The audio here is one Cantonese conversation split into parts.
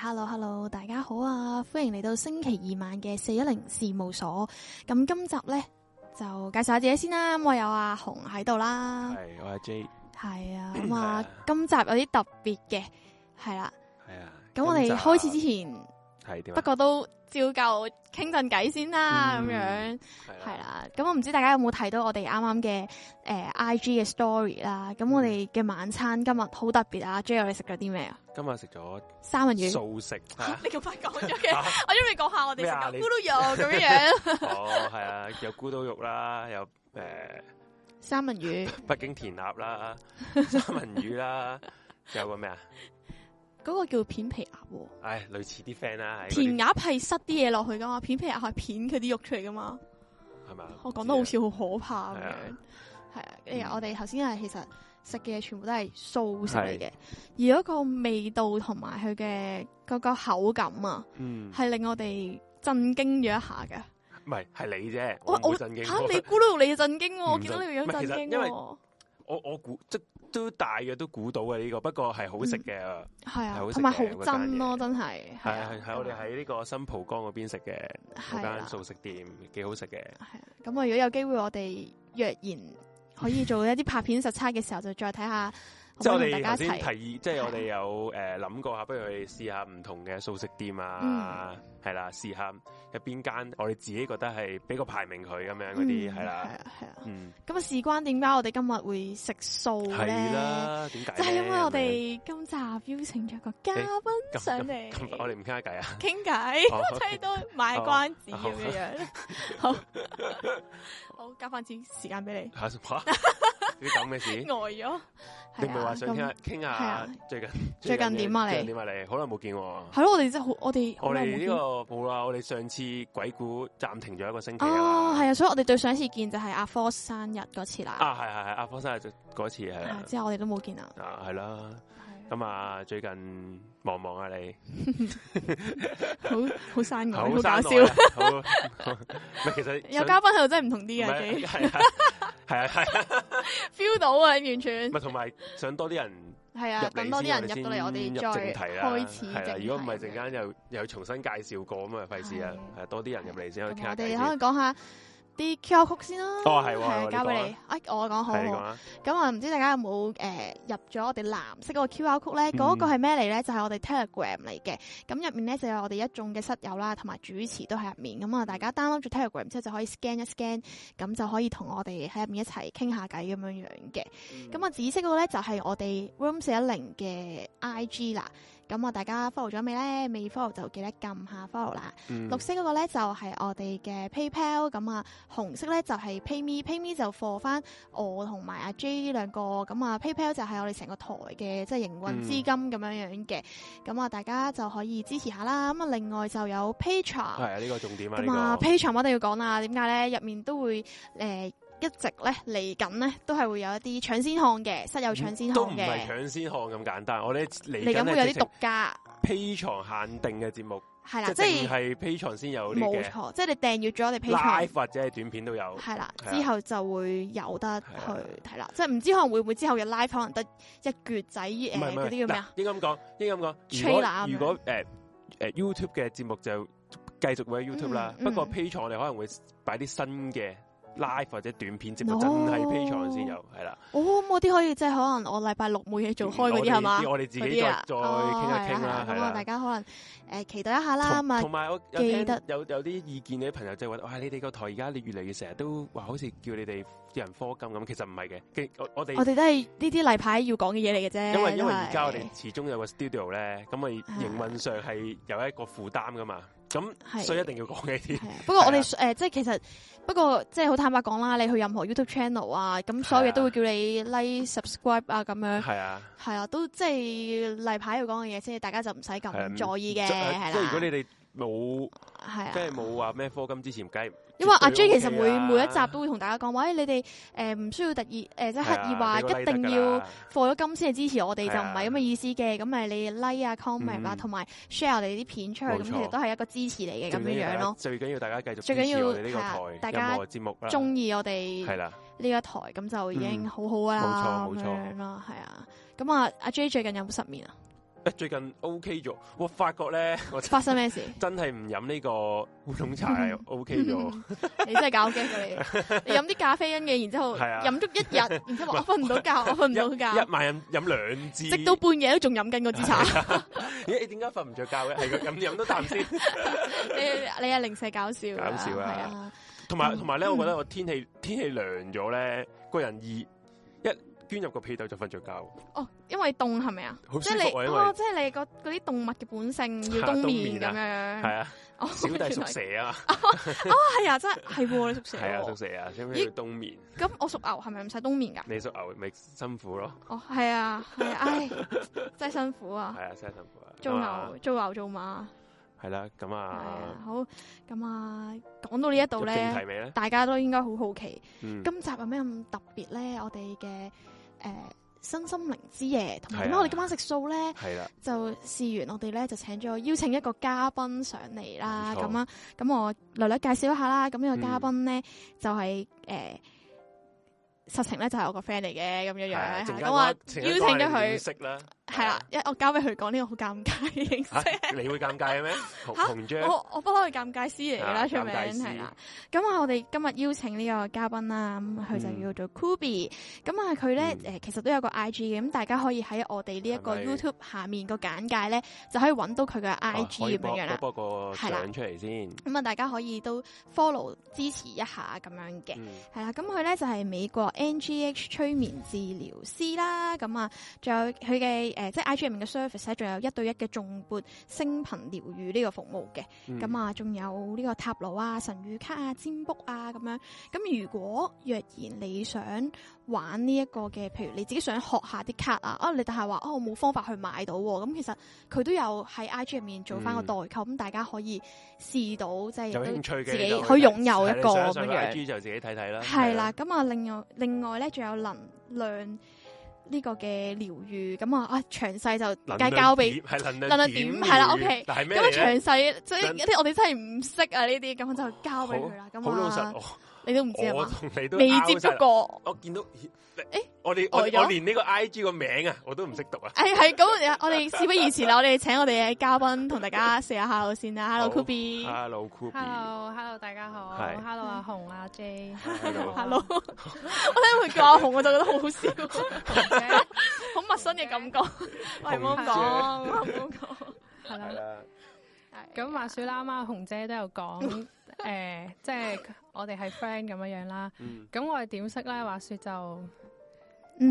hello hello 大家好啊，歡迎嚟到星期二晚嘅四一零事務所。咁今集呢，就介紹下自己先啦。我有阿紅喺度啦，係我阿 J 係啊。咁啊，今集有啲特別嘅係啦，係啊。咁、啊、我哋開始之前。不過都照舊傾陣偈先啦，咁樣係啦。咁我唔知大家有冇睇到我哋啱啱嘅，誒 I G 嘅 story 啦。咁我哋嘅晚餐今日好特別啊！Jail 你食咗啲咩啊？今日食咗三文魚素食。你咁快講咗嘅？我準備講下我哋食咕嚕肉咁樣樣。哦，係啊，有咕嚕肉啦，有誒三文魚、北京填鴨啦、三文魚啦，有個咩啊？嗰個叫片皮鴨，唉，類似啲 friend 啦。填鴨係塞啲嘢落去噶嘛，片皮鴨係片佢啲肉出嚟噶嘛，係咪啊？我講得好似好可怕咁樣，係啊。跟住我哋頭先係其實食嘅全部都係素食嚟嘅，而嗰個味道同埋佢嘅嗰個口感啊，嗯，係令我哋震驚咗一下嘅。唔係，係你啫，我我吓你咕嚕你震驚，我見到你個樣震驚。唔係，其實因為我我估即。都大約都估到嘅呢、這個，不過係好食嘅，係、嗯、啊，同埋好真咯，真係係係係我哋喺呢個新浦江嗰邊食嘅嗰間素食店，幾好食嘅。係啊，咁我、啊、如果有機會，我哋若然可以做一啲拍片實測嘅時候， 就再睇下。即係我哋頭先提議，即係我哋有誒諗過下，不如去試下唔同嘅素食店啊，係啦，試下入邊間，我哋自己覺得係俾個排名佢咁樣嗰啲，係啦，係啊，咁啊事關點解我哋今日會食素點解？就係因為我哋今集邀請咗個嘉賓上嚟，我哋唔傾下偈啊，傾偈聽到賣關子咁樣樣，好。好，交翻錢時間俾你哈哈。吓 事，啲咁嘅事呆咗了、 啊。你唔係話想傾下傾 下最近最近點啊，啊？你最近點啊？你好耐冇見喎。係咯，我哋真係好，我哋我哋呢、這個冇啦。我哋上次鬼故暫停咗一個星期啊、哦。係啊，所以我哋對上一次見就係阿 Force 生日嗰次啦、 啊啊。啊，係係係，阿 Force 生日嗰次係、啊。之後我哋都冇見啦。 啊，係啦。咁啊、 嗯，最近。望望啊你，好好生意，好搞笑。其實有嘉賓喺度真係唔同啲嘅。係係係啊係，feel 到啊，完全。唔係同埋想多啲人，係啊，等多啲人入到嚟，我哋再開始。如果唔係陣間又又重新介紹過咁啊，費事啊，係多啲人入嚟先。我哋可以講下。啲 QR code 先啦。哦，係交俾給你我、哎。我講好好。咁啊，唔知大家有冇誒、呃、入咗我哋藍色嗰個 QR code 咧？嗰、嗯、個係咩嚟咧？就係、是、我哋 Telegram 嚟嘅。咁入面咧就有我哋一眾嘅室友啦，同埋主持都喺入面。咁啊，大家 download 咗 Telegram 之後就可以 scan 一 scan，咁就可以同我哋喺入面一齊傾下偈咁樣樣嘅。咁啊，紫色嗰個咧就係我哋 Room 四一零嘅 I G 啦。咁啊，大家 follow 咗未咧？未 follow 就記得撳下 follow 啦。嗯、綠色嗰個咧就係、是、我哋嘅 PayPal，咁、嗯、啊紅色咧就係、是、PayMe，PayMe 就 for 翻我同埋阿 J 兩個，咁啊 PayPal 就係我哋成個台嘅即係營運資金咁樣樣嘅。咁啊、嗯嗯，大家就可以支持下啦。咁啊，另外就有 Patreon 係啊呢、這個重點啊。咁啊 Patreon 我一定要講啦，點解咧？入面都會誒。呃一直咧嚟緊咧，都係會有一啲搶先看嘅，室友搶先看嘅。都唔係搶先看咁簡單，我哋嚟緊會有啲獨家、披床限定嘅節目，係啦，即係披床先有嘅。冇錯，即係你訂閱咗我哋。live 或者係短片都有。係啦，之後就會有得去，睇啦，即係唔知可能會唔會之後嘅 live 可能得一橛仔誒，嗰啲叫咩？應該咁講，應該咁講。如果如果誒誒 YouTube 嘅節目就繼續喺 YouTube 啦，不過披床我哋可能會擺啲新嘅。Live 或者短片，即係真係 Patreon 先有，係啦。我咁啲可以即係可能我禮拜六冇嘢做開嗰啲係嘛？我哋自己再再傾一傾啦，係啦。大家可能誒期待一下啦。同埋我記得有有啲意見嘅朋友就係話，哇！你哋個台而家你越嚟越成日都話好似叫你哋人科金咁，其實唔係嘅。我哋我哋都係呢啲例牌要講嘅嘢嚟嘅啫。因為因為而家我哋始終有個 studio 咧，咁啊營運上係有一個負擔噶嘛。咁、嗯，所以一定要講呢啲。不過我哋誒，即係是的、呃、其實不過，即係好坦白講啦，你去任何 YouTube channel 啊，咁所有嘢都會叫你 like、subscribe 啊，咁樣。係啊，係啊，都即係例牌要講嘅嘢先，大家就唔使咁在意嘅，係啦。即係如果你哋冇，是的 即係冇話咩課金之前計。因為阿 J 其實每每一集都會同大家講話，你哋誒唔需要，特意誒即係刻意話一定要課咗金先係支持我哋，就唔係咁嘅意思嘅。咁咪你 like 啊 comment 啊，同埋 share 我哋啲片出去，咁其實都係一個支持嚟嘅，咁樣樣咯。最緊要大家繼續支持我哋呢個台，咁我節目中意我哋係啦呢個台，咁就已經好好啦。冇錯冇錯咯，係啊。咁啊，阿 J 最近有冇失眠啊？誒，最近 OK 咗，我發覺咧，發生咩事？真係唔飲呢個烏龍茶係 OK 咗。你真係搞驚嘅你，飲啲咖啡因嘅，然之後飲足一日，然之後我瞓唔到覺，我瞓唔到覺。一晚飲飲兩支，直到半夜都仲飲緊嗰支茶。你點解瞓唔着覺咧？係飲飲多啖先。你你係零舍搞笑，搞笑啊！同埋同埋咧，我覺得我天氣天氣涼咗咧，個人熱。捐入個被竇就瞓咗覺。哦，因為凍係咪啊？即係你即係你嗰啲動物嘅本性要冬眠咁樣。係啊，小蛇啊。哦，係啊，真係係你屬蛇。係啊，屬蛇啊，所以冬眠。咁我屬牛，係咪唔使冬眠噶？你屬牛咪辛苦咯。哦，係啊，係啊，唉，真係辛苦啊。係啊，真係辛苦啊。做牛做牛做馬。係啦，咁啊。好，咁啊，講到呢一度咧，大家都應該好好奇，今集有咩咁特別咧？我哋嘅。誒，身、呃、心靈之夜，同埋點解我哋今晚食素咧？係啦、啊啊，就試完我哋咧就請咗邀請一個嘉賓上嚟啦，咁啊錯，咁我略略介紹一下啦。咁呢個嘉賓咧、嗯、就係、是、誒、呃，實情咧就係我個 friend 嚟嘅，咁樣樣。咁我邀請咗佢。食啦。係啦，一我交俾佢講呢個好尷尬嘅形式。你會尷尬嘅咩？我我不嬲係尷尬師嚟噶啦，出名係啦。咁啊，我哋今日邀請呢個嘉賓啦，咁佢就叫做 Kobe。咁啊，佢咧誒，其實都有個 I G 嘅，咁大家可以喺我哋呢一個 YouTube 下面個簡介咧，就可以揾到佢嘅 I G 咁樣樣啦。係啦，出嚟先。咁啊，大家可以都 follow 支持一下咁樣嘅。係啦，咁佢咧就係美國 N G H 催眠治療師啦。咁啊，仲有佢嘅。誒、呃，即係 I G 入面嘅 service 咧，仲有一對一嘅重撥、聲頻療愈呢個服務嘅，咁、嗯、啊，仲有呢個塔羅啊、神諭卡啊、占卜啊咁樣。咁如果若然你想玩呢一個嘅，譬如你自己想學一下啲卡啊，你啊你但係話哦我冇方法去買到，咁、啊、其實佢都有喺 I G 入面做翻個代購，咁、嗯、大家可以試到，即係都自己可以擁有一個咁樣。I G 就自己睇睇、嗯、啦。係啦，咁啊，另外另外咧，仲有能量。呢個嘅療癒咁啊，啊詳細就梗係交俾琳琳點係啦癒，OK 是是。咁能啊，詳細即係有啲我哋真係唔識啊呢啲，咁就交俾佢啦。咁啊，你都唔知啊嘛？我同你都未接觸過。我見到，誒。欸我哋我我連呢個 I G 個名啊，我都唔識讀啊！誒，係咁，我哋事不宜遲啦，我哋請我哋嘅嘉賓同大家試下 hello 先啦，Hello Kubi，Hello Kubi，Hello Hello 大家好，Hello 阿紅阿 J，Hello，我聽佢叫阿紅，我就覺得好好笑，好陌生嘅感覺，唔好講，唔好講，係啦，係咁，話說啦，阿紅姐都有講，誒，即係我哋係 friend 咁樣樣啦，咁我哋點識咧？話說就。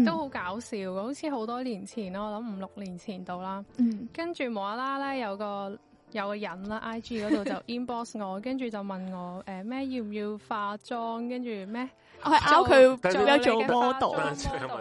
都好搞笑㗎，好似好多年前咯，我諗五六年前度啦，跟住無啦啦咧，有個有個人啦，I G 嗰度就 inbox 我，跟住 就問我誒咩、呃、要唔要化妝，跟住咩？我係勾佢做一做 model，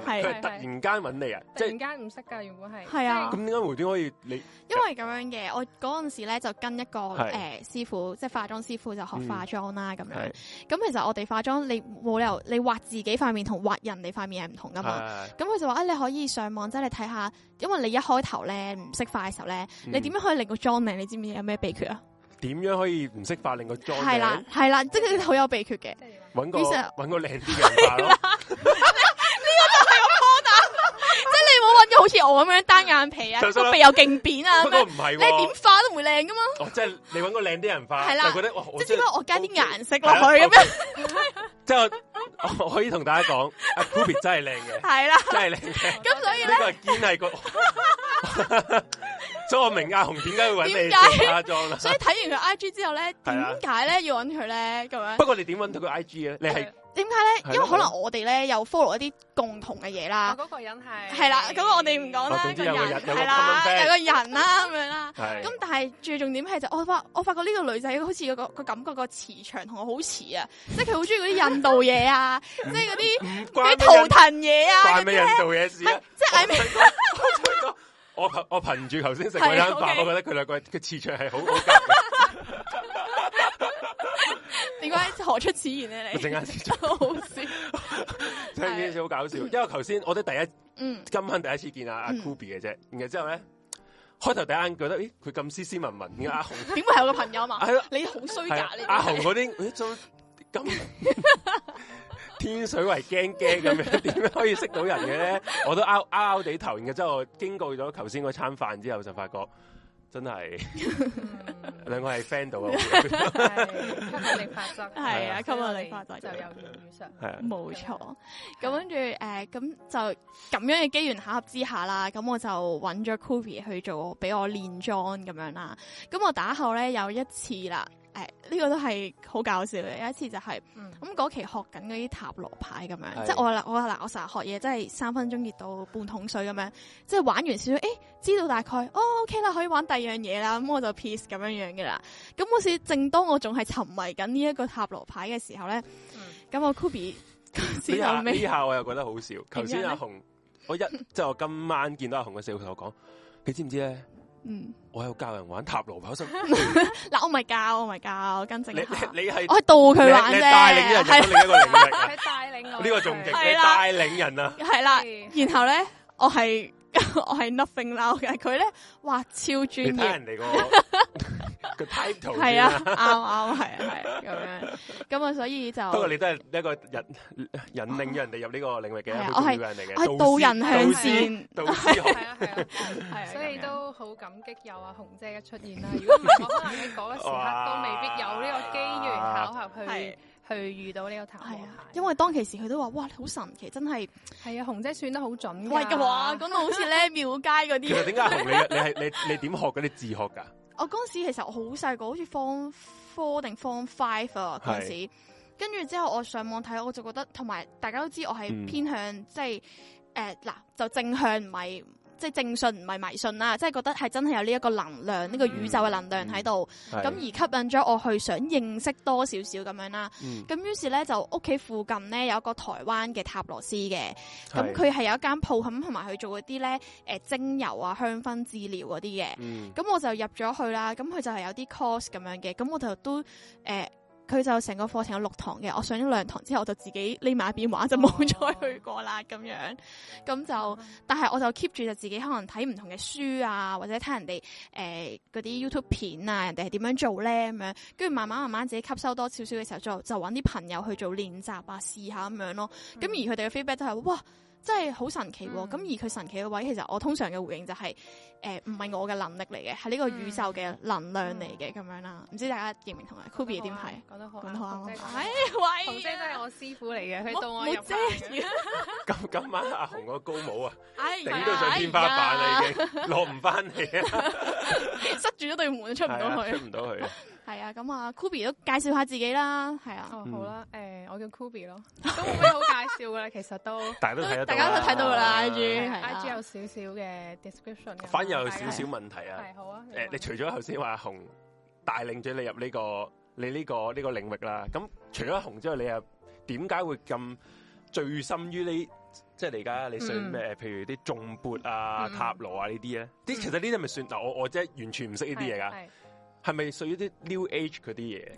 係突然間揾你啊！突然間唔識噶，原本係係啊。咁點解回轉可以你？因為咁樣嘅，我嗰陣時咧就跟一個誒師傅，即係化妝師傅就學化妝啦咁樣。咁其實我哋化妝，你冇理由你畫自己塊面同畫人哋塊面係唔同噶嘛？咁佢就話啊，你可以上網即係你睇下，因為你一開頭咧唔識化嘅時候咧，你點樣可以令個妝靚？你知唔知有咩秘訣啊？點樣可以唔識化令個妝靚？係啦係啦，即係好有秘訣嘅。搵個搵個靚啲嘅化咯，呢個就係我打，即係你冇搵到好似我咁樣單眼皮啊，個鼻又勁扁啊，咁樣唔係，你點化都唔會靚噶嘛。哦，即係你搵個靚啲人化，就覺得哇，即係點解我加啲顏色落去咁樣？即係我可以同大家講，阿 k o p y 真係靚嘅，係啦，真係靚嘅。咁所以咧，堅係個。所以我明阿雄點解會揾你做化妝啦。所以睇完佢 I G 之後咧，點解咧要揾佢咧咁樣？不過你點揾到佢 I G 啊？你係點解咧？因為可能我哋咧又 follow 一啲共同嘅嘢啦。嗰個人係係啦，咁我哋唔講啦。一個人係啦，有個人啦咁樣啦。咁但係最重點係就我發我發覺呢個女仔好似個個感覺個磁場同我好似啊，即係佢好中意嗰啲印度嘢啊，即係嗰啲嗰啲圖騰嘢啊。怪咩印度嘢事啊？即係我我憑住頭先食嗰餐飯，我覺得佢兩個嘅次序係好關鍵。點解何出此言呢？你？我正好笑，真係件事好搞笑。因為頭先我都第一，今晚第一次見阿阿 Kobe 嘅啫。然之後咧，開頭第一眼覺得，咦，佢咁斯斯文文，阿熊點會係我個朋友啊？嘛，你好衰格，你阿熊嗰啲，做。咁天水圍驚驚咁樣，點樣可以識到人嘅咧？我都拗拗拗地頭然，然之後經過咗頭先個餐飯之後，就發覺真係兩、嗯、 個係 friend 到 、哎、你啊！係啊 c 我嚟發作，係啊今日你 e 我發作就有遇上，係冇錯。咁跟住誒，咁就咁樣嘅機緣巧合之下啦，咁我就揾咗 Kobe 去做俾我練妝咁樣啦。咁我打後咧有一次啦。誒，呢、哎，這個都係好搞笑嘅。有一次就係、是、咁、嗯、嗰、嗯、期學緊嗰啲塔羅牌咁樣，是即係我我嗱，我成日學嘢，真係三分鐘熱到半桶水咁樣。即係玩完少少，誒、欸，知道大概，哦，OK 啦，可以玩第二樣嘢啦。咁我就 peace 咁樣這樣嘅啦。咁好似正當我仲係沉迷緊呢一個塔羅牌嘅時候咧，咁、嗯、我 Kobe 先有咩？呢下呢下我又覺得好笑。頭先 阿紅，我一 即係我今晚見到阿紅嘅時候同我講，你知唔知咧？嗯，我有教人玩塔羅牌先，嗱，我唔係教，我唔係教，我跟正你你係我係度佢玩啫，係帶領呢個仲勁、啊，係帶領人啊，係 啦，然後咧我係 我係 nothing now 嘅，佢咧哇超專業，你人哋個。 個 title 係啊，啱啱係啊，係咁樣，咁啊，所以就，不過你都係一個引引領咗人哋入呢個領域嘅，我係導人向善，係啊係啊，啊。所以都好感激有阿紅姐嘅出現啦。如果唔係喺嗰個時刻，都未必有呢個機緣巧合去去遇到呢個頭。係啊，因為當其時佢都話，哇，你好神奇，真係，係啊，紅姐算得好準，哇，咁好似咧廟街嗰啲。其實點解紅你你係你你點學嘅？你自學噶？我嗰陣時其實我好細個，好似 form four 定 form five 啊嗰陣時，是跟住之後我上網睇，我就覺得同埋大家都知我係偏向、嗯、即係誒嗱就正向唔係。即係正信唔係迷信啦，即係覺得係真係有呢一個能量，呢、嗯、個宇宙嘅能量喺度，咁、嗯嗯、而吸引咗我去想認識多少少咁樣啦。咁於、嗯、是咧就屋企附近咧有一個台灣嘅塔羅師嘅，咁佢係有一間鋪，咁同埋去做嗰啲咧，誒精油啊、香薰治療嗰啲嘅。咁、嗯、我就入咗去啦，咁佢就係有啲 course 咁樣嘅，咁我就都誒。呃佢就成個課程有六堂嘅，我上咗兩堂之後，我就自己匿埋一邊玩，就冇再去過啦咁樣。咁 就，但係我就 keep 住就自己可能睇唔同嘅書啊，或者睇人哋誒、呃、嗰啲 YouTube 片啊，人哋係點樣做咧咁樣，跟住慢慢慢慢自己吸收多少少嘅時候，就就揾啲朋友去做練習啊，試下咁樣咯。咁、嗯、而佢哋嘅 feedback 都係哇，真係好神奇啊。咁、嗯、而佢神奇嘅位，其實我通常嘅回應就係、是。誒唔係我嘅能力嚟嘅，係呢個宇宙嘅能量嚟嘅咁樣啦。唔知大家認唔認同埋 Kobe 點睇？講得好，講得好。哎，喂！紅姐都係我師傅嚟嘅，佢導我入。咁今晚阿紅個高帽啊，頂到上天花板啦，已經落唔翻嚟。塞住咗對門，出唔到去。出唔到去。係啊，咁啊，Kobe 都介紹下自己啦，係啊。好啦，誒，我叫 Kobe 咯。都冇咩好介紹㗎啦，其實都。大家都睇到大家都睇到㗎啦，IG IG 有少少嘅 description。反而。有少少問題啊！係好啊！誒，你除咗頭先話紅帶領咗你入呢個你呢個呢個領域啦，咁除咗紅之外，你又點解會咁醉心於呢？即係而家你想咩？嗯、譬如啲重撥啊、嗯、塔羅啊呢啲咧，啲、嗯、其實呢啲咪算嗱？我我即係完全唔識呢啲嘢噶，係咪屬於啲 New Age 嗰啲嘢？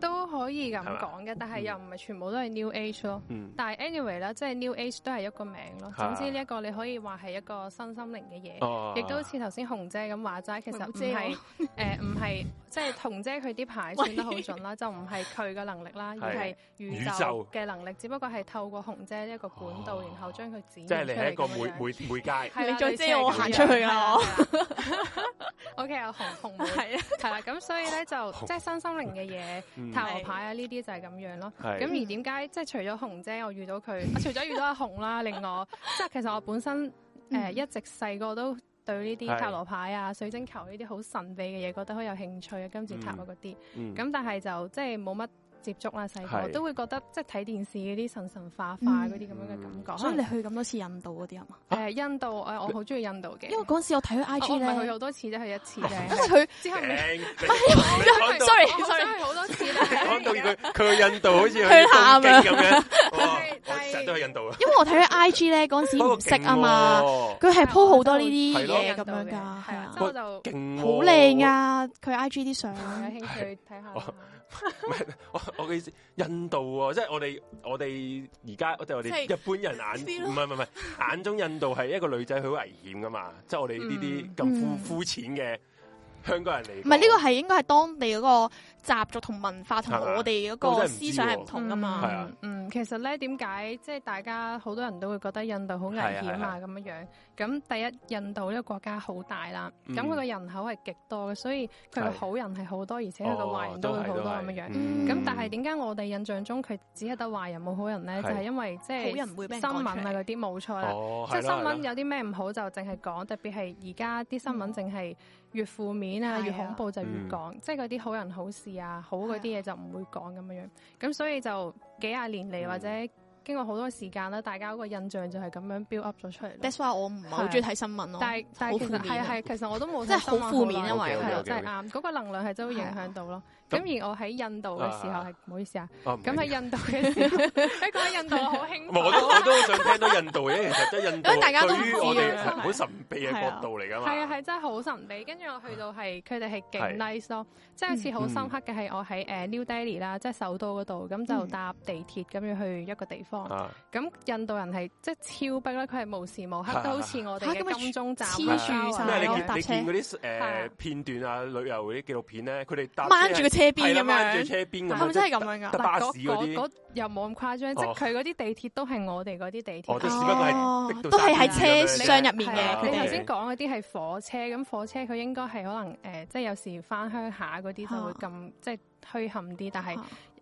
都可以咁講嘅，但係又唔係全部都係 New Age 咯。但係 Anyway 啦，即係 New Age 都係一個名咯。總之呢一個你可以話係一個新心靈嘅嘢，亦都好似頭先紅姐咁話齋。其實唔係誒，唔係，即係紅姐佢啲牌算得好準啦，就唔係佢嘅能力啦，而係宇宙嘅能力。只不過係透過紅姐呢一個管道，然後將佢剪出嚟。即係你係一個每每每屆，你再遮我行出去啦。OK，阿紅紅係啊，係啦。咁所以咧就即係新心靈嘅嘢。塔羅牌啊，呢啲就係咁樣咯。咁是而點解即係除咗紅姐，我遇到佢，我、 啊、除咗遇到阿紅啦，另外即係 其實我本身誒、呃嗯、一直細個都對呢啲塔羅牌啊、水晶球呢啲好神秘嘅嘢，覺得好有興趣啊、金字塔啊嗰啲。咁、嗯、但係就即係冇乜。就是接觸啦，細個都會覺得即係睇電視嗰啲神神化化嗰啲咁樣嘅感覺。所以你去咁多次印度嗰啲啊？誒，印度誒，我好中意印度嘅。因為嗰陣時我睇佢 I G 咧，去好多次都係一次嘅。佢之後唔係，sorry sorry，去好多次啦。講到佢，佢去印度好似去下咁樣。我成日都去印度啊。因為我睇佢 I G 咧，嗰陣時唔識啊嘛。佢係 po 好多呢啲嘢咁樣噶，係啊。所以就好靚啊！佢 I G 啲相，有興趣睇下。唔係， 我我嘅意思，印度喎。哦，即係我哋我哋而家即係我哋、就是、一般人眼唔係唔係唔係眼中印度係一個女仔佢好危險㗎嘛，嗯、即係我哋呢啲咁膚膚淺嘅。嗯香港人嚟，唔係呢個，係應該係當地嗰個習俗同文化同我哋嗰個思想係唔同噶嘛？嗯，其實咧點解即係大家好多人都會覺得印度好危險啊咁樣樣，咁第一，印度呢個國家好大啦，咁佢個人口係極多嘅，所以佢嘅好人係好多，而且佢嘅壞人都會好多咁樣樣。咁但係點解我哋印象中佢只係得壞人冇好人咧？就係因為即係新聞啊嗰啲冇錯啦，即係新聞有啲咩唔好就淨係講，特別係而家啲新聞淨係。越負面啊，越恐怖就越講，嗯、即係嗰啲好人好事啊，好嗰啲嘢就唔會講咁樣樣。咁所以就幾廿年嚟或者經過好多時間啦、啊，嗯、大家個印象就係咁樣 build up 咗出嚟。That's why 我唔係、啊、好中意睇新聞咯。但係但係其實係係、啊、其實我都冇即係好負面，因為係啊嗰個能量係真會影響到咯。咁而我喺印度嘅時候係，唔好意思啊。咁喺印度嘅時候，喺講印度好興奮。我都我都想聽到印度嘅，其實真係印度對於我哋好神秘嘅國度嚟㗎嘛。係啊係，真係好神秘。跟住我去到係，佢哋係極 nice 咯。即係一次好深刻嘅係我喺誒 New Delhi 啦，即係首都嗰度。咁就搭地鐵咁樣去一個地方。咁印度人係即係超逼啦！佢係無時無刻都好似我哋金鐘黐住晒。咩？你見你見嗰啲誒片段啊？旅遊嗰啲紀錄片咧，佢哋掹住車邊咁樣，坐車邊係咪真係咁樣噶？嗰啲又冇咁誇張，即係佢嗰啲地鐵都係我哋嗰啲地鐵，哦，都係喺車廂入面嘅。你頭先講嗰啲係火車，咁火車佢應該係可能誒，即係有時翻鄉下嗰啲就會咁，即係虛冚啲。但係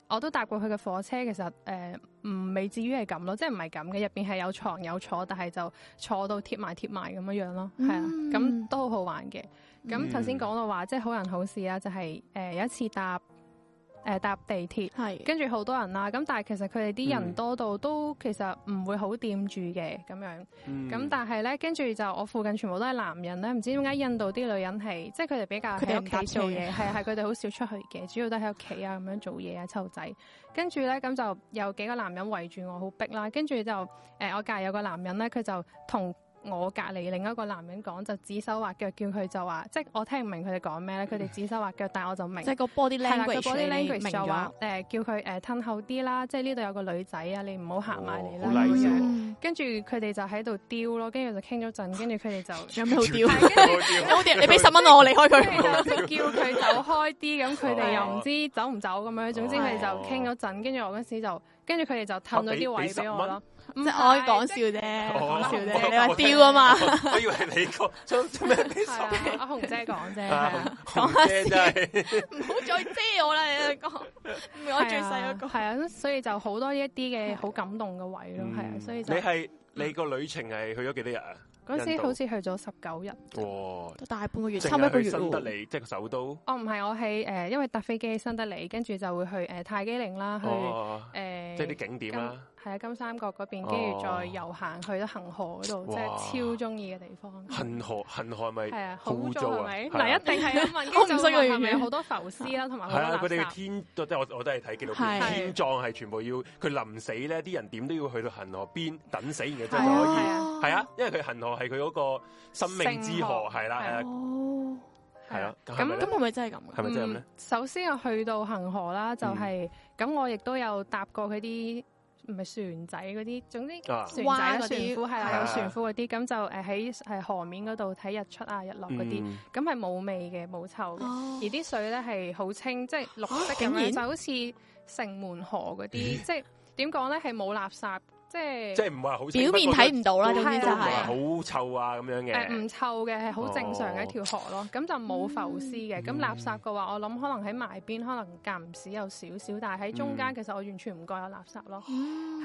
我都搭過佢嘅火車，其實誒，唔未至於係咁咯，即係唔係咁嘅。入邊係有床有坐，但係就坐到貼埋貼埋咁樣樣咯，係啦，咁都好好玩嘅。咁頭先講到話，即、就、係、是、好人好事啦，就係誒有一次搭誒、呃、搭地鐵，跟住好多人啦。咁但係其實佢哋啲人多到都其實唔會好掂住嘅咁樣。咁、嗯、但係咧，跟住就我附近全部都係男人咧，唔知點解印度啲女人係即係佢哋比較喺屋企做嘢，係係佢哋好少出去嘅，主要都喺屋企啊咁樣做嘢啊，湊仔。跟住咧咁就有幾個男人圍住我好逼啦。跟住就誒、呃、我隔籬有個男人咧，佢就同。我隔離另一個男人講就指手畫腳，叫佢就話，即係我聽唔明佢哋講咩咧。佢哋指手畫腳，但係我就明。即係個 body language，就話誒、呃、叫佢誒褪後啲啦。即係呢度有個女仔啊，你唔好行埋嚟啦。哦、跟住佢哋就喺度丟咯，跟住就傾咗陣，跟住佢哋就有咩好丟？有啲你俾十蚊我，我離開佢。叫佢走開啲，咁佢哋又唔知走唔走咁樣。總之佢哋就傾咗陣，跟住我嗰時就，跟住佢哋就褪咗啲位俾我咯。即係我講笑啫，講笑啫。你話丟啊嘛？我以為你個做咩？阿紅姐講啫，講下先，唔好再遮我啦！你講我最細嗰個。係啊，所以就好多一啲嘅好感動嘅位咯。係啊，所以就。你係你個旅程係去咗幾多日啊？嗰陣時好似去咗十九日，哇，都大半個月，差唔多一個月。新德里即係個首都。哦，唔係，我係誒，因為搭飛機去新德里，跟住就會去誒泰姬陵啦，去誒。即係啲景點啦，係啊，金三角嗰邊，跟住再遊行去到恒河嗰度，即係超中意嘅地方。恒河恒河咪係啊，好污糟啊！嗱，一定係咁問，恆河係咪好多浮屍啦？同埋係啊，佢哋嘅天都都我我都係睇紀錄片，天葬係全部要佢臨死咧，啲人點都要去到恒河邊等死，然之後就可以係啊，因為佢恒河係佢嗰個生命之河係啦。係啦，咁咁係咪真係咁？是是嗯、首先我去到恒河啦，就係、是、咁，嗯、我亦都有搭過嗰啲唔係船仔嗰啲，總之船仔、哇船夫係啦、啊，有船夫嗰啲，咁就誒喺係河面嗰度睇日出啊、日落嗰啲，咁係冇味嘅、冇臭嘅，哦、而啲水咧係好清，即係綠色咁樣，哦、就好似城門河嗰啲，嗯、即係點講咧係冇垃圾。即係，表面睇唔到啦，咁就係好臭啊咁樣嘅。唔臭嘅，係好正常嘅一條河咯。咁就冇浮屍嘅。咁垃圾嘅話，我諗可能喺埋邊，可能間唔時有少少，但係喺中間，其實我完全唔覺有垃圾咯。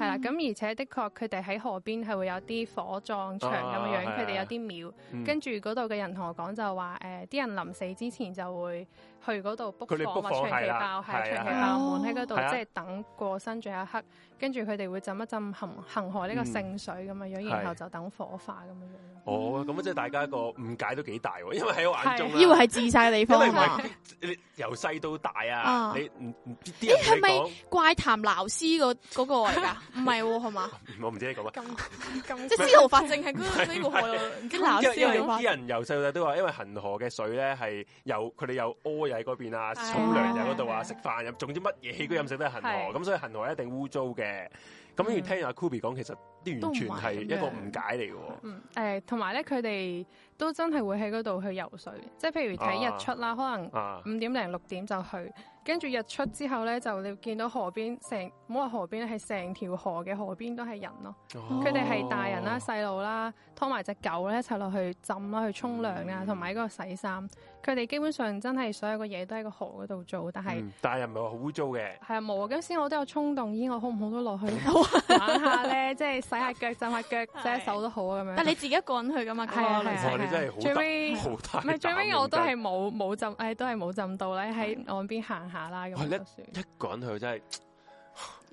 係啦，咁而且的確，佢哋喺河邊係會有啲火葬場咁嘅樣，佢哋有啲廟，跟住嗰度嘅人同我講就話，誒，啲人臨死之前就會。去嗰度卜房或長期爆，係長期爆滿喺嗰度，即係等過身最後一刻。跟住佢哋會浸一浸恒河呢個聖水咁樣樣，然後就等火化咁樣樣。哦，咁即係大家個誤解都幾大喎，因為喺我眼中，以為係治曬地方，由細到大啊！你唔唔啲人係講怪談撈屍嗰嗰個位㗎，唔係喎係嘛？我唔知你講乜，即係司徒法正係嗰個恆河撈屍係嘛？啲人由細到大都話，因為恒河嘅水咧係由佢哋有屙有。喺嗰邊啊，沖涼就嗰度啊，食飯又，總之乜嘢起居飲食都，都恆河，咁對 所以恆河一定污糟嘅。咁要對 聽阿 Kobe 講，其實啲完全係一個誤解嚟嘅。嗯，誒、呃，同埋咧，佢哋都真係會喺嗰度去游水，即係譬如睇日出啦，啊、可能五點零六點就去，跟住日出之後咧，就你見到河邊成，唔好話河邊咧，係成條河嘅河邊都係人咯。佢哋係大人啦、細路啦，拖埋隻狗咧一齊落去浸啦、去沖涼啊，同埋喺嗰度洗衫。佢哋基本上真係所有嘅嘢都喺個河嗰度做，但係但係又唔係話好污糟嘅，係啊冇啊！今次我都有衝動，咦，我好唔好都落去玩下咧，即係洗下腳、浸下腳、洗下手都好啊咁樣。但你自己一個人去噶嘛？係啊係啊，哇你真係最尾，唔係最尾我都係冇冇浸，誒都係冇浸到咧，喺岸邊行下啦咁。你一個人去真係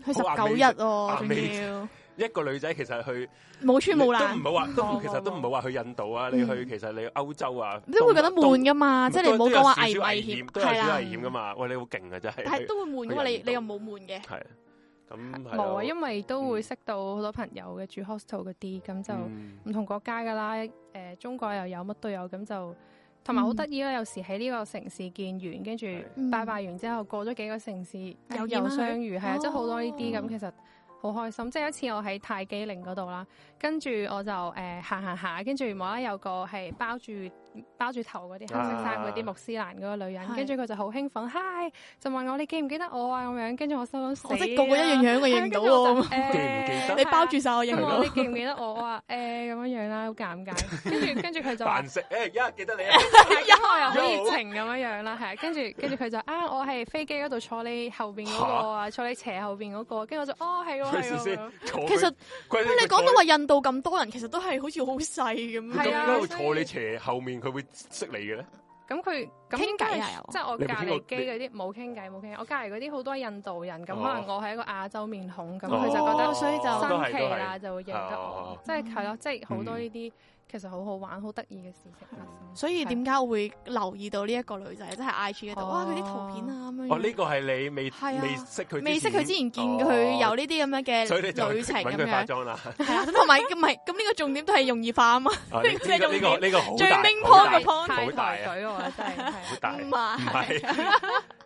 去十九日哦，仲要。一個女仔其實去冇穿冇爛，都唔好話都其實都唔好話去印度啊！你去其實你歐洲啊，你都會覺得悶噶嘛。即係你唔好講話危唔危險，危險噶嘛。喂，你好勁啊，真係！但係都會悶噶，你你又冇悶嘅。係啊，咁冇啊，因為都會識到好多朋友嘅住 hostel 嗰啲，咁就唔同國家噶啦。誒，中國又有乜都有，咁就同埋好得意啦。有時喺呢個城市見完，跟住拜拜完之後，過咗幾個城市又相遇，係啊，即係好多呢啲咁其實。好開心！即係有一次我喺泰姬陵嗰度啦，跟住我就誒行行下，跟住冇啦有個係包住。包住頭嗰啲黑色衫嗰啲穆斯蘭嗰個女人，跟住佢就好興奮，嗨！就問我你記唔記得我啊咁樣，跟住我心諗，我即係個個一樣樣我認唔到喎。誒，你包住晒我認得你記唔記得我啊？誒，咁樣樣啦，好尷尬。跟住跟住佢就煩食，誒，依家記得你，依家又好熱情咁樣樣啦，係。跟住跟住佢就啊，我喺飛機嗰度坐你後邊嗰個啊，坐你斜後邊嗰個。跟住我就哦，係，係，係，其實你講到話印度咁多人，其實都係好似好細咁樣。坐你斜後面。佢會識你嘅咧？咁佢咁傾偈即係我隔離機嗰啲冇傾偈冇傾偈。我隔離嗰啲好多印度人，咁、哦、可能我係一個亞洲面孔，咁佢、哦、就覺得所以就，新奇啊，就會認得我，即係係咯，即係好多呢啲。嗯。其實好好玩，好得意嘅事情。所以點解我會留意到呢一個女仔，即係 IG 嗰度，哇佢啲圖片啊咁樣。哦，呢個係你未未識佢，未識佢之前見佢有呢啲咁樣嘅旅程咁樣。化妝啦，係啊，同埋唔係咁呢個重點都係容易化啊嘛。即係重點呢個最 point 嘅 point，好大好大啊！唔係。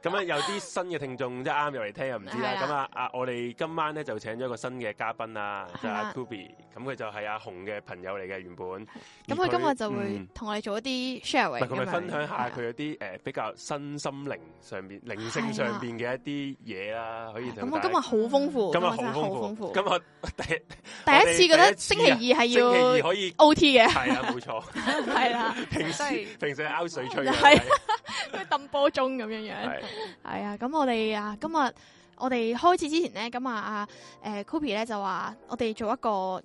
咁咧有啲新嘅聽眾，即係啱入嚟聽又唔知啦。咁啊啊，我哋今晚咧就請咗個新嘅嘉賓啊，就阿 Kobe。咁佢就係阿紅嘅朋友嚟嘅原本。咁佢今日就會同我哋做一啲 s h a r e n g 佢分享下佢有啲誒比較新心靈上面，靈性上邊嘅一啲嘢啊，可以咁我今日好豐富，今日好豐富，今日第第一次覺得星期二係要可以 OT 嘅。係啊，冇錯，係啦。平時平時係拗水吹，係去波鐘咁樣樣。係 啊，咁我哋啊，今日我哋開始之前咧，咁啊啊，誒、啊、Kobe 咧就話我哋做一個。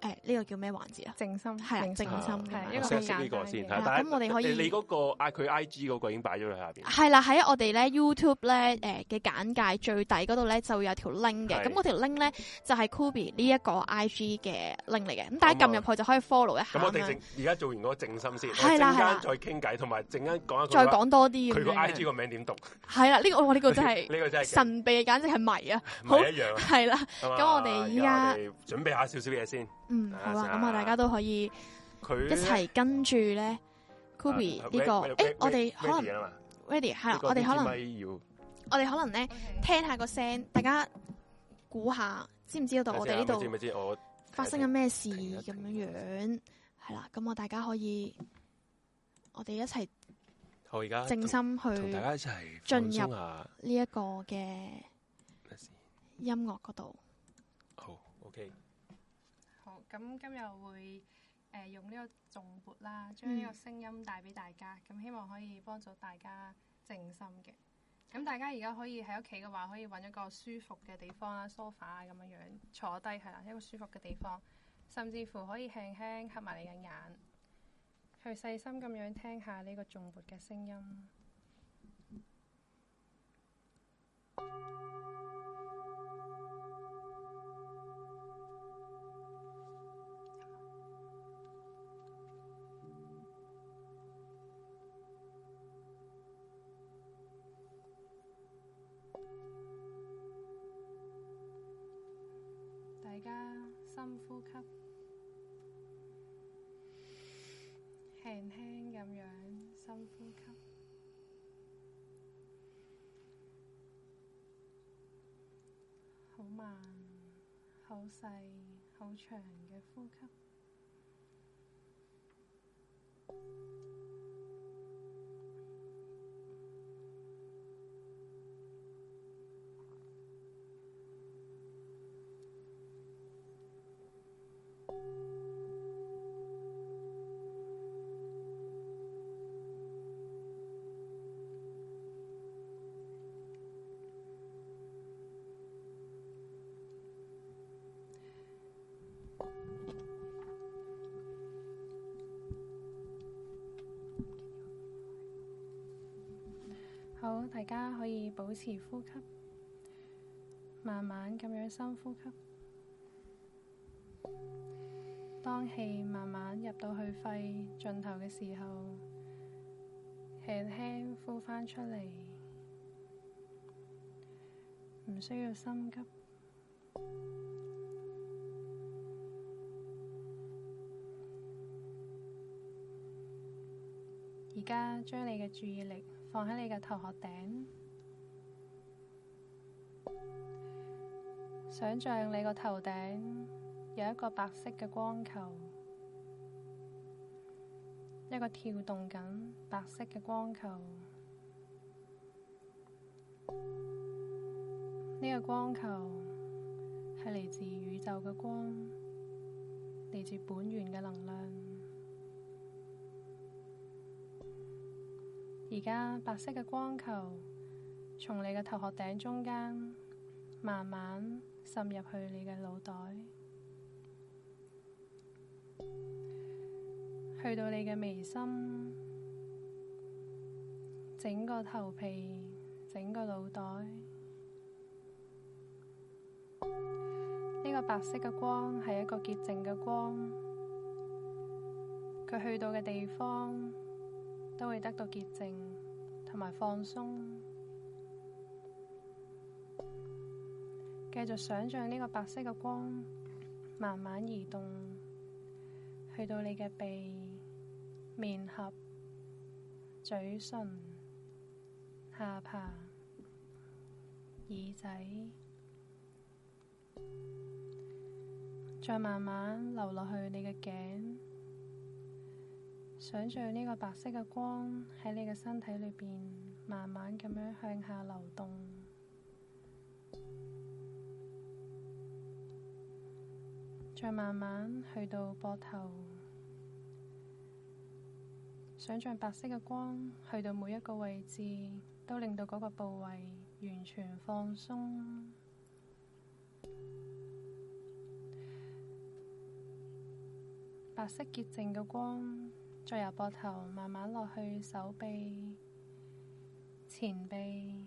誒，呢個叫咩環節啊？靜心係啊，靜心係一個靜心。識呢個先？咁我哋可以你嗰個嗌佢 I G 嗰個已經擺咗喺下邊。係啦，喺我哋咧 YouTube 咧誒嘅簡介最底嗰度咧就會有條 link 嘅。咁嗰條 link 咧就係 Kubi 呢一個 I G 嘅 link 嚟嘅。咁大家撳入去就可以 follow 一下。咁我哋而家做完嗰個靜心先，係啦係啦，再傾偈，同埋陣間講一講再講多啲。佢個 I G 個名點讀？係啦，呢個我呢個真係呢個真係神秘，嘅簡直係謎啊！好一樣係啦，咁我哋而家準備下少少嘢先。嗯，好啊，咁啊，大家都可以一齊跟住咧，Kobe 呢個，誒，我哋可能，Ready 係啦，我哋可能，我哋可能咧，聽下個聲，大家估下，知唔知道到我哋呢度發生緊咩事咁樣樣？係啦，咁我大家可以，我哋一齊，好而家靜心去同大家一齊進入下呢一個嘅音樂度。咁今日會誒、呃、用呢個重撥啦，將呢個聲音帶俾大家，咁、嗯、希望可以幫助大家靜心嘅。咁、嗯、大家而家可以喺屋企嘅話，可以搵一個舒服嘅地方啦，梳化啊咁嘅樣坐低係啦，一個舒服嘅地方，甚至乎可以輕輕合埋你嘅眼，去細心咁樣聽下呢個重撥嘅聲音。嗯深呼吸，輕輕咁樣深呼吸，好慢、好細、好長嘅呼吸。好，大家可以保持呼吸，慢慢咁樣深呼吸。當氣慢慢入到去肺盡頭嘅時候，輕輕呼返出嚟，唔需要心急。而家將你嘅注意力。放喺你嘅頭殼頂，想象你個頭頂有一個白色嘅光球，一個跳動緊白色嘅光球。呢個光球係嚟自宇宙嘅光，嚟自本源嘅能量。而家白色嘅光球從你嘅頭殼頂中間慢慢滲入去你嘅腦袋，去到你嘅眉心，整個頭皮，整個腦袋。呢個白色嘅光係一個潔淨嘅光，佢去到嘅地方，都會得到潔淨同埋放鬆，繼續想像呢個白色嘅光慢慢移動，去到你嘅鼻、面頰、嘴唇、下巴、耳仔，再慢慢流落去你嘅頸。想象呢個白色嘅光喺你嘅身體裏邊，慢慢咁樣向下流動，再慢慢去到膊頭。想象白色嘅光去到每一個位置，都令到嗰個部位完全放鬆。白色潔淨嘅光。再由膊頭慢慢落去手臂、前臂、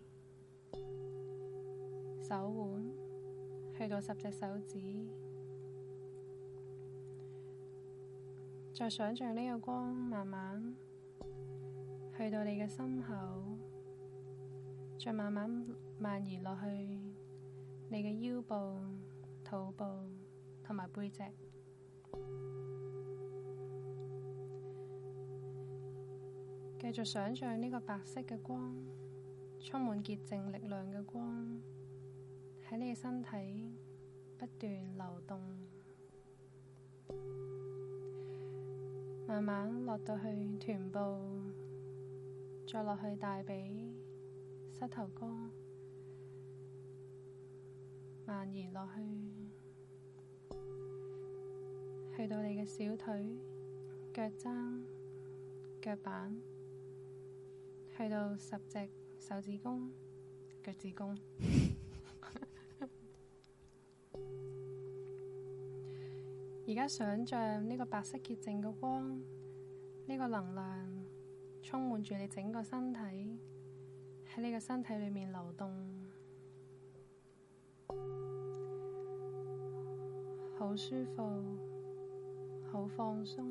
手腕，去到十隻手指。再想象呢個光慢慢去到你嘅心口，再慢慢蔓延落去你嘅腰部、肚部同埋背脊。繼續想象呢個白色嘅光，充滿潔淨力量嘅光，喺你嘅身體不斷流動，慢慢落到去臀部，再落去大髀、膝頭哥，蔓延落去，去到你嘅小腿、腳踭、腳板。去到十隻手指公、腳趾公。而 家想像呢個白色潔淨嘅光，呢、呢個能量充滿住你整個身體，喺你嘅身體裏面流動，好舒服，好放鬆，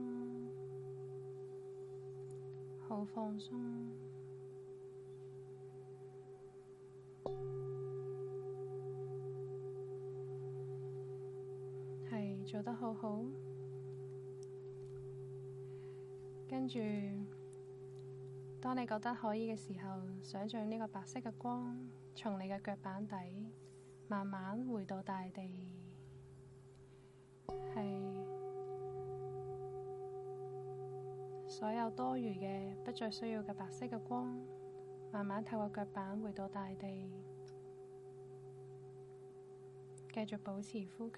好放鬆。係，做得好好，跟住當你覺得可以嘅時候，想象呢個白色嘅光從你嘅腳板底慢慢回到大地，係所有多餘嘅、不再需要嘅白色嘅光。慢慢透過腳板回到大地，繼續保持呼吸。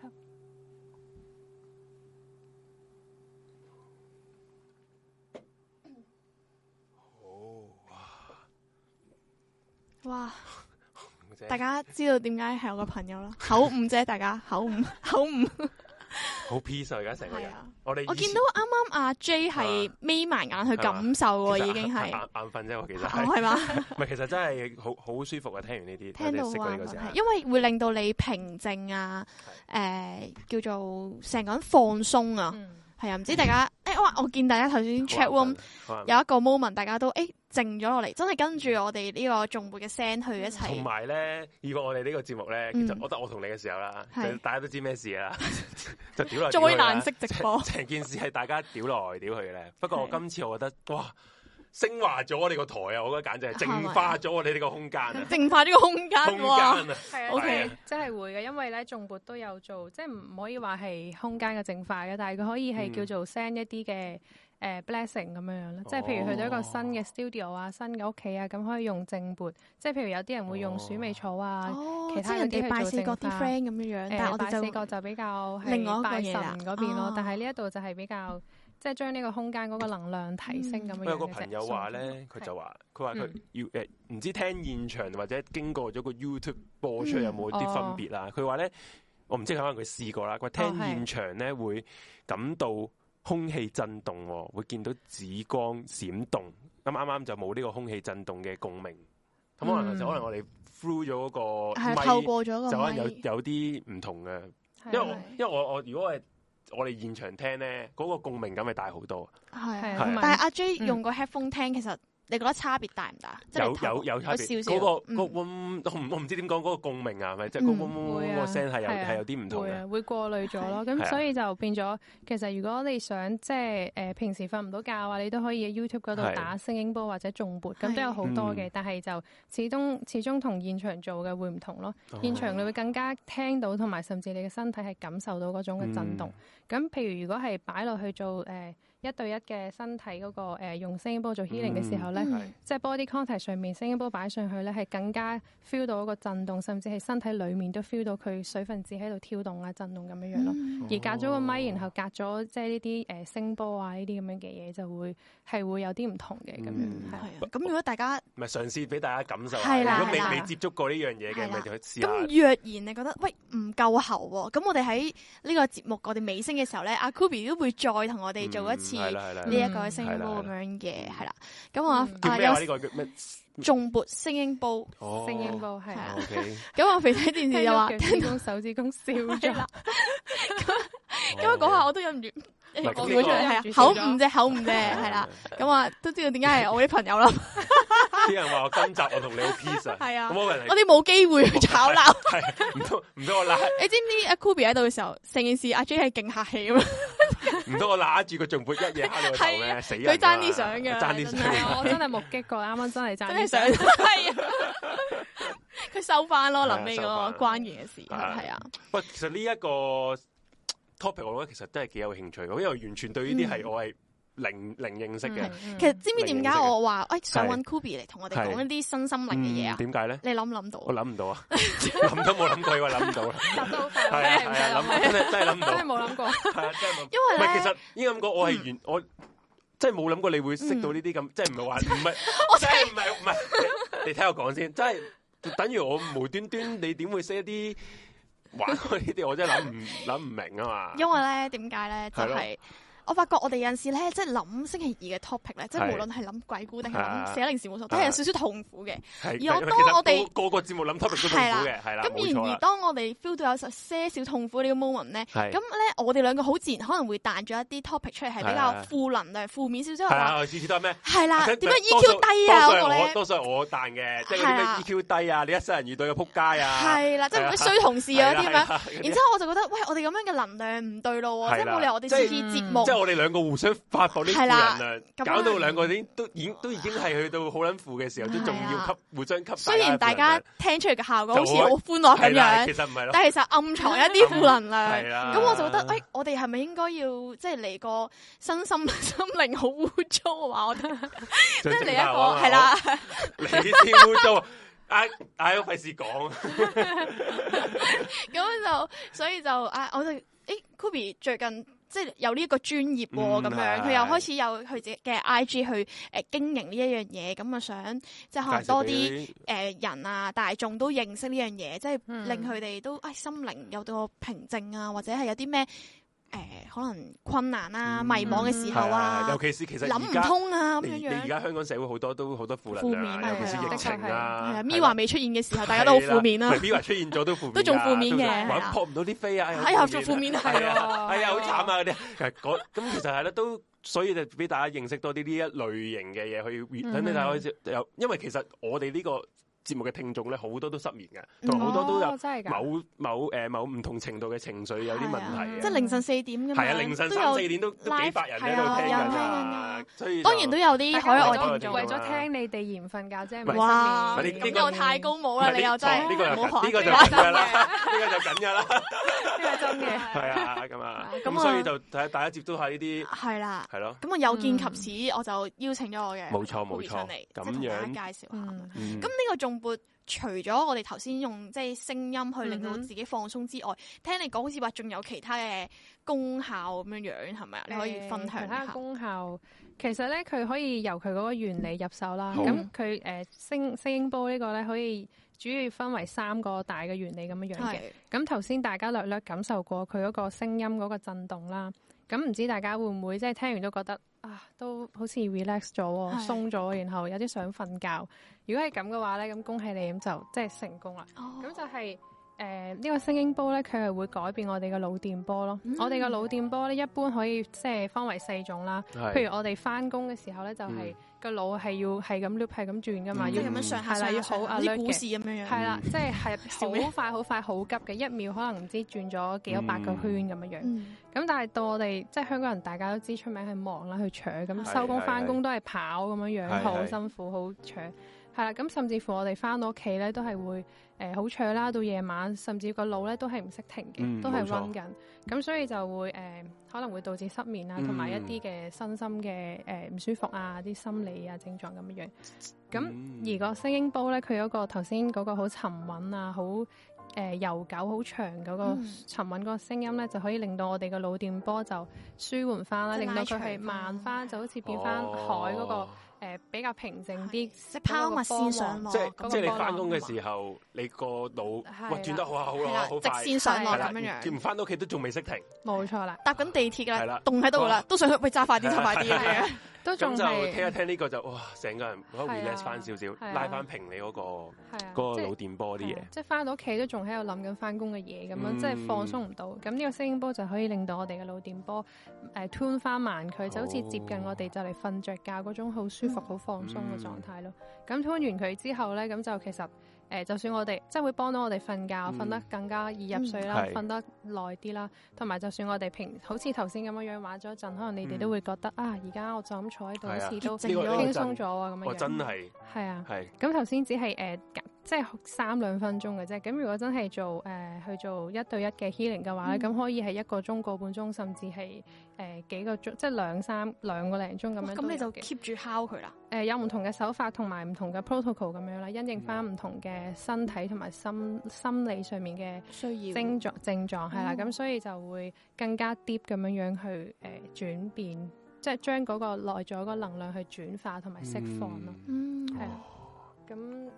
哇！ 大家知道點解係我個朋友啦？ 口誤啫，大家口誤口誤。 好 peace 啊，而家成個人，啊、我哋我見到啱啱阿 J 係眯埋眼去感受喎，已經係眼瞓啫，其實哦係嘛，唔係、啊啊、其， 其實真係好好舒服啊！聽完呢啲，聽到啊，因為會令到你平靜啊，誒、啊呃，叫做成個人放鬆啊。嗯係啊，唔、 嗯、知大家、欸，誒，哇，我見大家頭先 check room，有一個 moment，大家都誒靜咗落嚟，真係跟住我哋呢個仲撥嘅聲去一齊。同埋咧，如果我哋呢個節目咧，嗯、其實我覺得我同你嘅時候啦，是大家都知咩事啊， 就屌落。最難識直播。 成件事係大家屌來屌去嘅，不過我今次我覺得，是哇！升華咗我哋個台啊，我覺得簡直係淨化咗我哋呢個空間間哇啊！淨化呢個空間，間啊，係啊，真係會嘅，因為咧淨撥都有做，即係唔可以話係空間嘅淨化嘅，但係佢可以係叫做 send 一啲嘅誒 blessing 咁樣樣咯，即係譬如去到一個新嘅 studio 啊、哦、新嘅屋企啊，咁可以用淨撥，即係譬如有啲人會用鼠尾草啊，哦、其他人哋、呃、拜四角啲 friend 咁樣樣，但係我拜四角就比較另外一樣拜神嗰邊咯，邊哦、但係呢一度就係比較。即係將呢個空間嗰個能量提升。咁樣，有個朋友話咧，佢就話，佢話佢要誒，唔知聽現場或者經過咗個 YouTube 播出有冇啲分別啦。佢話咧，我唔知可能佢試過啦。佢話聽現場咧會感到空氣震動，會見到紫光閃動。咁啱啱就冇呢個空氣震動嘅共鳴。咁可能就可能我哋 through 咗嗰個，透過咗個，就可能有有啲唔同嘅。因為因為我我如果我。我哋現場聽咧，嗰個共鳴感係大好多。係係的，的但係阿 J 用個 headphone 聽其實。嗯你覺得差別大唔大？有有有差別，嗰我唔知點講，嗰個共鳴啊，係咪即係嗰嗡嗡嗡個聲係有係有啲唔同嘅？會過濾咗咯，咁所以就變咗。其實如果你想即係誒平時瞓唔到覺啊，你都可以喺 YouTube 嗰度打聲音波或者重撥，咁都有好多嘅。但係就始終始終同現場做嘅會唔同咯。現場你會更加聽到同埋甚至你嘅身體係感受到嗰種嘅震動。咁譬如如果係擺落去做誒。一對一嘅身體嗰、那個誒、呃、用聲音波做 healing 嘅時候咧，即係、嗯、body contact 上面聲音波擺上去咧，係更加 feel 到嗰個振動，甚至係身體裏面都 feel 到佢水分子喺度跳動啊、震動咁樣樣咯。嗯、而隔咗個咪，然後隔咗即係呢啲誒聲波啊呢啲咁樣嘅嘢，就會係會有啲唔同嘅咁樣，係、嗯、啊。咁如果大家唔係嘗試俾大家感受下，如果未未、啊啊、接觸過呢樣嘢嘅，咪、啊、就去試一下。咁若然你覺得喂唔夠喉喎，咁、喔、我哋喺呢個節目我哋尾聲嘅時候咧，阿、啊、Kobe 都會再同我哋做一次、嗯。呢一個聲音煲咁樣嘅，係啦。咁我啊叫呢個咩眾撥聲音煲，聲音煲係啊。咁我肥仔電視又話：，聽眾手指公笑咗。咁咁啊，嗰下我都忍唔住講咗出嚟，係口唔啫，口唔啫，係啦。咁啊，都知道點解係我啲朋友咯。啲人話我今集我同你 peace 係啊。我哋冇機會去炒鬧，唔唔俾我鬧。你知唔知阿 Kobe 喺度嘅時候，成件事阿 J 係勁客氣啊？唔通我拿住個橡皮一嘢，係啊，死啊！佢爭啲相嘅，爭啲相我真係目擊過，啱啱真係爭啲相，係啊！佢收翻咯，臨尾個關嘢嘅事係啊！不過，其實呢一個 topic，我覺得其實都係幾有興趣，因為完全對呢啲係我係。零零認識嘅，其實知唔知點解我話，哎，想揾 Kobe 嚟同我哋講一啲身心靈嘅嘢啊？點解咧？你諗唔諗到？我諗唔到啊，諗都冇諗到，以為諗唔到啦。係啊係啊，諗真係諗到，真係冇諗過。係啊，真係冇。因為咧，其實應該諗過，我係原我真係冇諗過你會識到呢啲咁，即係唔係話唔係，我真係唔係唔係。你睇我講先，即係等於我無端端，你點會識一啲玩呢啲？我真係諗唔諗唔明啊嘛。因為咧，點解咧，就係。我發覺我哋有陣時咧，即係諗星期二嘅 topic 咧，即係無論係諗鬼故定係諗寫零視冇術，都係有少少痛苦嘅。而我當我哋個個節目諗 topic 都痛苦嘅，係啦。咁然而當我哋 feel 到有實些少痛苦呢個 moment 咧，咁咧我哋兩個好自然可能會彈咗一啲 topic 出嚟，係比較負能量、負面少少。係啊，次次都係咩？係啦。點解 EQ 低啊？我個咧。多數我彈嘅，即係點 EQ 低啊？你一世人遇到嘅撲街啊！係啦，即係衰同事啊啲咁樣。然之後我就覺得，喂，我哋咁樣嘅能量唔對路啊！即係冇理由我哋次次節目。即係我哋兩個互相發放呢股負能量，搞到兩個已經都已都已經係去到好撚負嘅時候，都仲啦要吸互相吸。雖然大家聽出嚟嘅效果好似好歡樂咁樣，其實唔係咯。但係其實暗藏一啲負能量。係啊、 嗯，咁我就覺得，誒、欸，我哋係咪應該要即係嚟個身心心靈好污糟嘅話，我覺得真係進場 一個係啦。你先污糟，阿阿費事講。咁、哎哎、 就所以就阿我哋，誒、哎欸、，Kobe 最近。即係有呢個專業喎、哦，咁、嗯、樣佢、嗯、又開始有佢自己嘅 IG 去誒、呃、經營呢一樣嘢，咁啊想即係可能多啲誒、呃、人啊大眾都認識呢樣嘢，即係令佢哋都誒、哎、心靈有個平靜啊，或者係有啲咩？誒，可能困難啊、迷惘嘅時候啊，尤其是其實諗唔通啊咁樣樣。你而家香港社會好多都好多負面，尤其是疫情啊。咪話未出現嘅時候，大家都好負面啊，咪話出現咗都負面，都仲負面嘅。撲唔到啲飛啊！係啊，仲負面係啊，係啊，好慘啊！嗰啲，咁其實係啦，都所以就俾大家認識多啲呢一類型嘅嘢，去以等你大家又，因為其實我哋呢個。節目嘅聽眾咧，好多都失眠嘅，同好多都有某某誒，某唔同程度嘅情緒有啲問題。即凌晨四點嘅，係啊凌晨四點都都幾百人喺度聽緊，當然都有啲海外啲為咗聽你哋而唔瞓覺，即係又太高帽啦，你又真呢個就唔好講呢個就緊㗎啦，呢個真嘅係啊咁啊。咁所以就大家接觸下都係呢啲係啦，係咯。咁啊有見及此，我就邀請咗我嘅冇錯冇錯咁樣介紹下。咁呢個仲。撥除咗我哋頭先用即係聲音去令到自己放鬆之外，嗯、聽你講好似話仲有其他嘅功效咁樣樣，係咪？嗯、你可以分享下？功效其實咧，佢可以由佢嗰個原理入手啦。咁佢誒聲聲音波呢個咧，可以主要分為三個大嘅原理咁樣樣嘅。咁頭先大家略略感受過佢嗰個聲音嗰個震動啦。咁唔知大家會唔會即係聽完都覺得？啊，都好似 relax 咗，鬆咗的，然後有啲想瞓覺。如果係咁嘅話咧，咁恭喜你咁就即係、就是、成功啦。咁、oh. 就係、是。誒、uh, 呢個聲音波咧，佢係會改變我哋嘅腦電波咯。嗯、我哋嘅腦電波咧，一般可以即係分為四種啦。譬如我哋翻工嘅時候咧、嗯，就係個腦係要係咁 loop 係咁轉噶嘛，要係啦，要好啲股市咁樣樣。係啦，即係係好快、好快、好急嘅一秒，可能唔知轉咗幾多百個圈咁樣樣。咁、嗯嗯、但係到我哋即係香港人，大家都知出名係忙啦，去搶咁收工翻工都係跑咁樣樣，好辛苦，好搶。係啦，咁、嗯呃、甚至乎我哋翻到屋企咧，都係會誒好脆啦，到夜晚甚至個腦咧都係唔識停嘅，都係溫緊，咁所以就會誒可能會導致失眠啊，同埋、嗯、一啲嘅身心嘅誒唔舒服啊，啲、呃、心理啊症狀咁樣。咁而個聲音煲咧，佢有一個頭先嗰個好沉穩啊，好誒、呃、悠久、好長嗰個沉穩嗰個聲音咧，就可以令到我哋個腦電波就舒緩翻啦，令到佢係慢翻，就好似變翻海嗰、那個。嗯嗯嗯誒比較平靜啲，即拋物線上落。即即你翻工嘅時候，你個腦喂轉得好下好快，直線上落咁樣。佢唔翻屋企都仲未識停。冇錯啦，搭緊地鐵㗎啦，動喺度啦，都想去，喂揸快啲，揸快啲咁樣。都仲就聽一聽呢個就哇，成個人可以 relax 翻少少，啊、拉翻平你嗰、嗰個嗰、啊、個腦電波啲嘢。即係翻到屋企都仲喺度諗緊翻工嘅嘢，咁樣即係放鬆唔到。咁呢個聲音波就可以令到我哋嘅腦電波誒 tune 翻慢佢，好就好似接近我哋就嚟瞓着覺嗰種好舒服、好、嗯、放鬆嘅狀態咯。咁吞、嗯、完佢之後咧，咁就其實。誒，就算我哋即係會幫到我哋瞓覺，瞓得更加易入睡啦，瞓得耐啲啦，同埋就算我哋平好似頭先咁樣樣玩咗一陣，可能你哋都會覺得啊，而家我就咁坐喺度，好似都輕鬆咗啊，咁樣，真係，係啊，係，咁頭先只係誒。即係三兩分鐘嘅啫，咁如果真係做誒去做一對一嘅 healing 嘅話咧，咁可以係一個鐘、個半鐘，甚至係誒幾個鐘，即係兩三兩個零鐘咁樣。咁你就 keep 住敲佢啦。誒，有唔同嘅手法同埋唔同嘅 protocol 咁樣啦，因應翻唔同嘅身體同埋心心理上面嘅需要症狀症狀係啦，咁所以就會更加 deep 咁樣樣去誒轉變，即係將嗰個內在個能量去轉化同埋釋放咯。嗯，係啦，咁。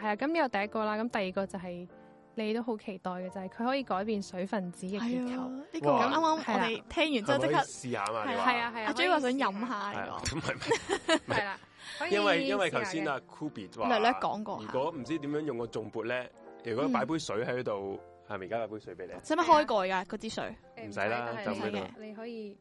係啊，咁呢個第一個啦，咁第二個就係你都好期待嘅，就係佢可以改變水分子嘅結構呢個。咁啱啱我哋聽完之後即刻試下嘛，係啊係啊，主要話想飲下嚟。咁咪咪係啦，因為因為頭先阿 Kobe 話略略講過，如果唔知點樣用個重撥咧，如果擺杯水喺度，下面而家有杯水俾你，使乜使開蓋噶嗰支水？唔使啦，就喺度，你可以。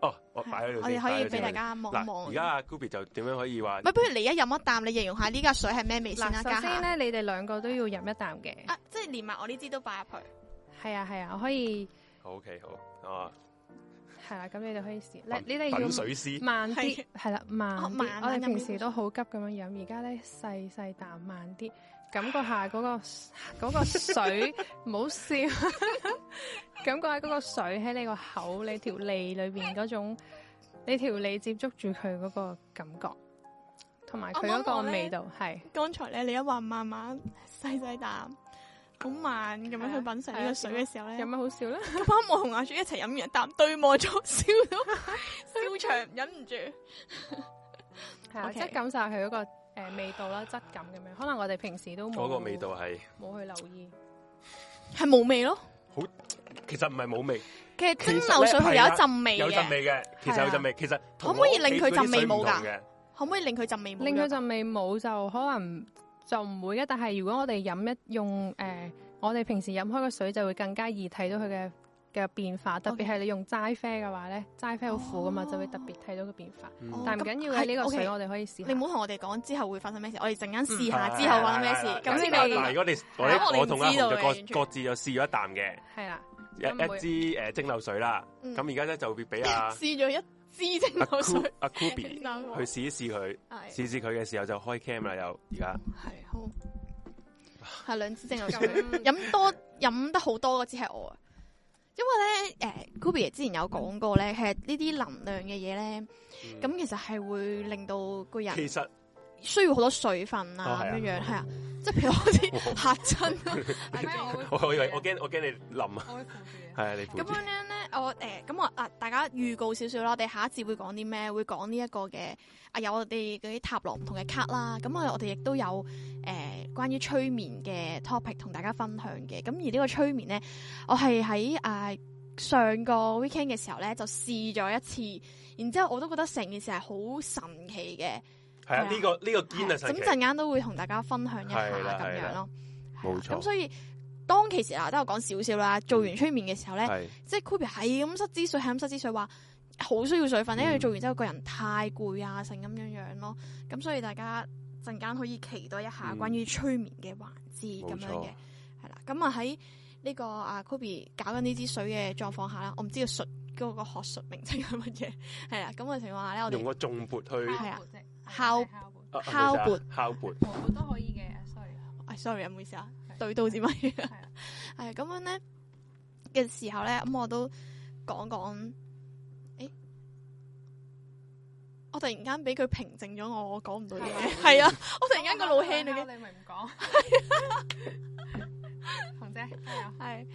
哦，我擺喺度，我哋可以俾大家望望。而家阿 Gubi 就點樣可以話？喂，不如你一飲一啖，你形容下呢個水係咩味先先咧，你哋兩個都要飲一啖嘅。啊，即係連埋我呢支都擺入去。係啊係啊，我可以。好 OK 好。啊，係啦，咁你就可以試。你你哋要水試，慢啲係啦，慢啲。我哋平時都好急咁樣飲，而家咧細細啖，慢啲。感覺下嗰個個水，唔好, 別笑。 感覺下嗰個水喺你個口， 你條脷裏邊嗰種，你條脷接觸住佢嗰個感覺，同埋佢嗰個味道係。剛是才咧，你一話慢慢細細啖，好慢咁樣去品食呢個水嘅時候咧，有咩好笑咧？啱啱我同阿珠一齊飲完，啖，對望咗，笑到笑場，忍唔住。我真係感受佢嗰個。誒、呃，味道啦、質感咁樣，可能我哋平時都冇嗰個味道係冇去留意，係冇味咯。好，其實唔係冇味。其實蒸餾水係有一陣味嘅，有陣味嘅，其實有陣味。其實可唔可以令佢陣味冇噶？可唔可以令佢陣味？令佢陣味冇就可能就唔會嘅。但係如果我哋飲一用誒、呃，我哋平時飲開個水就會更加易睇到佢嘅嘅變化，特別係你用齋啡嘅話咧，齋啡好苦㗎嘛，就會特別睇到個變化。但係唔緊要喺呢個水，我哋可以試。你唔好同我哋講之後會發生咩事，我哋陣間試下之後發生咩事。咁先嚟。嗱，如果你我我同阿就各各自就試咗一啖嘅。係啦，一一支誒蒸餾水啦。咁而家咧就會俾阿試咗一支蒸餾水。阿 Kubi 去試一試佢，試試佢嘅時候就開 cam 啦。又而家係好係兩支蒸餾水，飲多飲得好多嗰支係我。因為咧，誒、uh, Kobe 之前有講過咧，其實呢啲能量嘅嘢咧，咁、嗯、其實係會令到個人，其實需要好多水分啊，咁樣樣係啊，即係譬如好似吓親，我以為我驚我驚你淋啊，係 啊，你咁樣樣咧，我誒，咁、欸、我啊，大家預告少少啦，我哋下一節會講啲咩？會講呢一個嘅啊，有我哋嗰啲塔羅唔同嘅卡啦，咁啊，我哋亦都有誒、呃、關於催眠嘅 topic 同大家分享嘅。咁而呢個催眠咧，我係喺啊上個 weekend 嘅時候咧就試咗一次，然之後我都覺得成件事係好神奇嘅。係呢、這個呢、這個堅啊！咁陣間都會同大家分享一下咁了樣咯，冇錯錯。咁所以當其時啊，都有講少少啦。做完催眠嘅時候咧，即係 Kobe 係咁失支水，係咁失支水，話好需要水分，嗯、因為做完之後個人太攰啊，成咁樣樣咯。咁所以大家陣間可以期待一下關於催眠嘅環節咁樣嘅，係啦錯。咁啊喺呢個啊 Kobe 搞緊呢支水嘅狀況下啦，我唔知個術嗰個學術名稱係乜嘢，係 啦。咁嘅情況下呢，我哋用個重撥去係啊。敲敲撥，敲撥、uh, 啊，我都可以嘅。Sorry，sorry 唔好意思啊，對到至乜嘢？係啊，係咁樣咧嘅時候咧，咁我都講講。誒，我突然間俾佢平靜咗我，我講唔到嘢。係啊，我突然間個老氣你嘅，你咪唔講。係啊，洪姐，哎、啊，係。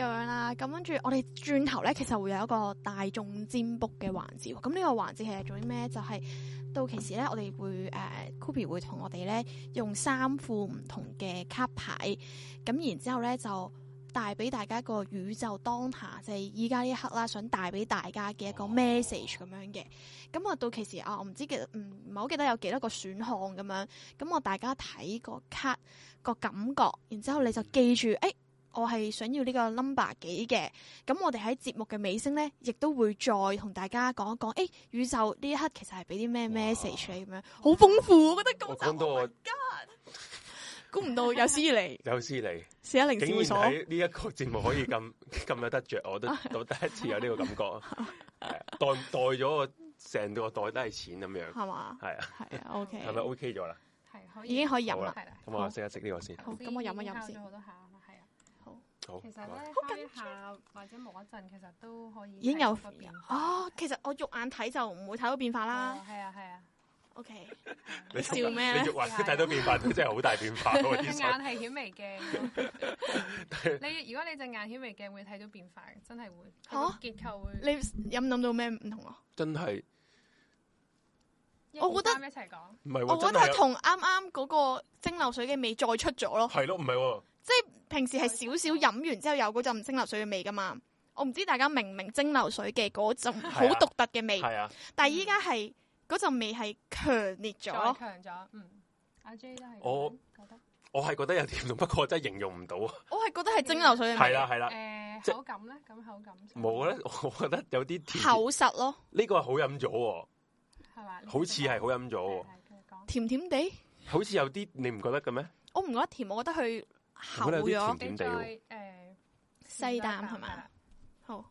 咁樣啦，咁跟住我哋轉頭咧，其實會有一個大眾占卜嘅環節。咁呢個環節係做啲咩？就係、是、到期時咧，我哋會誒、呃、，Kopi 會同我哋咧用三副唔同嘅卡牌，咁然之後咧就帶俾大家一個宇宙當下，就係依家呢一刻啦，想帶俾大家嘅一個 message 咁樣嘅。咁我到期時啊，我唔知記，唔唔係好記得有幾多個選項咁樣。咁我大家睇個卡個感覺，然之後你就記住誒。哎我係想要呢個 number 幾嘅，咁我哋喺節目嘅尾聲咧，亦都會再同大家講一講，誒，宇宙呢一刻其實係俾啲咩 message 咁樣，好豐富，我覺得。我講到我，估唔到有史以嚟，有史以嚟，四一竟然喺呢一個節目可以咁咁有得着，我都我第一次有呢個感覺，袋袋咗個成個袋都係錢咁樣，係嘛？係啊，係 OK，係咪 OK 咗啦？係，已經可以飲啦。咁我食一食呢個先，好，咁我飲一飲先。其實咧，好下或者冇一陣，其實都可以已經有哦。其實我肉眼睇就唔會睇到變化啦。係啊係啊，OK。你笑咩？你肉眼睇到變化，真係好大變化咯。隻眼係顯微鏡。你如果你隻眼顯微鏡會睇到變化嘅，真係會好，結構會。你有冇諗到咩唔同啊？真係，我覺得一齊講唔係。我覺得係同啱啱嗰個蒸餾水嘅味再出咗咯。係咯，唔係喎。即係平時係少少飲完之後有嗰陣蒸餾水嘅味噶嘛，我唔知大家明唔明蒸餾水嘅嗰種好獨特嘅味。係啊，啊但係依家係嗰陣味係強烈咗，強咗。嗯，阿 J 都係。我，覺得我係覺得有甜，不過真係形容唔到。我係覺得係蒸餾水嘅味道。係啦係啦。誒、啊啊呃，口感咧？咁即口感、就是。冇咧，我覺得有啲甜。厚實咯。呢個係好飲咗喎，係嘛吧？好似係好飲咗、哦。甜甜地。好似有啲你唔覺得嘅咩？我唔覺得甜，我覺得佢。厚咗，再誒細啖係嘛？好，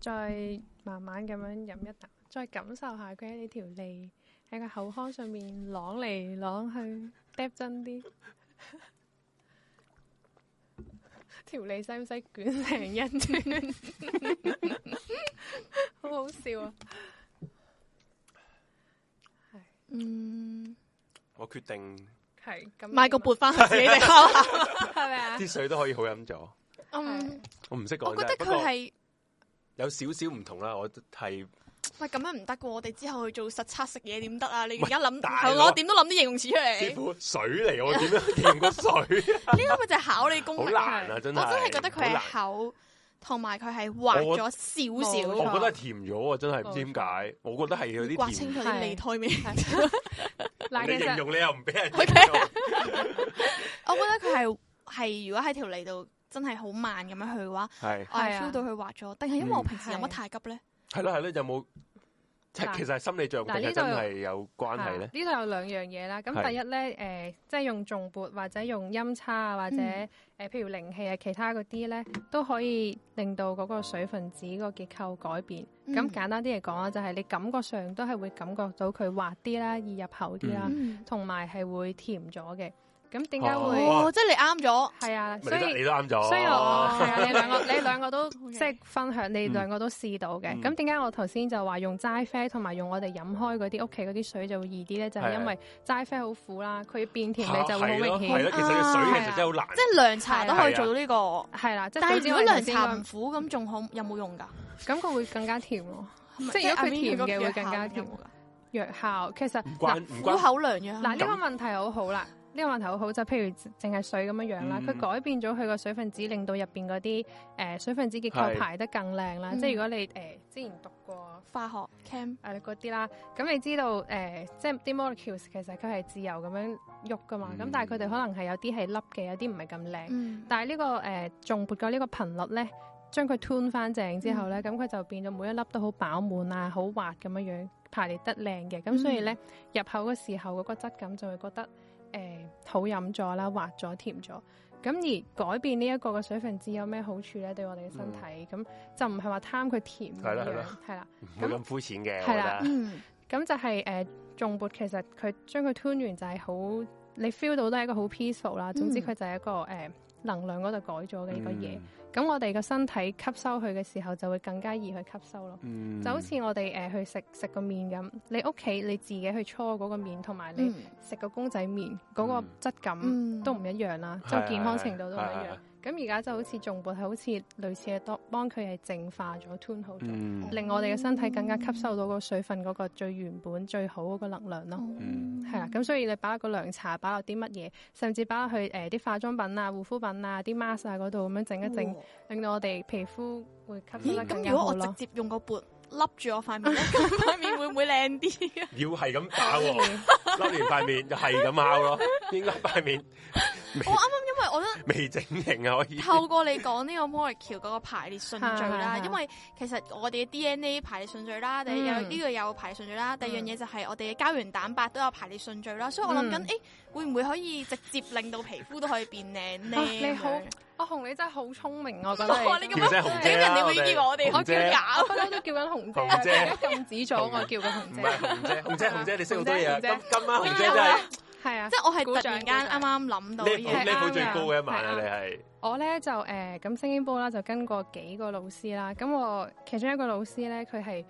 再慢慢咁樣飲一啖,再感受下佢喺你條脷喺個口腔上面啷嚟啷去，嗒真啲。條脷使唔使捲成一轉？好好笑啊！係，嗯，我決定。係咁買個撥翻去自己食，係咪啊？啲水都可以好飲咗。嗯、um，我唔識講。我覺得佢係有少少唔同啦。我係喂咁樣唔得噶我哋之後去做實測食嘢點得啊？你而家諗，我點都諗啲形容詞出嚟。水嚟，我點樣形容，啊、 個水？呢個咪就考你功力。好難啊！真係，我真係覺得佢係口。同埋佢係滑咗少少，我覺得甜咗啊！真係唔知點解，我覺得係有啲滑清佢啲味。苔咩？你形容你又唔俾人，我覺得佢係係，如果喺條脷度真係好慢咁樣去嘅話，係我係 feel 到佢滑咗，定係因為我平時有乜太急咧？係咯係咯，有冇？其實係心理狀況真係有關係咧。呢度有兩樣嘢啦。咁第一咧，誒，即係用重撥或者用音叉或者。呃、譬如靈氣啊，其他嗰啲咧都可以令到嗰個水分子個結構改變。咁、嗯、簡單啲嚟講啦，就係、是、你感覺上都係會感覺到佢滑啲啦，易入口啲啦，同埋係會甜咗嘅。咁點解會？即係你啱咗，係啊，所以你啱咗，所以我，係啊，你兩個你兩個都即係分享，你兩個都試到嘅。咁點解我頭先就話用齋啡同埋用我哋飲開嗰啲屋企嗰啲水就會易啲咧？就係因為齋啡好苦啦，佢變甜味就會好明顯。係啦，其實水其實真係好難。即係涼茶都可以做到呢個，係啦。但係如果涼茶唔苦咁，仲好，有冇用噶？咁佢會更加甜咯。即係如果佢甜嘅會更加甜。藥效其實苦口良藥。嗱呢個問題好好啦。呢個話頭好就好，就譬如淨係水咁樣樣啦。佢、嗯、改變咗佢個水分子，令到入邊嗰啲誒水分子結構排得更靚啦。嗯、即係如果你誒、呃、之前讀過化學 chem 誒嗰啲啦，咁 Cam、呃嗯、你知道誒、呃，即係啲 molecules 其實佢係自由咁樣喐噶嘛。咁、嗯、但係佢哋可能係有啲係粒嘅，有啲唔係咁靚。嗯、但係、這、呢個誒種、呃、撥過呢個頻率咧，將佢 tune 翻正之後咧，咁佢、嗯、就變咗每一粒都好飽滿啊，好滑咁樣樣排列得靚嘅。咁所以咧、嗯、入口嘅時候嗰個質感就會覺得。土飲咗啦，滑咗甜咗，咁而改變呢一個嘅水分子有咩好處咧？對我哋嘅身體，咁、嗯、就唔係話貪佢甜嘅樣，係啦、嗯，冇咁膚淺嘅。係啦的，咁、嗯、就係、是、誒，眾、呃、撥其實佢將佢吞完就係好，你 feel 到都係一個好 peaceful 啦。嗯、總之佢就係一個誒。呃能量嗰度改咗嘅呢個嘢，咁、嗯、我哋個身體吸收佢嘅時候就會更加易去吸收咯。嗯、就好似我哋誒、呃、去食食個麵咁，你屋企你自己去搓嗰個麵，同埋你食個公仔麵嗰、嗯、個質感、嗯、都唔一樣啦，嗯、就健康程度都唔一樣。咁而家就好似仲撥，係好似類似係幫佢係淨化咗 turn 好咗，mm. 令我哋嘅身體更加吸收到個水分嗰、嗰個最原本最好嗰個能量咯。係啦，咁、mm. 所以你擺個涼茶，擺落啲乜嘢，甚至擺落去誒啲、呃、化妝品啊、護膚品啊、啲 mask 啊嗰度咁樣整一整，令到我哋皮膚會吸到更多咯。咁、嗯、如果我直接用個撥，笠住我塊面咧，塊面會唔會靚啲？要係咁搞，笠完塊面就係咁敲咯，應該塊面。我啱啱因為我都未整型啊，可以透過你講呢個摩爾橋嗰個排列順序啦，因為其實我哋嘅 DNA 排列順序啦，第二樣呢個有排列順序啦，第二樣嘢就係我哋嘅膠原蛋白都有排列順序啦，所以我諗緊，誒會唔會可以直接令到皮膚都可以變靚？你好，我紅你真係好聰明，我覺得。你咁樣整人你會叫我哋？我叫雅，分都叫緊紅姐，禁止咗我叫紅姐。紅姐，紅姐紅姐，你識好多嘢啊！今晚紅姐係啊， 即係我係突然間啱啱諗到呢 level 最高嘅一晚啦，你係我咧就誒，咁星經波啦，就跟過幾個老師啦，咁我其中一個老師咧，佢係。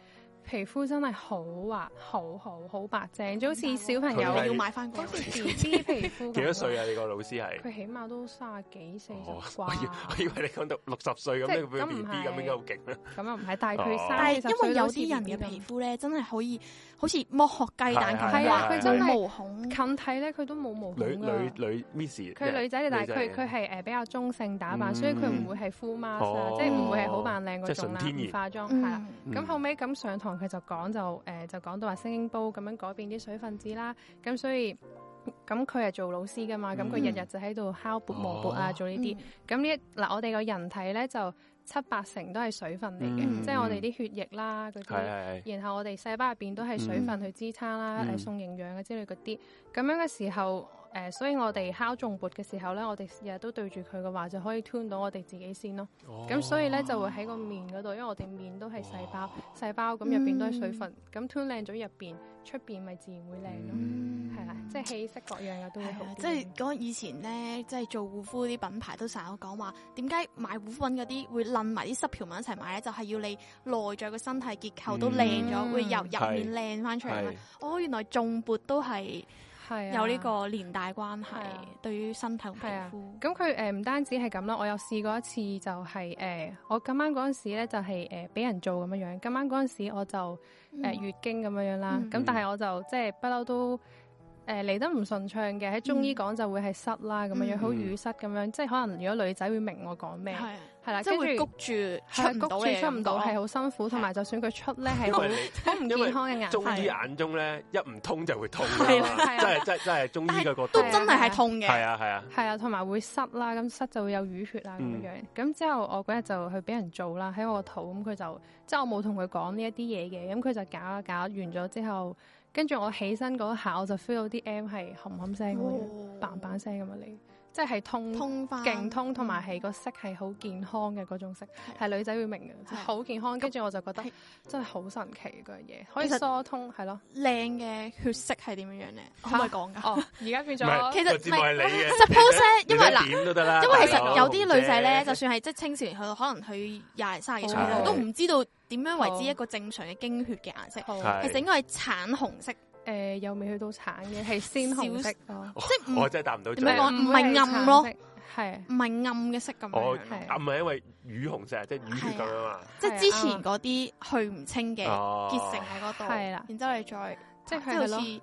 皮膚真係好滑，好好好白淨，就好似小朋友要買翻嗰時 BB 皮膚。幾多歲啊？你個老師係？佢起碼都卅幾四十。我以為你講到六十歲咁樣變 BB 咁，應該好勁啦。咁又唔係，但係因為有啲人嘅皮膚咧，真係可以好似剝殼雞蛋咁，係啊，佢真係毛孔近睇咧，佢都冇毛孔。女女女 Miss，佢女仔嚟，但係佢佢係誒比較中性打扮，所以佢唔會係敷 mask，即係唔會係好扮靚嗰種啦。唔化妝係啦。咁後尾咁上堂。佢就講就誒、呃，就講到話聲音波咁樣改變啲水分子啦，咁所以咁佢係做老師噶嘛，咁佢日日就喺度敲缽磨缽啊，哦、做呢啲。咁呢嗱，我哋個人體咧就七八成都係水分嚟嘅，嗯、即係我哋啲血液啦，嗰啲，嗯、然後我哋細胞入邊都係水分去支撐啦，誒、嗯，送營養啊之類嗰啲，咁樣嘅時候。誒、呃，所以我哋敲重撥嘅時候咧，我哋日日都對住佢嘅話，就可以 tune 到我哋自己先咯。咁、哦、所以咧就會喺個面嗰度，因為我哋面都係細胞細胞，咁入邊都係水分，咁 tune 靚咗入邊，出邊咪自然會靚咯。係啦、嗯，即係氣色各樣嘅都會好。即係講、那個、以前咧，即係做護膚啲品牌都成日講話，點解買護膚品嗰啲會冧埋啲濕條紋一齊買咧？就係、是、要你內在嘅身體結構都靚咗，嗯、會由入面靚翻出嚟。哦，原來重撥都係。係、啊、有呢個連帶關係、啊、對於身體同皮膚啊。咁佢誒唔單止係咁啦，我有試過一次就係、是、誒、呃，我今晚嗰陣時咧就係誒俾人做咁樣樣。今晚嗰陣時我就誒、呃、月經咁樣樣啦。咁、嗯嗯、但係我就即係、就是呃、不嬲都誒嚟得唔順暢嘅。喺中醫講就會係塞啦咁樣樣，好淤、嗯、塞咁樣。嗯嗯、即係可能如果女仔會明我講咩。係，即係谷住谷住出唔到，係好辛苦。同埋就算佢出咧，係好唔健康嘅眼。係中醫眼中咧，一唔通就會痛，真係真真係中醫嘅角度都真係係痛嘅。係啊係啊。係啊，同埋會濕啦，咁濕就會有淤血啊咁樣。咁之後我嗰日就去俾人做啦，喺我個肚咁佢就，即係我冇同佢講呢一啲嘢嘅，咁佢就搞啊搞，完咗之後，跟住我起身嗰下我就 feel 到啲 m 係冚冚聲咁樣，砰砰聲咁嚟。即係通，勁通，同埋係個色係好健康嘅嗰種色，係女仔會明嘅，好健康。跟住我就覺得真係好神奇嗰樣嘢，可以疏通係咯。靚嘅血色係點樣樣咧？可唔可以講噶？哦，而家變咗，其實唔係，suppose 因為嗱，因為其實有啲女仔咧，就算係即係青少年去到，可能去廿三、廿四歲都唔知道點樣為之一個正常嘅經血嘅顏色，其實應該係橙紅色。誒，又未去到橙嘅，係鮮紅色咯，即係我真係答唔到，唔係暗咯，係唔係暗嘅色咁樣係。暗係因為乳紅色，即係乳血咁啊嘛。即係之前嗰啲去唔清嘅，結成喺嗰度，係啦，然之後你再即係，即係好似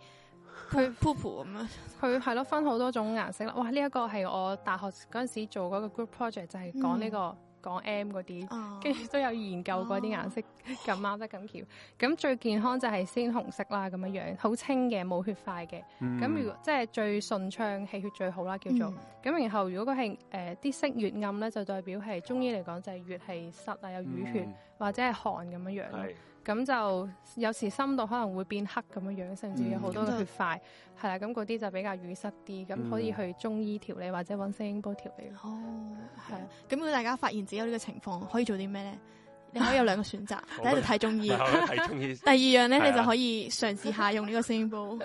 佢瀑布咁啊。佢係咯，分好多種顏色啦。哇！呢一個係我大學嗰陣時做嗰個 group project，就係講呢個。講 M 嗰啲，跟住、oh, 都有研究過啲顏色，咁啱得咁巧。咁、oh. 最健康就係鮮紅色啦，咁樣樣好清嘅，冇血塊嘅。咁、mm. 如果即係最順暢氣血最好啦，叫做。咁、mm. 然後如果佢係誒啲色越暗咧，就代表係中醫嚟講就係越係濕啊，有淤血、mm. 或者係寒咁樣樣、mm. 咁就有時深度可能會變黑咁樣樣，甚至有好多嘅血塊，係啦、嗯，咁嗰啲就比較淤塞啲，咁、嗯、可以去中醫調理或者搵聲波調理。哦，係啊，咁、嗯、如果大家發現自己有呢個情況，嗯、可以做啲咩咧？你可以有兩個選擇，第一就睇中醫，睇中醫。第二樣咧，你就可以嘗試下用呢個 symbol。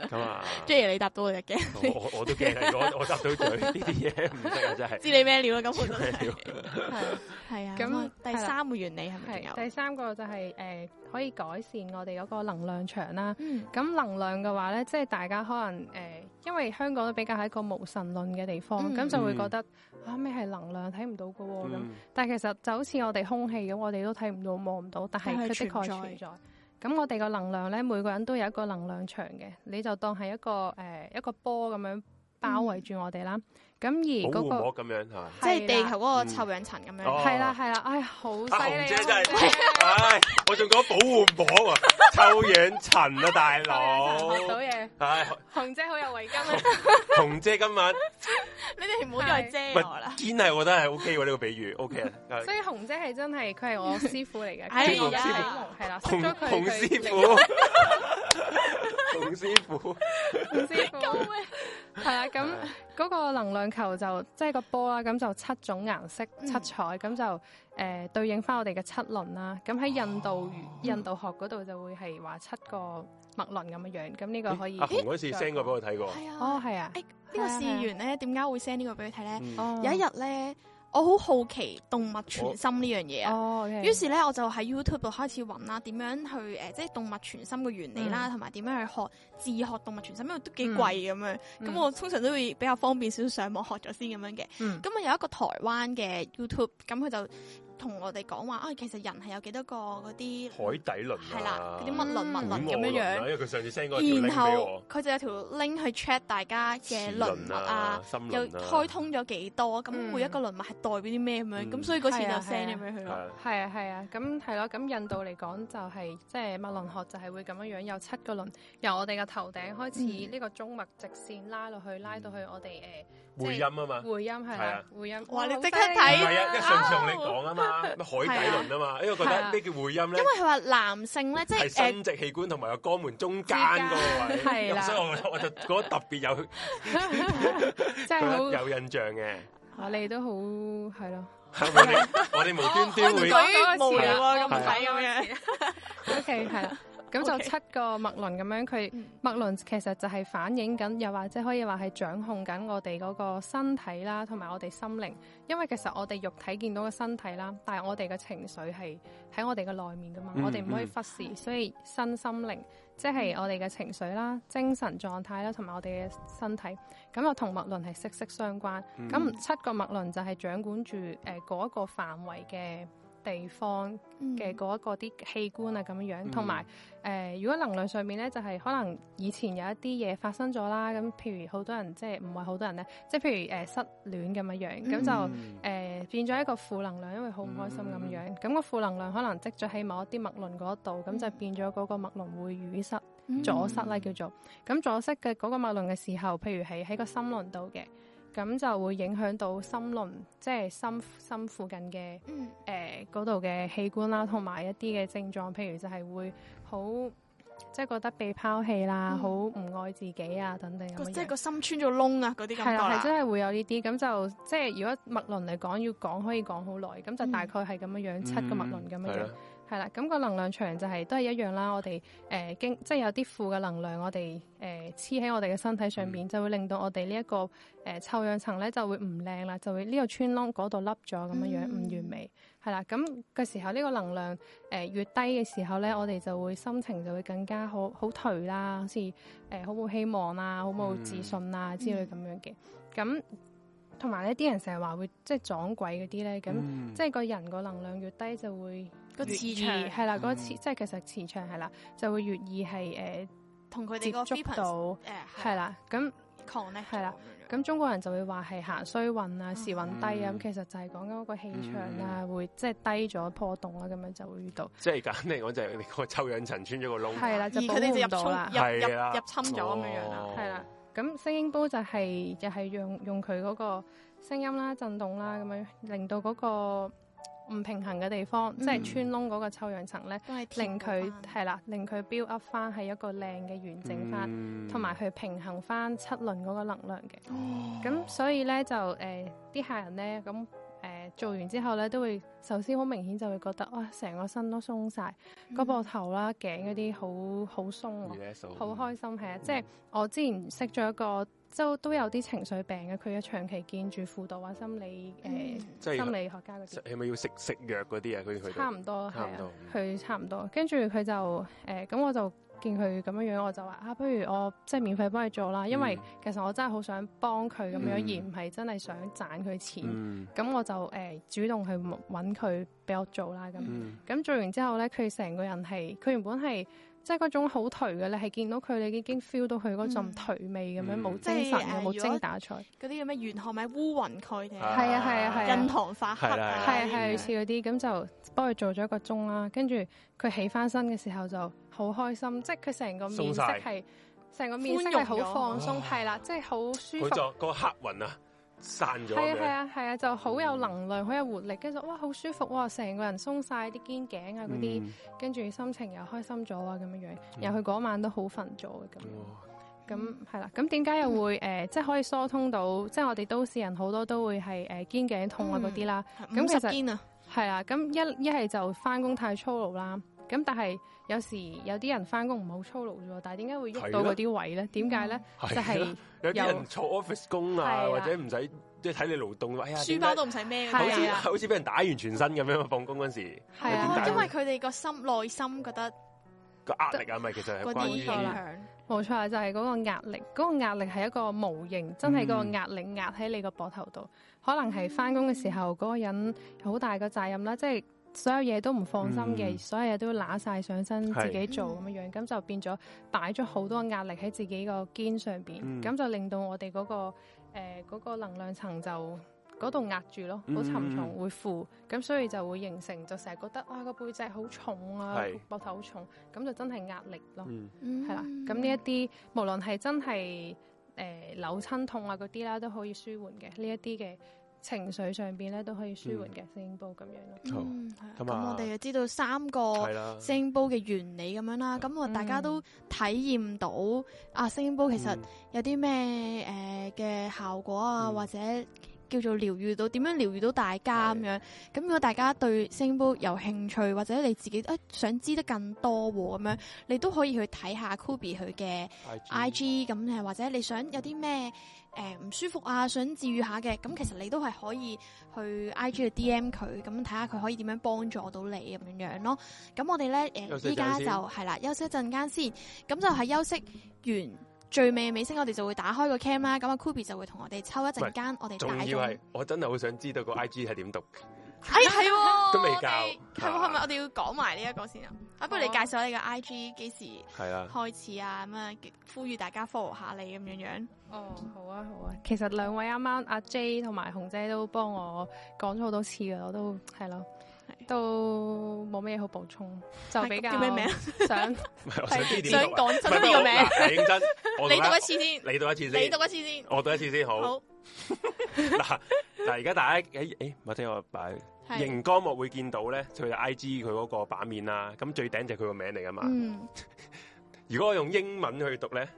咁啊，即係你答到我嘅。我我都記得，我我答到佢呢啲嘢，唔得啊，真係。知你咩料啦，咁。係啊，咁第三個原理係咪有？第三個就係誒，可以改善我哋嗰個能量場啦。咁能量嘅話咧，即係大家可能誒，因為香港都比較係一個無神論嘅地方，咁就會覺得。啊，咩係能量？睇唔到嘅喎，咁、嗯、但係其實就好似我哋空氣咁，我哋都睇唔到、望唔到，但係佢的確存在。咁、嗯、我哋個能量咧，每個人都有一個能量場嘅，你就當係一個誒、呃、一個波咁樣包圍住我哋啦。嗯咁而嗰個，即係地球嗰個臭氧層咁樣，係啦係啦，唉，好犀利！紅姐真係，我仲講保護膜啊，臭氧層啊，大佬學到嘢，唉，紅姐好有圍巾啊，紅姐今晚！你哋唔好再遮我啦，堅係我覺得係 O K 喎，呢個比喻 O K 啦。所以紅姐係真係，佢係我師傅嚟嘅，係啊，係啦，紅紅師傅，紅師傅，唔知夠係 啊，咁嗰個能量球就即係個波啦，咁就七種顏色七彩，咁就誒、呃、對應翻我哋嘅七輪啦。咁喺印度、啊、印度學嗰度就會係話七個脈輪咁樣樣，咁呢個可以。阿誒，嗰次 send 過俾我睇過，係啊，哦係啊。誒、啊、啊、個試完呢、啊啊、個試完咧，點解會 send 呢個俾佢睇咧？有一日咧。嗯我好好奇動物傳心呢、oh. 樣嘢啊，oh, okay. 於是咧我就喺 YouTube 度開始揾啦，點樣去誒、呃、即係動物傳心嘅原理啦，同埋點樣去學自學動物傳心，因為都幾貴咁、mm. 樣，咁我通常都會比較方便少少上網學咗先咁樣嘅。咁啊、mm. 有一個台灣嘅 YouTube，咁佢就。同我哋講話啊，其實人係有幾多個嗰啲海底輪，係啦，嗰啲乜輪、物輪咁樣樣。因為佢上次 send 嗰條 link 俾我。然後佢就有條 link 去 check 大家嘅輪脈啊，啊又開通咗幾多？咁、嗯、每一個輪脈係代表啲咩咁樣？咁所以嗰次就 send 咁樣去咯。係啊係啊，咁係咯，咁印度嚟講就係即係物輪學就係會咁樣樣有七個輪，由我哋嘅頭頂開始，呢、嗯、個中脈直線拉落去，拉到去、嗯、到去我哋誒。呃回音啊嘛，回音係啊，回音，哇你即刻睇啦，一上次同你講啊嘛，海底輪啊嘛，因為我覺得呢叫回音咧，因為佢話男性咧即係生殖器官同埋個肛門中間嗰個位，咁所以我我就覺得特別有，即係好有印象嘅。我哋都好係咯，我哋我哋無端端會講，冇啊，咁唔使咁樣，OK 係啦。咁就七個脈輪咁樣，佢脈輪其實就係反映緊，又或者可以話係掌控緊我哋嗰個身體啦，同埋我哋心靈。因為其實我哋肉體見到個身體啦，但係我哋嘅情緒係喺我哋嘅內面㗎嘛，嗯、我哋唔可以忽視。嗯、所以身心靈，即係我哋嘅情緒啦、嗯、精神狀態啦，同埋我哋嘅身體，咁又同脈輪係息息相關。咁、嗯、七個脈輪就係掌管住誒嗰一個範圍嘅。地方嘅嗰一個啲器官啊咁樣，同埋誒，如果能量上面咧，就係、是、可能以前有一啲嘢發生咗啦，咁譬如好多人即係唔係好多人咧，即係譬如誒、呃、失戀咁樣樣，咁、嗯、就誒、呃、變咗一個負能量，因為好唔開心咁樣，咁、嗯、個負能量可能積咗喺某一啲脈輪嗰度，咁、嗯、就變咗嗰個脈輪會淤塞、阻塞、嗯、啦，叫做咁阻塞嘅嗰個脈輪嘅時候，譬如係喺個心輪度嘅。咁就會影響到心輪，即、就、係、是、心心附近嘅誒嗰度嘅器官啦，同埋一啲嘅症狀，譬如就係會好即係覺得被拋棄啦，好唔、嗯、愛自己啊等等即係、嗯就是、個心穿咗窿啊！嗰啲感覺啦。係啊，係真係會有呢啲咁就即係、就是、如果脈輪嚟講，要講可以講好耐，咁就大概係咁樣樣、嗯、七個脈輪咁樣樣。嗯係啦，咁、那個能量場就係、是、都係一樣啦。我哋誒經即係有啲負嘅能量，我哋誒黐喺我哋嘅身體上邊，嗯、就會令到我哋呢一個誒、呃、臭氧層咧就會唔靚啦，就會呢度穿窿，嗰度凹咗咁、嗯、樣樣，唔完美。係、那、啦、個，咁、呃、嘅時候呢個能量誒越低嘅時候咧，我哋就會心情就會更加好好頹啦，好似誒好冇、呃、希望啊，好冇自信啊、嗯、之類咁樣嘅咁。嗯嗯同埋呢啲人成日話會即係撞鬼嗰啲咧，咁即係個人個能量越低就會個磁場係啦，個磁即係其實磁場係啦，就會越易係誒同佢哋接觸到誒係啦。咁狂咧係啦，咁中國人就會話係行衰運啊，時運低啊。咁其實就係講緊嗰個氣場啦，會即係低咗破洞啦，咁樣就會遇到。即係簡單嚟講，就係個臭氧層穿咗個窿，而佢哋入入侵咗咁樣樣啦，係啦。咁聲音波就係又係用用佢嗰個聲音啦、震動啦咁樣，令到嗰個唔平衡嘅地方，嗯、即係穿窿嗰個臭氧層咧，都令佢它係、嗯、啦，令佢 build up 翻係一個靚嘅完整翻、嗯，同埋去平衡翻七輪嗰個能量嘅。咁、哦、所以咧就誒啲、呃、客人咧咁。嗯做完之後咧，都會首先好明顯就會覺得哇，成個身都鬆晒，個膊、嗯、頭啦、啊、頸嗰啲好好鬆，好、嗯、開心係啊！嗯、即係我之前識咗一個，即係都有啲情緒病嘅，佢長期見住輔導或心理誒、呃嗯、心理學家嗰啲，係咪要食食藥嗰啲啊？佢去差唔多係啊，佢差唔多，跟住佢就誒咁、呃、我就。見佢咁樣樣，我就話啊，不如我即係免費幫佢做啦，因為其實我真係好想幫佢咁樣，而唔係真係想賺佢錢。咁我就誒主動去揾佢俾我做啦。咁咁做完之後咧，佢成個人係，佢原本係即係嗰種好頹嘅咧，係見到佢你已經 feel 到佢嗰陣頹味咁樣，冇精神冇精打采。嗰啲叫咩？玄學咪烏雲蓋天，係啊係啊係啊，印堂發黑，係啊係啊，似嗰啲咁就幫佢做咗一個鐘啦。跟住佢起翻身嘅時候就。好開心，即係佢成個面色係成個面色係好放鬆，係啦，即係好舒服。佢個黑雲啊散咗。係啊係啊係啊，就好有能量，好有活力。跟住哇，好舒服哇，成個人鬆晒啲肩頸啊嗰啲，跟住心情又開心咗啊咁樣樣。又佢嗰晚都好瞓咗嘅咁。咁係啦，咁點解又會誒，即係可以疏通到，即係我哋都市人好多都會係誒肩頸痛啊嗰啲啦。咁其實，五十肩啊，係啊。咁一一係就翻工太粗魯啦。咁但係。有時有啲人翻工唔好操勞啫喎，但係點解會喐到嗰啲位咧？點解咧？就係有啲人坐 office 工啊，或者唔使即係睇你勞動啊，書包都唔使孭，好似好似俾人打完全身咁樣放工嗰時，因為佢哋個心內心覺得個壓力啊，咪其實個啲錯啦？冇錯就係嗰個壓力，嗰個壓力係一個模型，真係個壓力壓喺你個膊頭度，可能係翻工嘅時候嗰個人好大個責任啦，即係。所有嘢都唔放心嘅，嗯、所有嘢都拿晒上身自己做咁樣樣，咁是就變咗擺咗好多壓力喺自己個肩上邊，咁、嗯、就令到我哋嗰、那個誒嗰、呃那個能量層就嗰度壓住咯，好沉重、嗯、會負，咁所以就會形成就成日覺得啊個背脊好重啊，膊頭好重，咁就真係壓力咯，係、嗯、啦。咁呢一啲無論係真係誒、呃、扭親痛啊嗰啲啦，都可以舒緩嘅呢一啲嘅。情緒上邊咧都可以舒緩嘅聲音波咁樣咯，咁我哋就知道三個聲音波嘅原理咁樣啦，咁、嗯、我大家都體驗到、嗯、啊聲音波其實有啲咩誒嘅效果啊、嗯、或者。叫做療愈到，點樣療愈到大家咁的樣，咁如果大家對 symbol 有興趣，或者你自己誒、哎、想知得更多喎咁樣，你都可以去睇下 Kobe 佢嘅 IG 咁誒，或者你想有啲咩誒唔舒服啊，想治愈下嘅，咁其實你都係可以去 IG 嘅 DM 佢，咁睇下佢可以點樣幫助到你咁樣樣咯。咁我哋咧誒依家就係啦，休息一陣間先，咁就係休息完。最尾尾聲，我哋就會打開個 cam 啦，咁啊 Kobe 就會同我哋抽一陣間，我哋仲要係，我真係好想知道個 I G 係點讀，係係、 哎呀，都未教，係咪我哋們、啊、要講埋呢一個先啊？哦、不如你介紹下你個 I G 幾時係啊開始啊咁啊，呼籲大家 follow 下你咁樣樣。哦，好啊好啊，其實兩位啱啱阿 J 同埋洪姐都幫我講咗好多次噶，我都係咯。都冇咩好補充，就比較叫咩名想想講出條名認真，你讀一次先，你讀一次先，你讀一次先，我讀一次先好。嗱，嗱而家大家誒誒，我聽我擺熒光幕會見到咧，佢 I G 佢嗰個版面啦，咁最頂就係佢個名嚟噶嘛。如果我用英文去讀咧，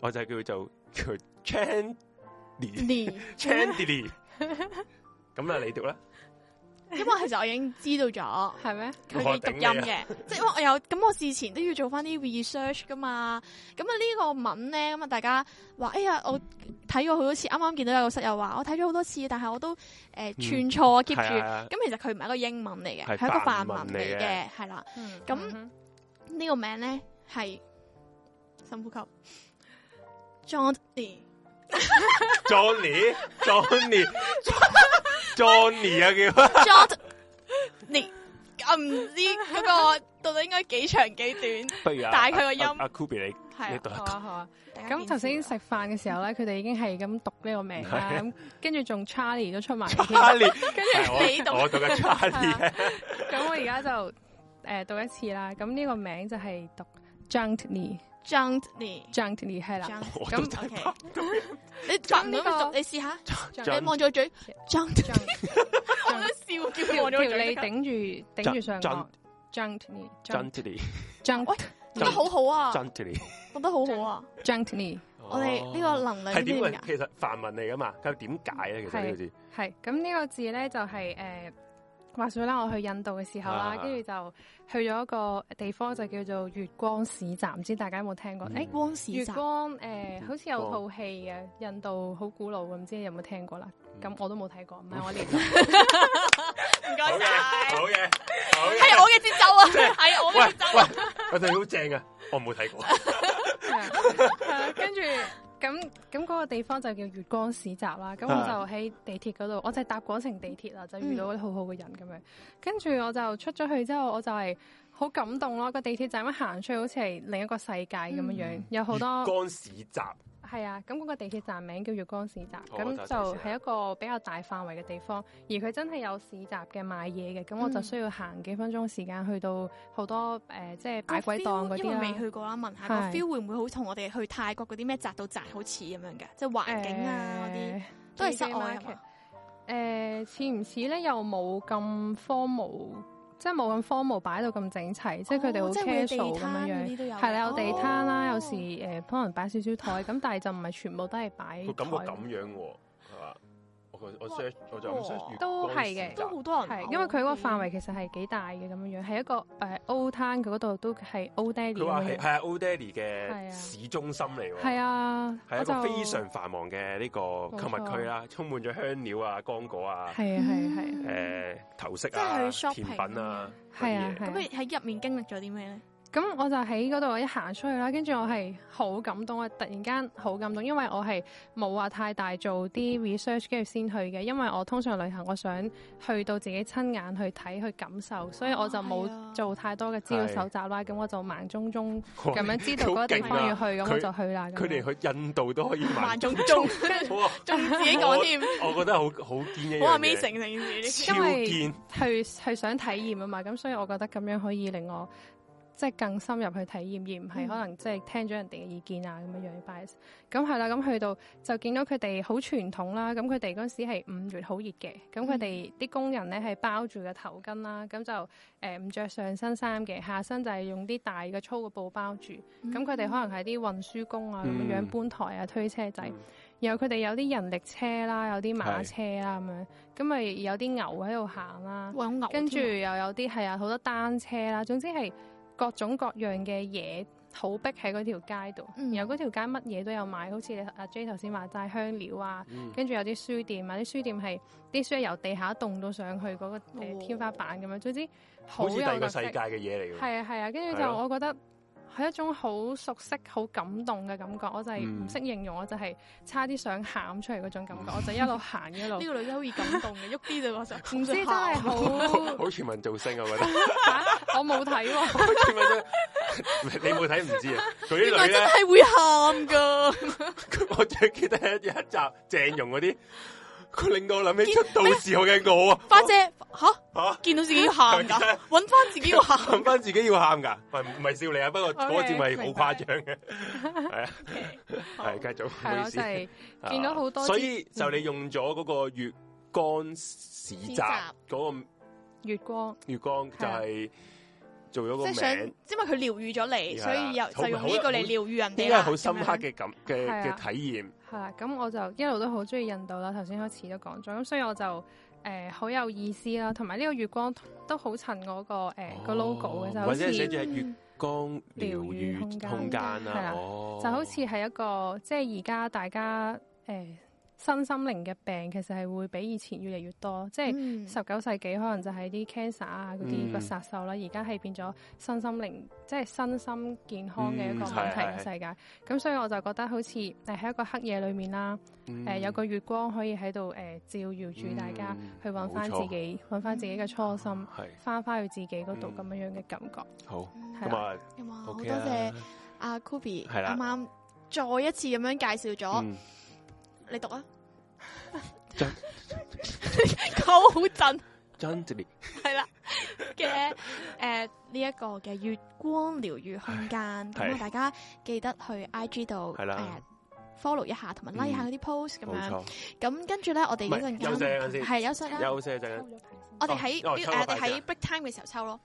我就叫做叫 Chandily Chandily，咁啊你讀啦。 因為其實我已經知道咗，係咩佢嘅讀音嘅，即係因為我有咁，我事前都要做返啲 research 㗎嘛。咁啊呢個文咧咁啊，大家話哎呀，我睇過好多次，啱啱見到有個室友話我睇咗好多次，但係我都誒、呃、串錯 keep 住。咁、嗯啊、其實佢唔係一個英文嚟嘅，係一個法文嚟嘅，係啦。咁呢、嗯、個名咧係深呼吸，John、D. Johnny，Johnny，Johnny 啊叫，Johnny，我唔知嗰個到底應該幾長幾短，但係佢個音，阿 Kobe 你，你讀一讀。好啊，好啊，咁頭先食飯嘅時候咧，佢哋已經係咁讀呢個名，咁跟住仲 Charlie 都出埋，跟住你讀，我讀嘅 Charlie。咁我而家就誒讀一次啦，咁呢個名就係讀 Johnny。j u n t l y j u n t l y 係啦，你講呢個，你試下，你望住個嘴 j u n t l y 真係笑，叫望住條脷，頂住頂住上 j u n t l y j u n t l y g e n t 做得好好啊 j u n t l y 做得好好啊 j u n t l y 我哋呢個能力係點，其實梵文嚟噶嘛，究竟點解咧？其實呢個字係咁呢個字咧，就係誒。話說啦，我去印度嘅時候啦，跟住就去咗一個地方，就叫做月光市站。唔知大家有冇聽過？月光市站，月光誒、嗯呃，好似有套戲嘅，印度好古老嘅，唔知你有冇聽過啦？咁我都冇睇過，唔係、嗯、我哋。唔該晒，好嘢，係我嘅節奏啊，係正我嘅節奏、啊。嗰哋好正嘅、啊，我冇睇過，跟 住。 嗯啊啊咁咁嗰個地方就叫月光市集啦，咁我就喺地鐵嗰度，我就係搭廣城地鐵啦，就遇到好好嘅人咁樣，跟住我就出咗去之後，我就係好感動咯，嗰個地鐵站咁行出去好似係另一個世界咁樣樣，嗯、有好多。月光市集。係啊，咁嗰、嗯那個地鐵站名叫月光市集，咁、哦、就係一個比較大範圍嘅地方。而佢真係有市集嘅賣嘢嘅，咁、嗯、我就需要行幾分鐘時間去到好多誒、呃，即係擺鬼檔嗰啲。未去過啦，問下個 feel 是會唔會好同我哋去泰國嗰啲咩窄到窄好似咁樣嘅？呃、即係環境啊，嗰啲都係室外啊嘛。誒、似唔似咧？又冇咁荒蕪。即係冇咁 formal 擺到咁整齊，即係佢哋好 casual 咁樣樣，係啦，有地攤啦，oh. 有時誒、呃、幫人擺少少台，咁但係就唔係全部都係擺。佢 感覺咁樣喎、哦。S 我 s 我就唔想都係嘅，集都好多人，係因為佢嗰個範圍其實係幾大嘅咁樣樣，係一個誒、uh, Old Town 佢嗰度都係 Old Delhi 佢話啊 Old Delhi 嘅市中心嚟喎，係啊，係一個非常繁忙嘅呢、呢個購物區啦，充滿咗香料啊、乾果啊，係啊係係誒頭飾啊，啊甜品啊，係啊，咁喺入面經歷咗啲咩咧？咁我就喺嗰度一行出去啦，跟住我係好感動啊！我突然間好感動，因為我係冇話太大做啲 research 跟住先去嘅，因為我通常旅行，我想去到自己親眼去睇去感受，所以我就冇做太多嘅資料搜集啦。咁我就盲中中咁樣知道嗰個地方要去，咁我就去啦。佢哋去印度都可以盲中中，仲自己講添。我覺得好好堅嘅，我話變成成事，因為去去想體驗啊嘛。咁所以我覺得咁樣可以令我。即係更深入去體驗，而唔係可能即係聽咗人哋嘅意見啊咁樣樣 bias。咁係啦，咁去到就見到佢哋好傳統啦。咁佢哋嗰陣時係五月好熱嘅，咁佢哋啲工人咧係包住個頭巾啦，咁就誒唔、呃、着上身衫嘅，下身就係用啲大嘅粗嘅布包住。咁佢哋可能係啲運輸工啊，咁樣搬台啊、嗯、推車仔。嗯、然後佢哋有啲人力車啦，有啲馬車啦咁是樣，咁咪有啲牛喺度行啦，跟住又有啲係、嗯嗯、有好多單車啦，總之係。各種各樣嘅嘢好逼喺嗰條街度，嗯、然後嗰條街乜嘢都有賣，好似阿 J 頭先話齋香料啊，跟住、嗯、有啲書店，有啲書店係啲書，書由地下棟到上去嗰個、呃、天花板咁樣，總之好似、哦、第二個世界嘅嘢嚟㗎。係啊係啊，跟住、啊、就我覺得。係一種好熟悉、好感動嘅感覺，我就係唔識形容，嗯、我就係差啲想喊出嚟嗰種感覺，嗯、我就一路行一路。呢個女仔好易感動嘅，喐啲啫，我就唔知真係 好。好全民造星，我覺得我冇睇喎。你冇睇唔知啊？佢呢女真係會喊噶。 我最記得有一集鄭融嗰啲。佢令到我諗起出道時候嘅我啊，花姐吓吓見到自己要喊噶，揾翻自己要喊，揾翻自己要喊噶，唔係唔係笑你啊，不過嗰次係好誇張嘅，係啊，係繼續，唔好意思，見到好多，所以就你用咗嗰個月光市集個月光，月光就係做咗個想，因為佢療愈咗你，所以又就用呢個嚟療愈人哋，呢個好深刻嘅感嘅嘅體驗。係啦，咁、 嗯、我就一路都好中意印度啦，頭先開始都講咗，咁所以我就誒好、呃、有意思啦，同埋呢個月光都、那個呃哦、logo，好襯我個誒 logo 嘅，就好似寫住月光療愈空間啦，就好似係一個即係而家大家誒。呃身心靈嘅病其實係會比以前越嚟越多，即係十九世紀可能就係啲 cancer 啊嗰啲個殺手啦，而家係變咗身心靈，即係身心健康嘅一個問題嘅世界。咁所以我就覺得好似誒喺一個黑夜裏面啦，誒有個月光可以喺度誒照耀住大家，去揾返自己，揾返自己嘅初心，返返去自己嗰度咁樣樣嘅感覺。好，咁啊，好多謝阿 Kobe 啱啱再一次咁樣介紹咗。你讀啊！真，好震！真啲，係啦嘅，誒，呢一個嘅月光療愈空間，咁大家記得去 I G 度誒 follow 一下，同埋 like 下嗰啲 post 咁樣。咁跟住咧，我哋呢陣間係休息啦。休息陣，我哋喺我哋喺 break time 嘅時候抽咯，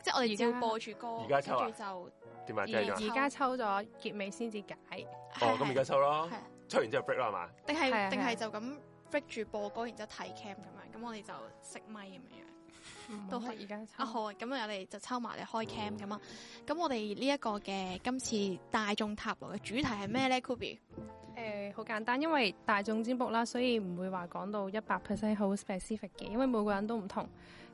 即係我哋而家播住歌，而家抽啊！就點而而家抽咗結尾先至解。哦，咁而家抽咯。出完之後 break 咯係嘛？定係定係就咁 break 住播歌，然之後睇 cam 咁樣。咁我哋就熄咪咁樣。嗯、都係而家抽啊好啊！咁我哋就抽埋嚟開 cam 咁啊。咁、哦、我哋呢一個嘅今次大眾塔羅嘅主題係咩咧？Kobe？誒好簡單，因為大眾占卜啦，所以唔會話講到一百 percent 好 specific 嘅，因為每個人都唔同。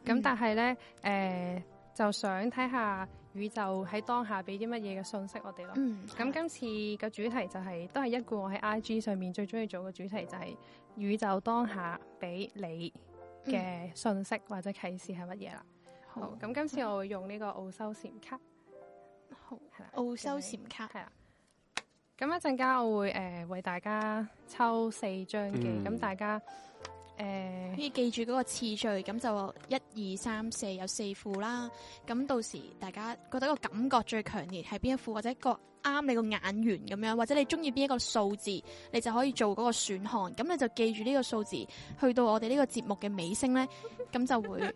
咁但係咧誒，就想睇下。宇宙喺當下俾啲乜嘢嘅信息我哋咯，咁、嗯、今次嘅主題就係、是、都係一貫我喺 IG 上面最中意做嘅主題、就是，就係宇宙當下俾你嘅信息或者啟示係乜嘢啦。好，咁今次我會用呢個奧修禪卡，好，對奧修禪卡，係啦。咁一陣間我會誒、呃、為大家抽四張嘅，咁、嗯嗯、大家，可以記住嗰個次序，咁就一、二、三、四，有四副啦。咁到時大家覺得個感覺最強烈係邊一副？或者個……啱你個眼緣咁樣，或者你中意邊一個數字，你就可以做嗰個選項。咁你就記住呢個數字，去到我哋呢個節目嘅尾聲咧，咁 就會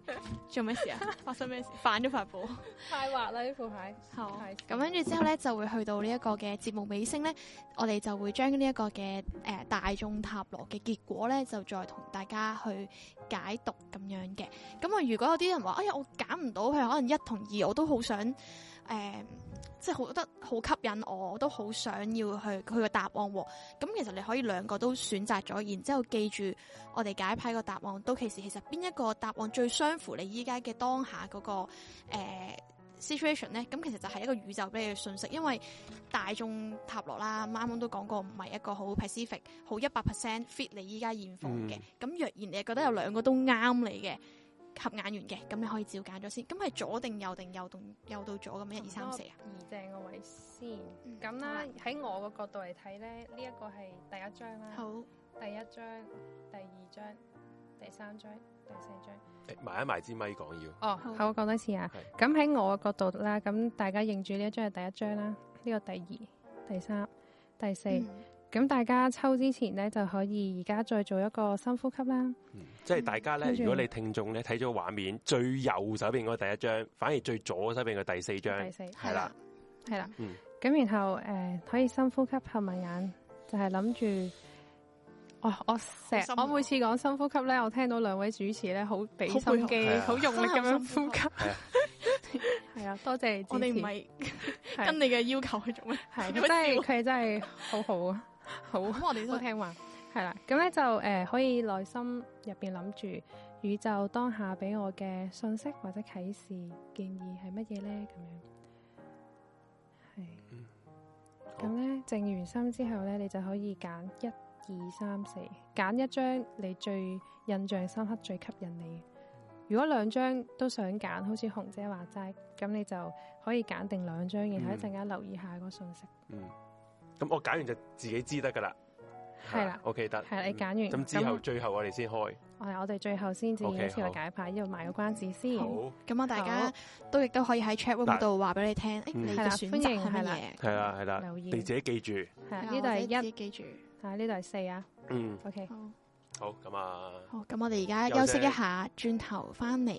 做咩事啊？發生咩事？反咗塊布，太滑啦呢副牌。係。咁跟住之後咧，就會去到呢一個嘅節目尾聲咧，我哋就會將呢一個嘅誒、呃、大眾塔羅嘅結果咧，就再同大家去解讀咁樣嘅。咁我如果有啲人話，哎呀，我揀唔到，佢可能一同二，我都好想。誒，uh, 即係覺得好吸引我，我都好想要去佢嘅答案咁，哦、其實你可以兩個都選擇咗，然之後記住我哋解派個答案。都其實，其實邊一個答案最相符你依家嘅當下嗰，那個誒、uh, situation 咧？咁其實就係一個宇宙俾你嘅信息。因為大眾塔羅啦，啱啱都講過唔係一個好 specific，好一百 percent fit 你依家現況嘅。咁，嗯、若然你覺得有兩個都啱你嘅。合眼完嘅，咁你可以照揀咗先。咁係左定右定右到右到左咁？一二三四啊！二正個位先。咁啦，喺我嘅角度嚟睇咧，呢、這、一個係第一張啦。好，第一張、第二張、第三張、第四張。誒，埋一埋支咪講要。哦，oh, 好，我講多次啊。咁喺是我嘅角度啦，咁大家認住呢一張係第一張啦。呢、這個第二、第三、第四。嗯咁大家抽之前咧，就可以而家再做一個深呼吸啦。即係大家咧，如果你聽眾咧睇咗個畫面，最右手邊嗰第一張，反而最左手邊嘅第四張，第四係啦，係啦。咁然後誒，可以深呼吸合埋眼，就係諗住。哇！我成我每次講深呼吸咧，我聽到兩位主持咧好俾心機，好用力咁樣呼吸。係啊，多謝我哋唔係跟你嘅要求去做咩？係，真係佢真係好好啊！好， 我哋都聽話係啦。咁咧就誒，可以內心入邊諗住宇宙當下俾我嘅信息或者啟示建議係乜嘢咧？咁樣係。咁咧靜完心之後咧，你就可以揀一二三四，揀一張你最印象深刻、最吸引你。如果兩張都想揀，好似紅姐話齋，咁你就可以揀定兩張，然後一陣間留意下個信息。嗯。咁我揀完就自己知得噶啦，係啦，OK 得，係你揀完咁之後最後我哋先開，我哋最後先至正式開始解牌，呢度賣個關子先，好，咁啊大家都亦都可以喺 chat room 度話俾你聽，誒，你嘅選擇係咪啦？係啦係啦，你自己記住，呢度係一記住，吓呢度係四啊，OK，好，好咁啊，好，咁我哋而家休息一下，轉頭翻嚟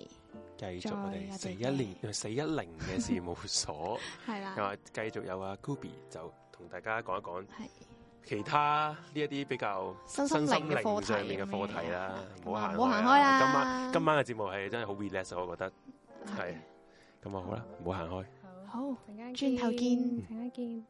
繼續我哋四一年四一零嘅事務所，係啦，繼續有阿 Gubi 就。同大家講一講其他呢一啲比較身心靈上面嘅課題啦，唔好行唔好行開啊！今晚今晚嘅節目係真係好 relax，我覺得係咁啊，好啦，唔好行開，好，轉頭見，再見。嗯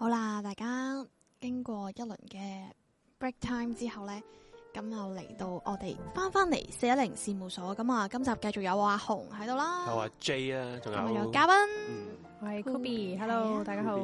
好啦，大家經過一輪嘅 break time 之後咧，咁又嚟到我哋翻翻嚟四一零事務所，咁啊，今集繼續有阿紅喺度啦，有阿 J 啊，仲有嘉賓，我係 Kobe，hello，大家好，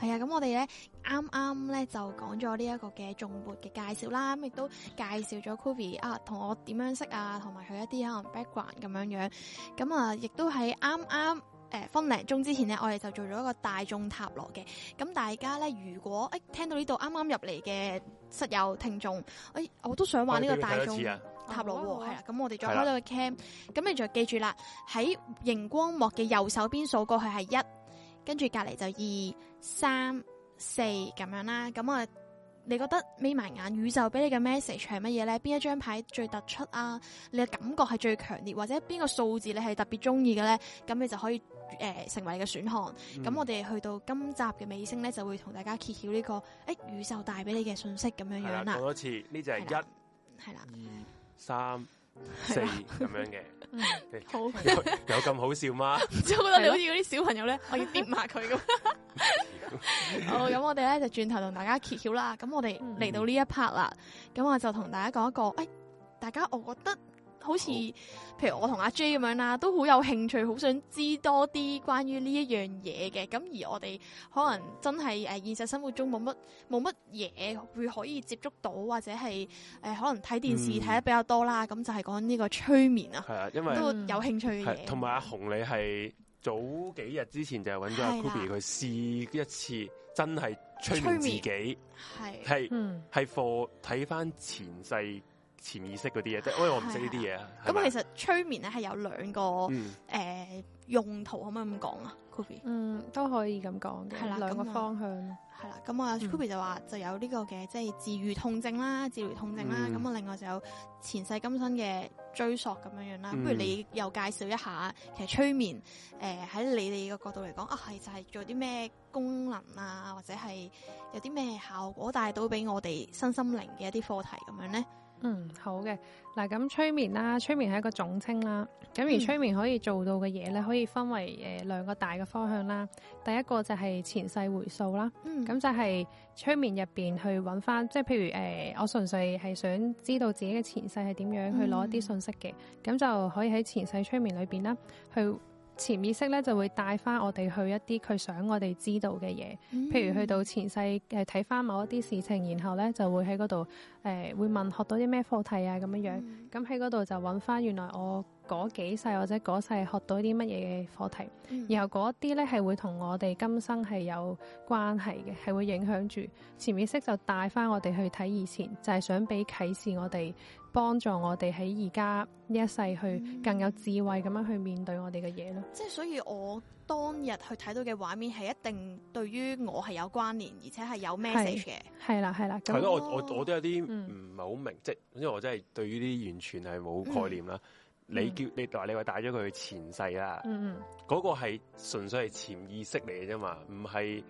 係啊，咁我哋咧啱啱咧就講咗呢一個嘅眾撥嘅介紹啦，咁亦都介紹咗 Kobe 啊，同我點樣識啊，同埋佢一啲可能 background 咁樣樣，咁啊，亦都係啱啱。嗯、分零鐘之前咧，我哋就做咗一個大眾塔羅嘅。咁大家咧，如果誒、哎、聽到呢度啱啱入嚟嘅室友聽眾，我、哎、我都想玩呢個大眾塔羅喎。係啦，咁、啊哦、我哋再開咗個 cam，咁對了 你就記住啦，喺熒光幕嘅右手邊數過去係一，跟住隔籬就二、三、四咁樣啦。咁我。你覺得眯埋眼宇宙俾你嘅 message 係乜嘢咧？邊一張牌最突出啊？你嘅感覺係最強烈，或者邊個數字你係特別中意嘅咧？咁你就可以誒、呃、成為你嘅選項。咁、嗯、我哋去到今集嘅尾聲咧，就會同大家揭曉呢、這個誒、哎、宇宙帶俾你嘅信息咁樣樣啦。好多次，呢就係一、係啦、二、三。四咁樣嘅，好 有咁好笑嗎？即係我覺得你好似嗰啲小朋友咧，可以掂下佢咁。好，咁我哋咧就轉頭同大家揭曉啦。咁我哋嚟到呢一 part 啦，咁我就同大家講一個，誒、哎，大家我覺得。好似譬如我同阿 J 咁樣啦，都好有興趣，好想知多啲關於呢一樣嘢嘅。咁，而我哋可能真係誒、呃，現實生活中冇乜冇乜嘢會可以接觸到，或者係誒、呃、可能睇電視睇得比較多啦。咁、嗯、就係講呢個催眠啊，係啊、嗯，因為都有興趣嘅嘢。同埋、嗯嗯、阿紅，你係早幾日之前就係揾咗阿 Kobe 佢試一次，真係催眠自己，係係係 for 睇翻前世。潛意識嗰啲嘢，即係、哎、我唔識呢啲嘢。咁其實催眠咧係有兩個誒用途，可唔可以咁講啊 Kobe 嗯，嗯都可以咁講嘅。係啦的，兩個方向。係啦，咁、嗯、啊，Kobe 就話就有呢個嘅即係治愈痛症啦，治療痛症啦。咁啊、嗯，另外就有前世今生嘅追索咁樣樣啦。嗯、不如你又介紹一下其實催眠誒喺、呃、你哋嘅角度嚟講，啊係就係做啲咩功能啊，或者係有啲咩效果帶到俾我哋身心靈嘅一啲課題咁樣咧？嗯，好嘅，嗱咁催眠啦，催眠係一個總稱啦，咁、嗯、而催眠可以做到嘅嘢咧，可以分為誒、呃、兩個大嘅方向啦。第一個就係前世回溯啦，咁、嗯、就係催眠入邊去揾翻，即係譬如誒、呃，我純粹係想知道自己嘅前世係點樣、嗯、去攞一啲信息嘅，咁就可以喺前世催眠裏邊啦去。潛意識咧就會帶翻我哋去一啲佢想我哋知道嘅嘢，嗯、譬如去到前世誒睇翻某一啲事情，然後咧就會喺嗰度誒會問學到啲咩課題啊咁樣樣，咁喺嗰度就揾翻原來我嗰幾世或者嗰世學到啲乜嘢嘅課題，嗯、然後嗰啲咧係會同我哋今生係有關係嘅，係會影響住，潛意識就帶翻我哋去睇以前，就係、係、想俾啟示我哋。幫助我哋喺而家呢一世去更有智慧咁樣去面對我哋嘅嘢咯。即係、嗯、所以我當日去睇到嘅畫面係一定對於我係有關聯，而且係有 message 嘅。係啦係啦。係咯，我我我都有啲唔係好明，嗯、即係因為我真係對於啲完全係冇概念啦、嗯。你叫你話你話帶咗佢去前世啦，嗰、嗯、個係純粹係潛意識嚟嘅啫嘛，唔係。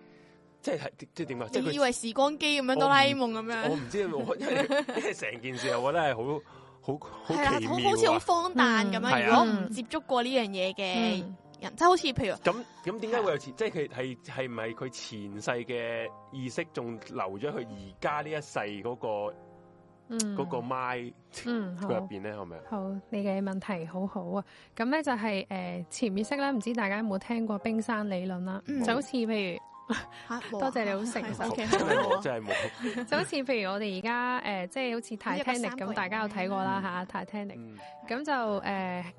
即係即係點啊！你以為時光機咁樣哆啦 A 夢咁樣？我唔知，因為成件事我覺得係好好好奇妙啊！好似好荒誕咁樣。如果唔接觸過呢樣嘢嘅人，即係好似譬如咁咁，點解會有？即係佢係係唔係佢前世嘅意識，仲留咗佢而家呢一世嗰個嗯嗰個麥嗯入邊咧？係咪？好，你嘅問題好好啊！咁咧就係誒，潛意識咧，唔知大家有冇聽過冰山理論啦？就好似譬如。多謝你好誠實，就係冇，就好似譬如我哋而家誒，即係好似 Titanic 咁，大家有睇過啦吓，Titanic，咁就誒，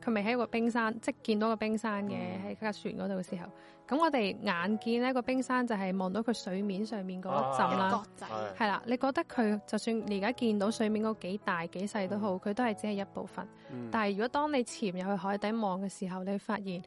佢咪喺個冰山，即係見到個冰山嘅喺架船嗰度嘅時候，咁我哋眼見呢個冰山就係望到佢水面上面嗰一浸啦，係啦，你覺得佢就算你而家見到水面嗰幾大幾細都好，佢都係只係一部分，但係如果當你潛入去海底望嘅時候，你會發現。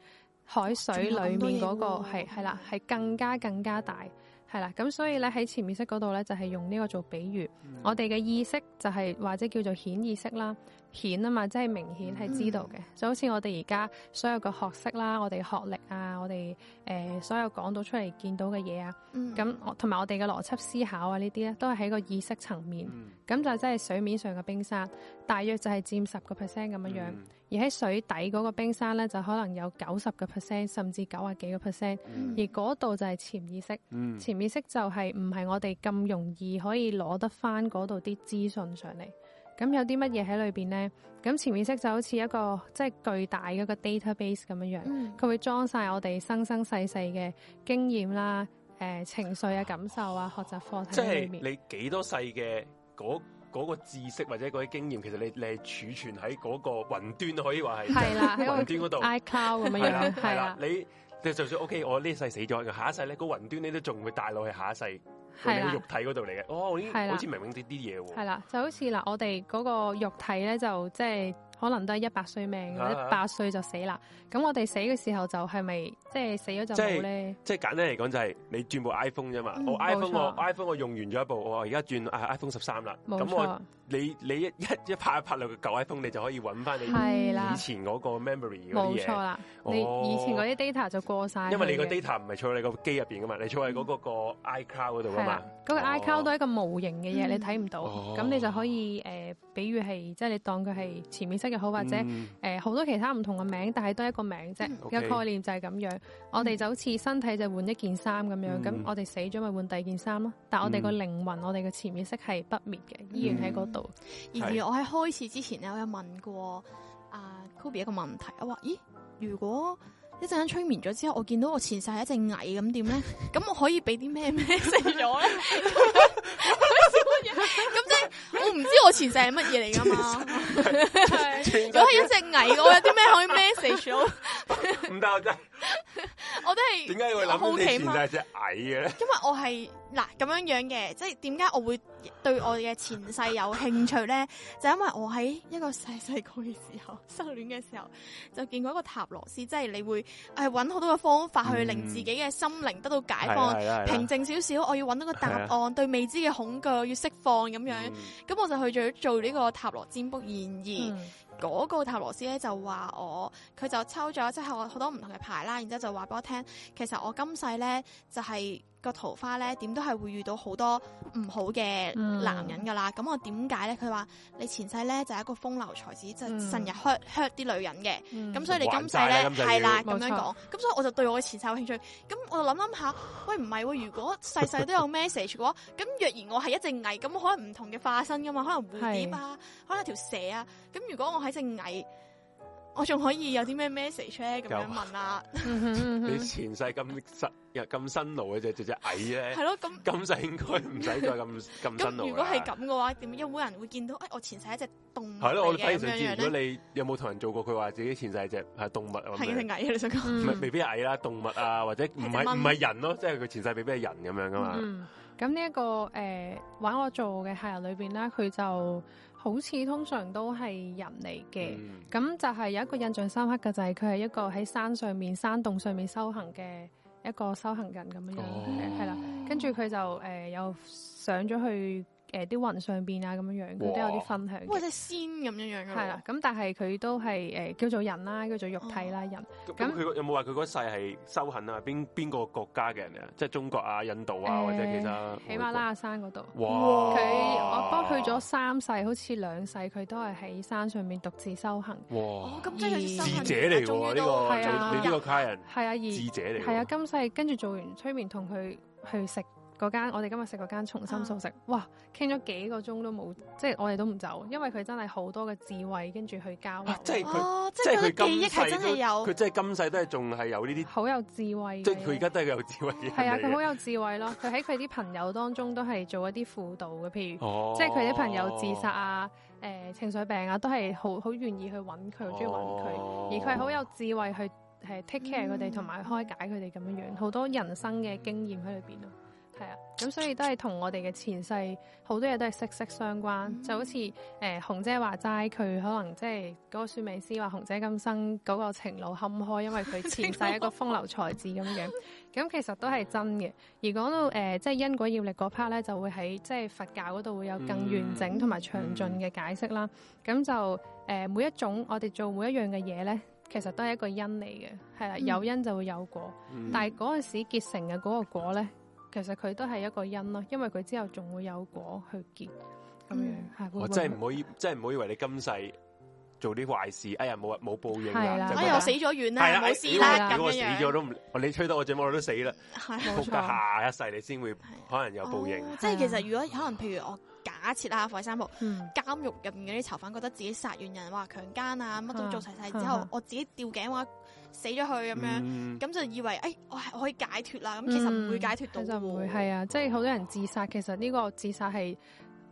海水裏面嗰個係係啦，係更加更加大係啦，咁所以咧喺潛意識嗰度咧就係用呢個做比喻。嗯、我哋嘅意識就係、是、或者叫做顯意識啦。顯啊嘛，即係明顯係知道嘅，嗯、就好似我哋而家所有嘅學識啦，我哋學歷啊，我哋誒、呃、所有講到出嚟見到嘅嘢啊，咁同埋我哋嘅邏輯思考啊呢啲咧，都係喺個意識層面，咁、嗯、就真係水面上嘅冰山，大約就係佔十個 percent 咁樣，嗯、而喺水底嗰個冰山咧，就可能有九十個 percent 甚至九啊幾個 percent，而嗰度就係潛意識，嗯、潛意識就係唔係我哋咁容易可以攞得翻嗰度啲資訊上嚟。咁有啲乜嘢喺裏邊咧？咁潛意識就好似一個即係巨大嗰個 database 咁樣樣，佢、嗯、會裝晒我哋生生世世嘅經驗啦、誒、呃、情緒啊、感受啊、學習課題。即係你幾多世嘅嗰嗰個知識或者嗰啲經驗，其實你你係儲存喺嗰個雲端都可以話係，係啦了，雲 端嗰度。iCloud 咁樣樣係啦， 你就算 OK，我呢世死咗，下一世咧，嗰、那、雲、個、端你都仲會帶落去下一世。係肉體嗰度嚟嘅，哦，對啦 oh, 好似明明啲嘢喎。係啦，就好似嗱，我哋嗰個肉體咧，就即係可能都係一百歲命，一百歲就死啦。咁我哋死嘅時候，就係咪即係死咗就冇咧？即係簡單嚟講，就係你轉部 iPhone 啫嘛。我 iPhone 我 iPhone 我用完咗一部，我而家轉 iPhone 十三啦。冇錯錯。你你一一拍一拍落舊 iPhone，你就可以揾翻你係啦，以前嗰個 memory 嗰啲嘢。冇錯啦，你以前嗰啲 data 就過晒，因為你個 data 唔係坐你個機入邊噶嘛，你坐喺嗰個個 iCloud 度啊嘛。個 iCloud 都係一個模型嘅嘢，你睇唔到。咁你就可以誒比如係即係你當佢係前面色又好，或者誒好多其他唔同嘅名，但係都係一個名啫。個概念就係咁樣，我哋就好似身體就換一件衫咁樣，咁我哋死咗咪換第二件衫咯。但係我哋個靈魂，我哋嘅前面色係不滅嘅，依然喺嗰度。而我喺開始之前咧，我有問過阿、啊、Kobe 一個問題，我話：咦，如果一陣間催眠咗之後，我見到我前世係一隻蟻咁點咧？咁 我可以俾啲咩咩食咗咧？ 咁 即係我唔知我前世係乜嘢嚟噶嘛？如果係一隻蟻，我有啲咩可以 message 我？唔 得是，我真係，我都係點解會諗起前世係隻蟻嘅咧？因為我係嗱咁樣樣嘅，即係點解我會對我哋嘅前世有興趣咧？就係、因為我喺一個細細個嘅時候，失戀嘅時候，就見過一個塔羅師，即、就、係、是、你會係揾好多嘅方法去令自己嘅心靈得到解放、嗯啊啊啊啊、平靜少少。我要揾到個答案，啊、對未知嘅恐懼，要識。放咁樣，咁、嗯、我就去咗做呢個塔羅占卜、嗯羅就是，然而嗰個塔羅師咧就話我，佢就抽咗之後好多唔同嘅牌啦，然之後就話俾我聽，其實我今世咧就係、是。個桃花咧，點都係會遇到好多唔好嘅男人噶啦。咁、嗯、我點解咧？佢話你前世咧就係、是、一個風流才子，就成日 hurt hurt 啲女人嘅。咁、嗯、所以你今世咧係啦，咁錯樣講。咁所以我就對我嘅前世有興趣。咁我就諗諗下，喂，唔係、啊、如果世世都有 message 嘅話， 咁若然我係一隻蟻，咁可能唔同嘅化身噶嘛，可能蝴蝶啊，是可能條蛇啊。咁如果我係隻蟻。我仲可以有啲咩 message 咧？咁樣問啊，你前世咁辛又咁辛勞嘅，就只只矮咧。係咯，咁今世應該唔使再咁咁辛勞。如果係咁嘅話，點？有冇人會見到？哎，我前世一隻動物嘅咁樣樣咧。如果你有冇同人做過，佢話自己前世只係動物，係定矮啊？你想講？未必矮啦，動物啊，或者唔係唔係人咯？即係佢前世未必係人咁樣噶嘛。咁呢一個誒，揾我做嘅客人裏邊咧，佢就。好似通常都係人嚟嘅，咁、嗯、就係有一個印象深刻嘅就係佢係一個喺山上面、山洞上面修行嘅一個修行人咁樣樣嘅，係啦、哦，跟住佢就誒又、呃、上咗去。誒，啲雲上邊啊，咁樣樣佢都有啲分享或者仙咁樣樣。係啦，咁但係佢都係誒叫做人啦，叫做肉體啦人。咁佢有冇話佢嗰世係修行啊？邊邊個國家嘅人啊？即係中國啊、印度啊，或者其他？喜馬拉雅山嗰度。哇！佢我哥去咗三世，好似兩世，佢都係喺山上面獨自修行。哇！咁即係智者嚟喎呢個，係啊你呢個客人。係啊，智者嚟。係啊，今世跟住做完催眠，同佢去食。嗰間我哋今日食嗰間重新素食，哇！傾咗幾個鐘都冇，即係我哋都唔走，因為佢真係好多嘅智慧跟住去交流，啊。即係佢，哦、即係佢嘅記憶係真係有，佢真係今世都係仲係有呢啲。好有智慧，即係佢而家都係有智慧嘅。係啊，佢好有智慧咯。佢喺佢啲朋友當中都係做一啲輔導嘅，譬如，哦、即係佢啲朋友自殺啊，誒、呃、情緒病啊，都係好好願意去揾佢，中意揾佢。哦，而佢係好有智慧去係 take care 佢哋，同埋，嗯、開解佢哋咁樣樣，好多人生嘅經驗喺裏邊咯。係啊，咁、嗯、所以都係同我哋嘅前世好多嘢都係息息相關，嗯、就好似誒紅姐話齋，佢可能即係嗰個算命師話紅姐今生嗰個情路坎坷，因為佢前世一個風流才智咁樣，咁、嗯、 其實都係真嘅。而講到誒、呃、即係因果業力嗰 part 咧，就會喺即係佛教嗰度會有更完整同埋詳盡嘅解釋啦。咁、嗯、就誒、呃、每一種我哋做每一樣嘅嘢咧，其實都係一個因嚟嘅，係啦，有因就會有果，嗯、但係嗰陣時結成嘅嗰個果咧，其實佢都係一個因咯，因為佢之後仲會有果去結咁樣，係。我真係唔可以，真係唔好以為你今世做啲壞事，哎呀，冇冇報應㗎。我又死咗遠啦，係啊，冇事啦樣樣。我死咗都你吹得我這麼都死啦。福下一世你先會可能有報應。即係其實如果可能，譬如我假設啊，《火三部》監獄入面嗰啲囚犯覺得自己殺完人、話強姦啊，乜都做齊晒之後，我自己吊頸話，死咗佢咁樣，咁、嗯、就以為，哎，我係可以解脱啦。咁其實唔會解脱到，嗯，其實唔會係啊。即係好多人自殺，其實呢個自殺係誒、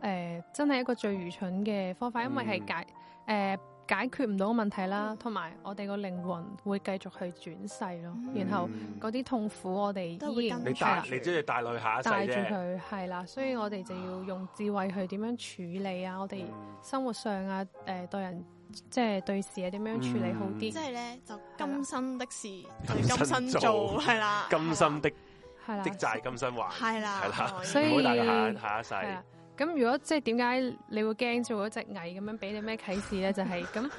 呃、真係一個最愚蠢嘅方法，嗯、因為係解誒、呃、解決唔到問題啦。同埋、嗯、我哋個靈魂會繼續去轉世咯。嗯、然後嗰啲痛苦，我哋依然你帶，你即係帶累下一世啫。帶住佢係啦，所以我哋就要用智慧去點樣處理啊。我哋生活上啊，誒、呃、對人，即係對事係點樣處理好啲？即係咧就今生的事，今生做係啦。今生的係啦，的債今生還係啦，係啦。所以唔好大下一世。咁如果即係點解你會驚做嗰隻蟻咁樣，俾你咩啟示咧？就係咁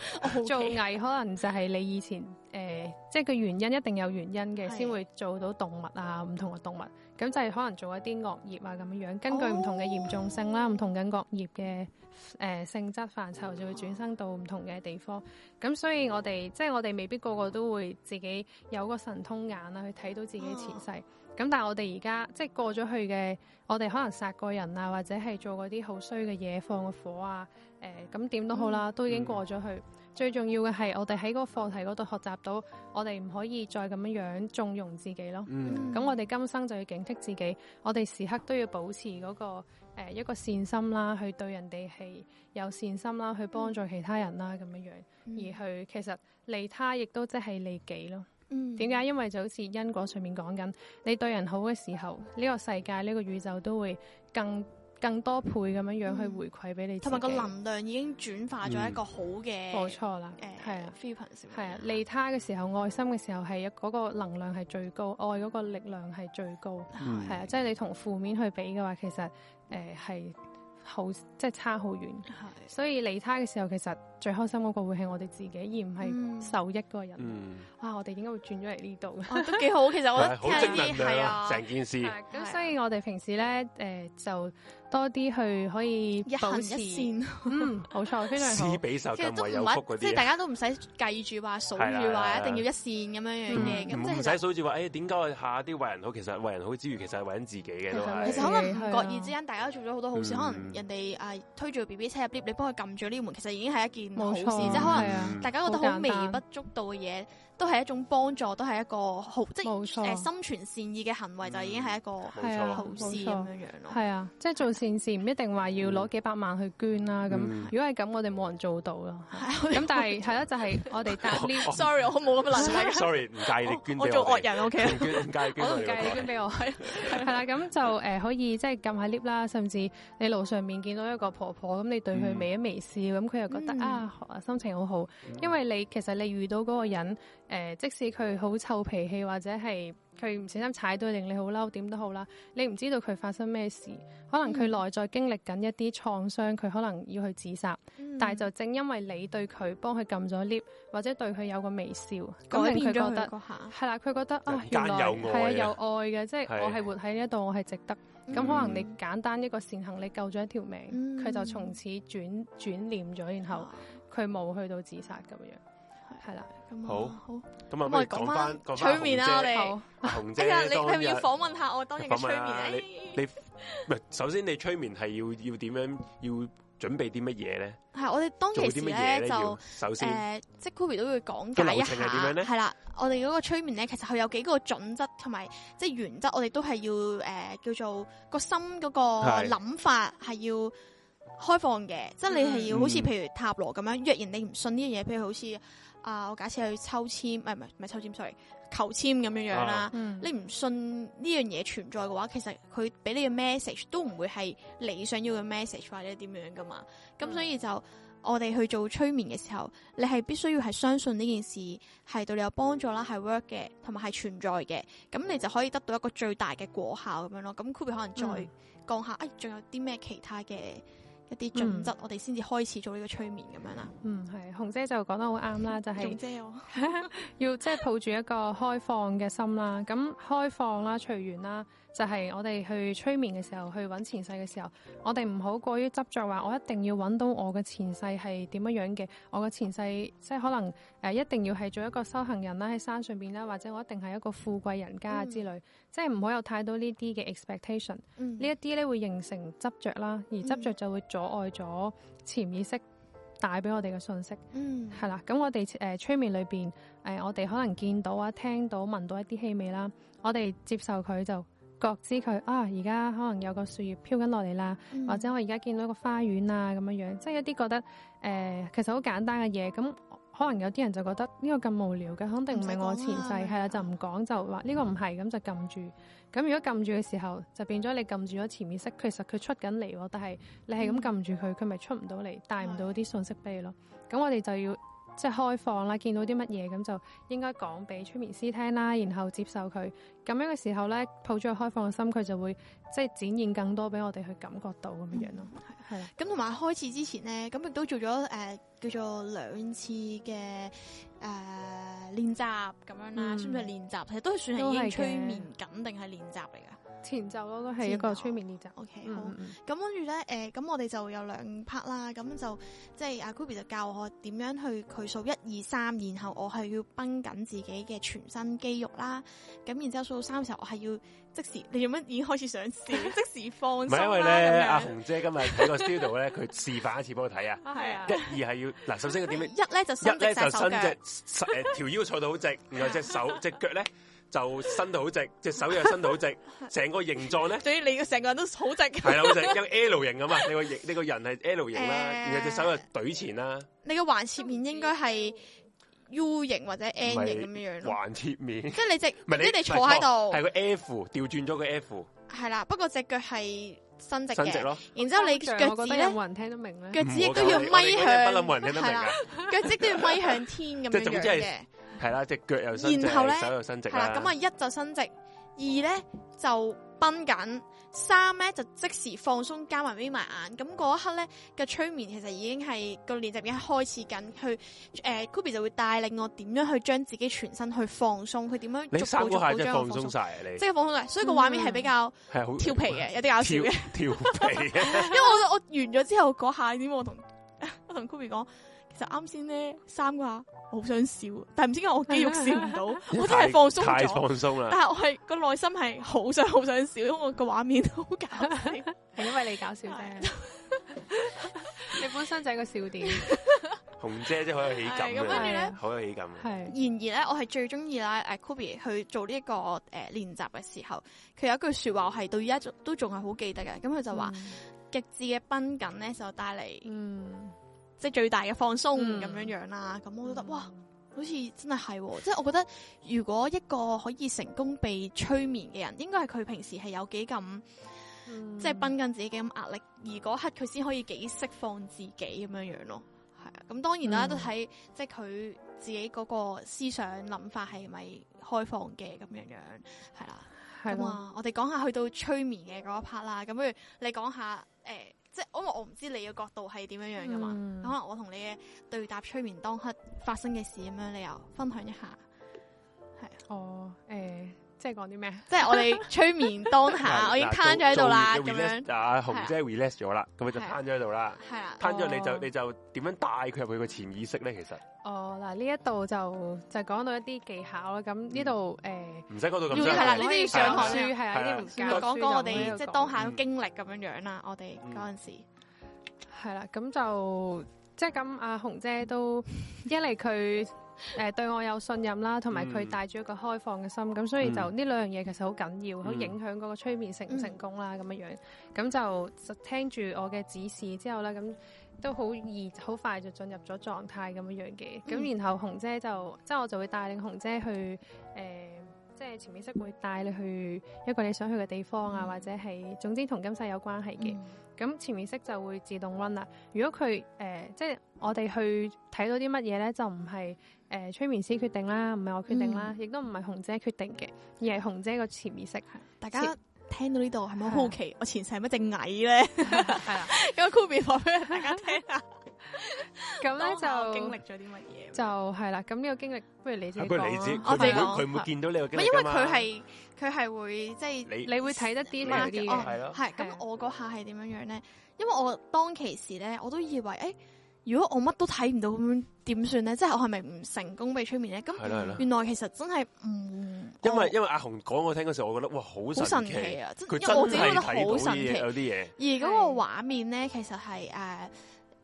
做蟻，可能就係你以前誒，即係個原因一定有原因嘅，先會做到動物啊，唔同嘅動物。咁就係可能做一啲惡業啊咁樣樣，根據唔同嘅嚴重性啦，唔同嘅惡業嘅。誒、呃，性質範疇就會轉生到唔同嘅地方，咁所以我哋即係我哋未必個個都會自己有個神通眼啦、啊，去睇到自己前世。咁但係我哋而家即係過咗去嘅，我哋可能殺過人啊，或者係做嗰啲好衰嘅嘢，放個火啊，誒、呃，咁點都好啦，嗯、都已經過咗去。嗯、最重要嘅係我哋喺嗰個課題嗰度學習到，我哋唔可以再咁樣樣縱容自己咯。嗯，咁我哋今生就要警惕自己，我哋時刻都要保持嗰個。誒，一個善心啦，去對人哋係有善心啦，去幫助其他人啦，咁樣樣，嗯、而去其實利他亦都即係利己咯。嗯，點解？因為就好似因果上面講緊，你對人好嘅時候，呢、呢個世界呢、呢個宇宙都會更更多倍咁樣樣去回饋俾你。同埋個能量已經轉化咗一個好嘅。冇錯、嗯、啦，係、呃、啊係啊，利他嘅時候，愛心嘅時候係嗰、嗰個能量係最高，愛嗰個力量係最高，係啊、嗯，即係對、就是、你同負面去比嘅話，其實。誒係、呃、好，即係差好遠，係， 所以離他嘅時候其實。最開心嗰個會係我哋自己，而唔係受益嗰個人。啊，我哋點解會轉咗嚟呢度，都幾好。其實我聽完係啊，成件事。咁所以我哋平時咧，誒就多啲去可以一行一線。嗯，冇錯，非常之俾其實都唔屈嗰啲，即係大家都唔使計住話數住話，一定要一線咁樣樣嘅。即係唔使數住話，誒點解下啲為人好，其實為人好之餘，其實係為緊自己嘅。其實可能唔覺意之間，大家做咗好多好事，可能人哋誒推住 B B 車入 lift，你幫佢撳住呢門，其實已經係一件。冇事， 即係可能大家覺得好微不足道嘅嘢錯。 都係一種幫助，都係一個好，即係冇錯，心存善意嘅行為，就已經係一個好事咁樣樣咯。係啊，即係做善事唔一定話要攞幾百萬去捐啦。咁如果係咁，我哋冇人做到咯。咁但係係咯，就係我哋搭 lift。Sorry，我冇咁嘅能力。Sorry，唔計你捐我。我做惡人 OK 我都唔計你捐俾我係係啦。咁就誒可以即係撳下 lift 啦。甚至你路上面見到一個婆婆，咁你對佢微一微笑，咁佢又覺得啊心情好好，因為你其實你遇到嗰個人。誒、呃，即使佢好臭脾氣，或者係佢唔小心踩到令你好嬲，點都好啦。你唔知道佢發生咩事，可能佢內在經歷緊一啲創傷，佢可能要去自殺。嗯、但係就正因為你對佢幫佢撳咗 lift，或者對佢有個微笑，改變佢覺得係啦。佢覺得啊，原來係有愛嘅，即係是我係活喺呢一度，我係值得。咁、嗯、可能你簡單一個善行，你救咗一條命，佢、嗯、就從此轉轉念咗，然後佢冇去到自殺咁樣。係啦，好，好，咁啊，咪講翻催眠啦。我哋，哎呀，你係咪要訪問下我當日催眠？你，唔係，首先你催眠係要要點樣，要準備啲乜嘢咧？係，我哋當其時咧就，首先，誒，即係 Kobe 都會講解一下，係啦，我哋嗰個催眠咧，其實佢有幾個準則同埋即係原則，我哋都係要誒叫做個心嗰個諗法係要開放嘅，即係你係要好似譬如塔羅咁樣，若然你唔信呢樣嘢，譬如好似。啊，我假設去抽籤，唔係唔係唔係抽籤，sorry，求籤咁樣樣、啊、啦。啊嗯、你唔信呢樣嘢存在嘅話，其實佢俾你嘅 message 都唔會係你想要嘅 message 或者點樣㗎嘛。咁所以就、嗯、我哋去做催眠嘅時候，你係必須要係相信呢件事係對你有幫助啦，係 work 嘅，同埋係存在嘅。咁你就可以得到一個最大嘅果效咁樣咯。咁 Kobe 可能再講下，誒、嗯，仲、哎、有啲咩其他嘅？一啲準則，嗯、我哋先至開始做呢個催眠咁樣啦。嗯，係，紅姐就講得好啱啦，就係、是、 嬉我 要即係、就是、抱住一個開放嘅心啦，咁 開放啦，隨緣啦。就係我哋去催眠嘅時候，去揾前世嘅時候，我哋唔好過於執着話，我一定要揾到我嘅前世係點樣嘅。我嘅前世即係可能誒、呃，一定要係做一個修行人啦，喺山上邊啦，或者我一定係一個富貴人家之類，嗯、即係唔好有太多、嗯、呢啲嘅 expectation。呢一啲咧會形成執着啦，而執着就會阻礙咗潛意識帶俾我哋嘅信息。係啦、嗯，咁我哋誒催眠裏邊誒，我哋可能見到啊、聽到、聞到一啲氣味啦，我哋接受佢就。覺知佢啊，而家可能有個樹葉飄緊落嚟啦，嗯、或者我而家見到一個花園啊，咁樣樣，即係一啲覺得誒、呃，其實好簡單嘅嘢。咁可能有啲人就覺得呢個咁無聊嘅，肯定唔係我前世係啦對，就唔講就話呢個唔係咁就撳住。咁如果撳住嘅時候，就變咗你撳住咗潛意識，其實佢出緊嚟，但係你係咁撳住佢，佢咪、嗯、出唔到嚟，帶唔到啲信息俾你咯。咁的我哋就要。即係開放啦，見到啲乜嘢咁就應該講俾催眠師聽啦，然後接受佢咁樣嘅時候咧，抱住開放嘅心，佢就會即係展現更多俾我哋去感覺到咁樣樣咯。係、嗯，咁同埋開始之前咧，咁亦都做咗誒、呃、叫做兩次嘅誒練習咁樣啦，算唔算練習？其實都算係已經催眠緊定係練習嚟噶。前奏咯，都係一個催眠練習。O K，走、嗯、好。咁跟住咧，誒，咁、呃、我哋就有兩 part 啦。咁就即係阿 Kobe 就教我點樣去數一、二、三，然後我係要繃緊自己嘅全身肌肉啦。咁然之後數到三嘅時候，我係要即時，你要乜已經開始想試笑？即時放鬆啦。唔係因為咧，阿樣、啊、紅姐今日喺個 studio 咧，佢 示範一次幫我睇啊。係啊。而係要嗱，首先佢點樣？ 一咧就伸隻手，一咧就伸隻誒條腰坐到好直，然後隻手隻腳咧。 就伸到好直，隻手又伸到好直，成個形狀咧。所以你成個人都好直。係啦，好有 L 型咁嘛？你個形，你個人係 L 型啦，然後隻手又懟前啦。你個橫切面應該係 U 型或者 N 型咁樣樣。橫切面，即係你隻，即你坐喺度。係個 F，調轉咗個 F。係啦，不過隻腳係伸直嘅。伸直咯，然之後你腳趾咧，冇人聽得明咧。腳趾亦都要咪向，冇人聽得明。腳趾都要咪向天咁樣樣。係啦，隻腳又伸直，然後呢手又伸直啦。咁啊，就一就伸直，二咧就繃緊，三咧就即時放鬆，加埋眯埋眼。咁嗰一刻咧嘅催眠，其實已經係、個練習已經開始緊去。誒、呃、，Kobe 就會帶領我點樣去將自己全身去放鬆，佢點樣逐步逐步將我放鬆晒。你，鬆你鬆即係放鬆晒，所以個畫面係比較係好調皮嘅，有啲搞笑嘅調皮。 因為我我完咗之後嗰下點我同我同 Kobe 講。就啱先咧，三個我好想笑，但係唔知點解我肌肉笑唔到，我真係放鬆咗。太放鬆啦！但係我係個內心係好想好想笑，因為個畫面好搞笑，係因為你搞笑嘅，你本身就係個笑點。紅姐真係好有喜感嘅，好有喜感嘅。係。然而咧，我係最中意啦，誒，Kobe 去做呢一個誒練習嘅時候，佢有一句說話，我係到而家都仲係好記得嘅。咁佢就話：極致嘅繃緊咧，就帶嚟嗯。即係最大嘅放鬆咁、嗯、樣、嗯、樣啦，咁我都覺得哇，好似真係係、啊，即係我覺得如果一個可以成功被催眠嘅人，應該係佢平時係有幾咁，嗯、即係繃緊自己嘅咁壓力，而嗰刻佢先可以幾釋放自己咁樣樣咯。係啊，咁當然啦，都睇、嗯、即係佢自己嗰個思想諗法係咪開放嘅咁樣樣，係啦、啊，咁的啊，我哋講下去到催眠嘅嗰一 part 啦，咁不如你講下誒。欸即係，因為我唔知你嘅角度係點樣樣噶嘛，嗯、可能我同你嘅對答催眠當刻發生嘅事咁樣，你又分享一下，係哦誒。即係講啲咩？即係我哋催眠當下，我已經攤咗喺度啦，咁樣。阿紅姐 release 咗啦，咁佢就攤咗喺度啦。係啊，攤咗你就你就點樣帶佢入去個潛意識咧？其實。哦，嗱，呢一度就就講到一啲技巧啦。咁呢度誒，唔使講到咁深，呢啲要上堂書係啊，呢啲唔講。講講我哋即係當下嘅經歷咁樣樣啦，我哋嗰陣時。係啦，咁就即係咁。阿紅姐都一嚟佢。誒、呃，對我有信任啦，同埋佢帶住一個開放嘅心，咁、嗯、所以就呢、嗯、兩樣嘢其實好緊要，好、嗯、影響嗰個催眠成唔成功啦，咁樣、嗯、樣，咁就聽住我嘅指示之後咧，咁都好易，好快就進入咗狀態咁樣樣嘅，咁、嗯、然後紅姐就，即係我就會帶領紅姐去，誒、呃，即係潛意識會帶你去一個你想去嘅地方啊，嗯、或者係，總之同今世有關係嘅，咁、嗯、潛意識就會自動 run 啦。如果佢，誒、呃，即係我哋去睇到啲乜嘢咧，就唔係。誒，催眠師決定啦，唔係我決定啦，亦都唔係紅姐決定嘅，而係紅姐個潛意識。大家聽到呢度係咪好奇，我前世係乜隻蟻咧？係啦，咁 Kobe 講俾大家聽下。咁咧就經歷咗啲乜嘢？就係啦，咁呢個經歷，不如你自己講。我哋講，佢會唔會見到呢個？唔係，因為佢係佢係會即係你你會睇得啲嘛？啲係咯，係。咁我嗰下係點樣樣咧？因為我當其時咧，我都以為誒。如果我乜都睇唔到咁點算咧？即係我係咪唔成功被催眠咧？咁係 原來其實真係唔因為我因為阿紅講我聽嗰時候，我覺得哇，好神，神奇啊！因為我自己覺得好神奇，有啲嘢。而嗰個畫面咧，其實係誒誒，咁、呃啊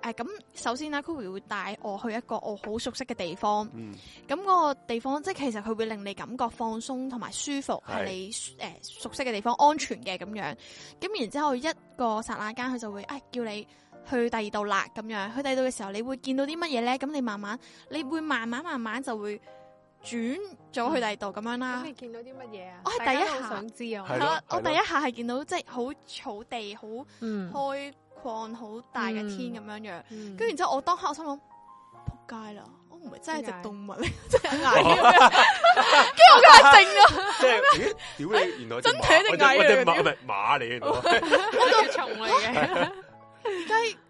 啊、首先啊，Kobe 會帶我去一個我好熟悉嘅地方。嗯。咁嗰個地方，即係其實佢會令你感覺放鬆同埋舒服，係你誒熟悉嘅地方，安全嘅咁樣。咁然之後，後一個剎那間，佢就會誒叫你。去第二度啦，咁樣去第二度嘅時候，你會見到啲乜嘢咧？咁你慢慢，嗯、你會慢慢慢慢就會轉咗去第二度咁樣啦、啊。嗯、你見到啲乜嘢啊？我係第一下想知啊，係咯，了了我第一下係見到即係好草地，好開闊，好大嘅天咁樣樣。跟住、嗯嗯、然之後我我，我當刻我心諗扑街啦，我唔係真係隻動物嚟，真係挨跟住我驚死啊！即係屌你，原來真係隻馬，隻馬嚟。我都蟲嚟嘅。而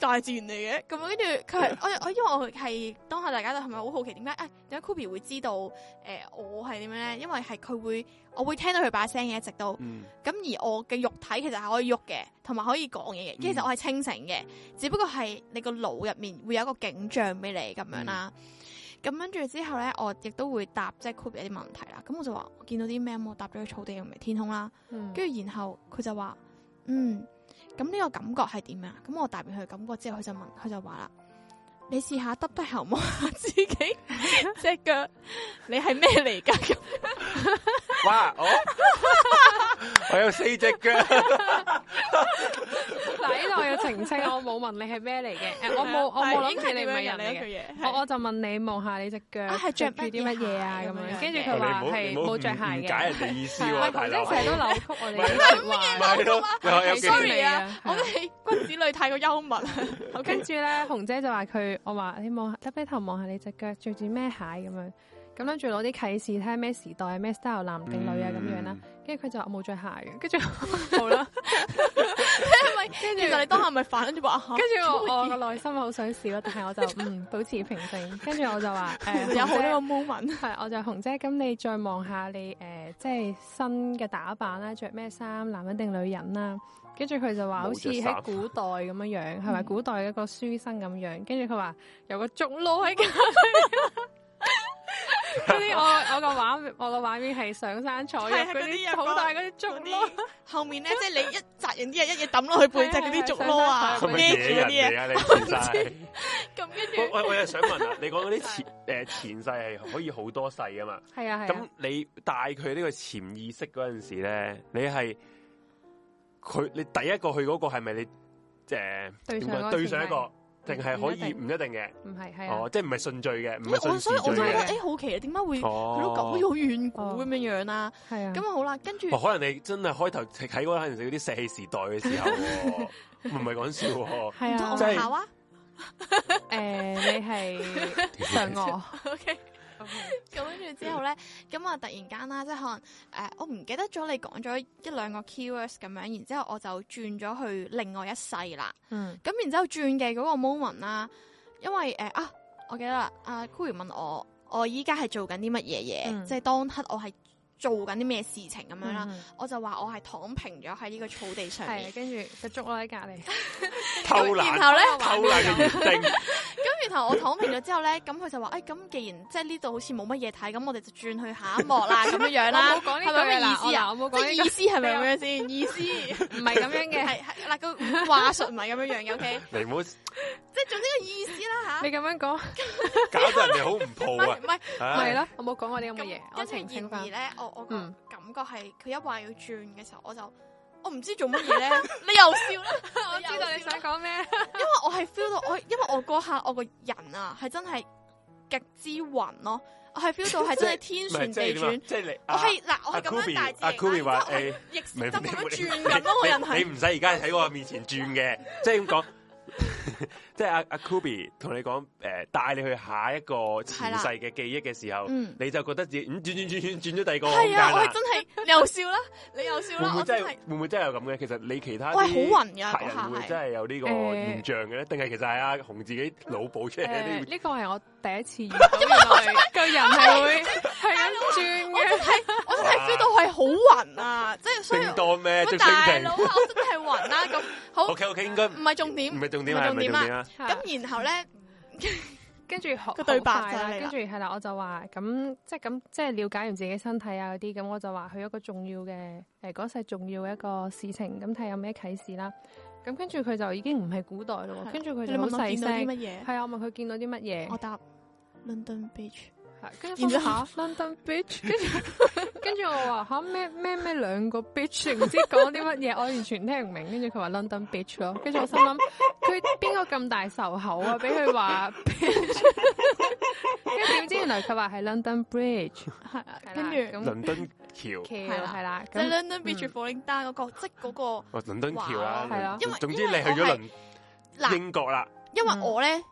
大自然嚟嘅，咁跟住佢， 我我因為我係當下大家都係咪好好奇點解誒點解 Kobe 會知道誒、呃、我係點樣咧？嗯、因為係佢會，我會聽到佢把聲嘅，一直到咁。嗯、而我嘅肉體其實係可以喐嘅，同埋可以講嘢嘅。其實我係清醒嘅，只不過係你個腦入面會有一個景象俾你咁樣啦。咁跟住之後咧，我亦都會答即係 Kobe 啲問題啦。咁我就話我見到啲咩，我答咗個草地入面天空啦。跟住、嗯、然後佢就話嗯。嗯咁呢個感覺係點呀？咁我答完佢感覺之後，佢就問，佢就話啦。你試下耷低頭望下自己隻腳，你係咩嚟噶？ 哇！我， 我有四隻腳。嗱，呢度我要澄清，我冇問你係咩嚟嘅，我冇但 我冇諗住你唔係人嘅。我我就問你望下你隻腳，係着住啲乜嘢啊？咁樣，跟住佢話係冇着鞋嘅。解人嘅意思成日都扭曲我哋嘅說話。sorry 啊，我哋君子女太過幽默啊。跟住咧，紅姐就話佢。我話你望，側低頭望下你隻腳着住咩鞋咁樣，咁樣再攞啲啟示睇下咩時代咩 style 男定女啊咁樣啦。跟住佢就話冇着鞋嘅，跟住好啦，係咪？ 跟住著其實你當下咪反跟住博跟住我個內心好想笑，但係我就嗯 保持平靜。跟住我就話，欸、 姐有好多個 moment。係、嗯，我就紅姐，咁你再望下你誒、呃，即係新嘅打扮啦，着咩衫，男人定女人啦。跟住佢就話好似喺古代咁樣樣，係咪古代一個書生咁樣？跟住佢話有個竹籮喺隔籬。嗰啲我我個畫我個畫面係上山採藥嗰啲嘢，好大嗰啲竹籮。後面咧，即係你一紮人啲嘢，一嘢抌落去背脊嗰啲竹籮啊，咩嘢嗰啲嘢啊，你唔晒？咁跟住我我又想問啦，你講嗰啲前誒前世係可以好多世噶嘛？係啊係。咁你帶佢呢個潛意識嗰陣時咧，你係？佢你第一個去嗰個係咪你即係對上一個，定係可以唔一定嘅？唔係，係啊，即係唔係順序嘅，唔順序嘅。所以我都覺得誒，好奇啊，點解會佢都咁樣好遠古咁樣樣啦？係啊，咁啊好啦，跟住可能你真係開頭睇嗰陣時嗰啲石器時代嘅時候，唔係講笑，係啊，真係。誒，你係嫦娥？O K。咁跟住之後咧呢，咁啊 突然間啦，即、就、係、是、可能誒、呃，我唔記得咗你講咗一兩個 keywords 咁樣，然之後我就轉咗去另外一世啦。嗯。咁然之後轉嘅嗰個 moment 啦，因為誒、呃、啊，我記得啦，阿 Cool 問我，我依家係做緊啲乜嘢嘢，即係、嗯、當刻我係。做緊啲咩事情咁樣啦？我就話我係躺平咗喺呢個草地上，跟住就捉我喺隔籬。偷懶，然後咧偷懶。咁然後我躺平咗之後咧，咁佢就話：誒，咁既然即係呢度好似冇乜嘢睇，咁我哋就轉去下一幕啦，咁樣樣啦。我冇講呢啲咁嘅意思啊！冇講，即係意思係咪咁樣先？意思唔係咁樣嘅，係嗱個話術唔係咁樣樣嘅。OK，你唔好即係做呢個意思啦吓！你咁樣講，搞到人哋你好唔抱啊？唔係，係咯，我冇講過啲咁嘅嘢。一情言而咧，我感覺係佢一話要轉嘅時候，我就我唔知做乜嘢咧。你又笑啦，我知道你想講咩。因為我係 feel 到我，因為我嗰下我個人啊係真係極之暈咯。我係 feel 到係真係天旋地轉。即係你。我係嗱，我係咁樣大，但係阿 Kumi 話誒，亦都咁樣轉咁咯？我人係你唔使而家喺我面前轉嘅，即係咁講。 即係阿阿 Kobe 同你講，誒、呃，帶你去下一個前世嘅記憶嘅時候，嗯、你就覺得自己轉轉轉轉轉咗第二個世界、啊、我係真係又笑啦， 你又笑啦。我真係會唔會真係我有咁嘅？其實你其他我好暈嘅、啊，係唔會，會真係有個呢個現象嘅咧？定係、欸、其實係阿洪自己腦補出嚟？呢個係我。第一次，因為個人係會係咁轉嘅，我真係我真係知道係好暈啊，即係相當於但係我覺得係暈啦。咁好 OK OK，應該唔係重點，唔係重點係唔重點啦。咁然後咧，跟住學個對白啦，跟住係啦，我就話咁即係咁即係了解完自己身體啊嗰啲，咁我就話佢一個重要嘅誒嗰世重要嘅一個事情，咁睇下有咩啟示啦。咁跟住佢就已經唔係古代咯，跟住佢好細聲，係啊，我問佢見到啲乜嘢，我答。London beach，跟住吓 London beach，跟住跟住我話吓咩咩咩兩個 beach，唔知講啲乜嘢，我完全聽唔明。跟住佢話 London beach 咯，跟住我心諗佢邊個咁大仇口啊，俾佢話。跟住點知原來佢話喺 London Bridge，係跟住倫敦橋係啦係啦，即係 London Bridge falling down 嗰個，即嗰個倫敦橋啊，係啊，因為總之你去咗倫英國啦，因為我咧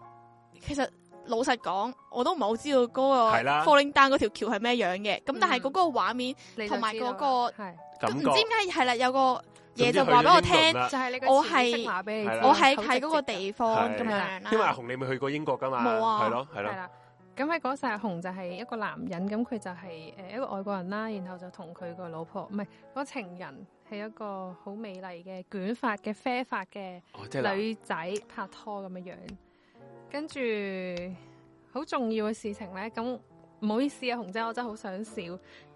其實。老實講，我都唔係好知道嗰個 falling down 嗰條橋係咩樣嘅。咁但係嗰個畫面同埋嗰個，咁唔知點解係啦，有個嘢，就話俾我聽，就係我係話俾你，我係睇嗰個地方咁樣啦。因為阿紅你未去過英國噶嘛，冇啊，係咯，係啦。咁喺嗰時，阿紅就係一個男人，咁佢就係誒一個外國人啦，然後就同佢個老婆唔係嗰情人係一個好美麗嘅捲髮嘅啡髮嘅女仔拍拖咁樣樣。跟住好重要嘅事情咧，咁唔好意思啊，紅姐，我真係好想笑。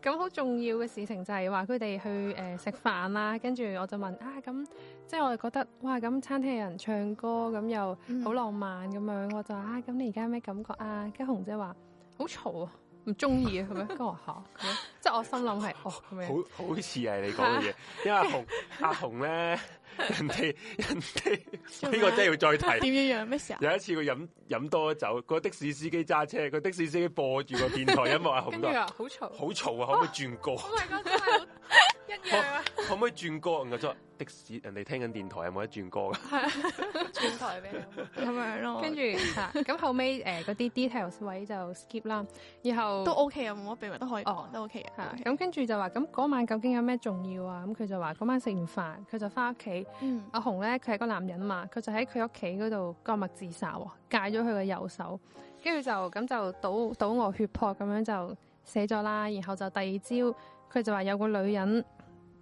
咁好重要嘅事情就係話佢哋去誒食飯啦。跟住我就問啊，咁即係我哋覺得哇，咁餐廳嘅人唱歌咁又好浪漫咁樣，我就話啊，咁你而家咩感覺啊？跟紅姐話好嘈，唔中意啊。」係咪？科學， 即係我心諗係哦， 好好似係你講嘅嘢，啊、因為 阿紅咧。人哋人哋呢 個真係要再提 要、啊。點樣樣咩時候？有一次佢飲飲多咗酒，個的士司機揸車，個的士司機播住個電台 音樂、啊，好多。啊，好嘈，好嘈啊！ 可唔可以轉歌？唔係噶，真 一樣可唔可以轉歌咁啊？即係的士人哋聽緊電台有冇得轉歌噶？係轉台俾咁樣咯。跟住吓咁後尾誒嗰啲 details 位就 skip 啦。然後都 OK 啊，冇乜秘密都可以哦，都 OK 啊。吓咁跟住就話咁嗰晚究竟有咩重要啊？咁佢就話嗰晚食完飯，佢就翻屋企。嗯、阿紅咧佢係個男人嘛，佢就喺佢屋企嗰度割脈自殺喎，割咗佢嘅右手，跟住就咁就倒倒卧血泊咁樣就死咗啦。然後就第二朝。佢就話有個女人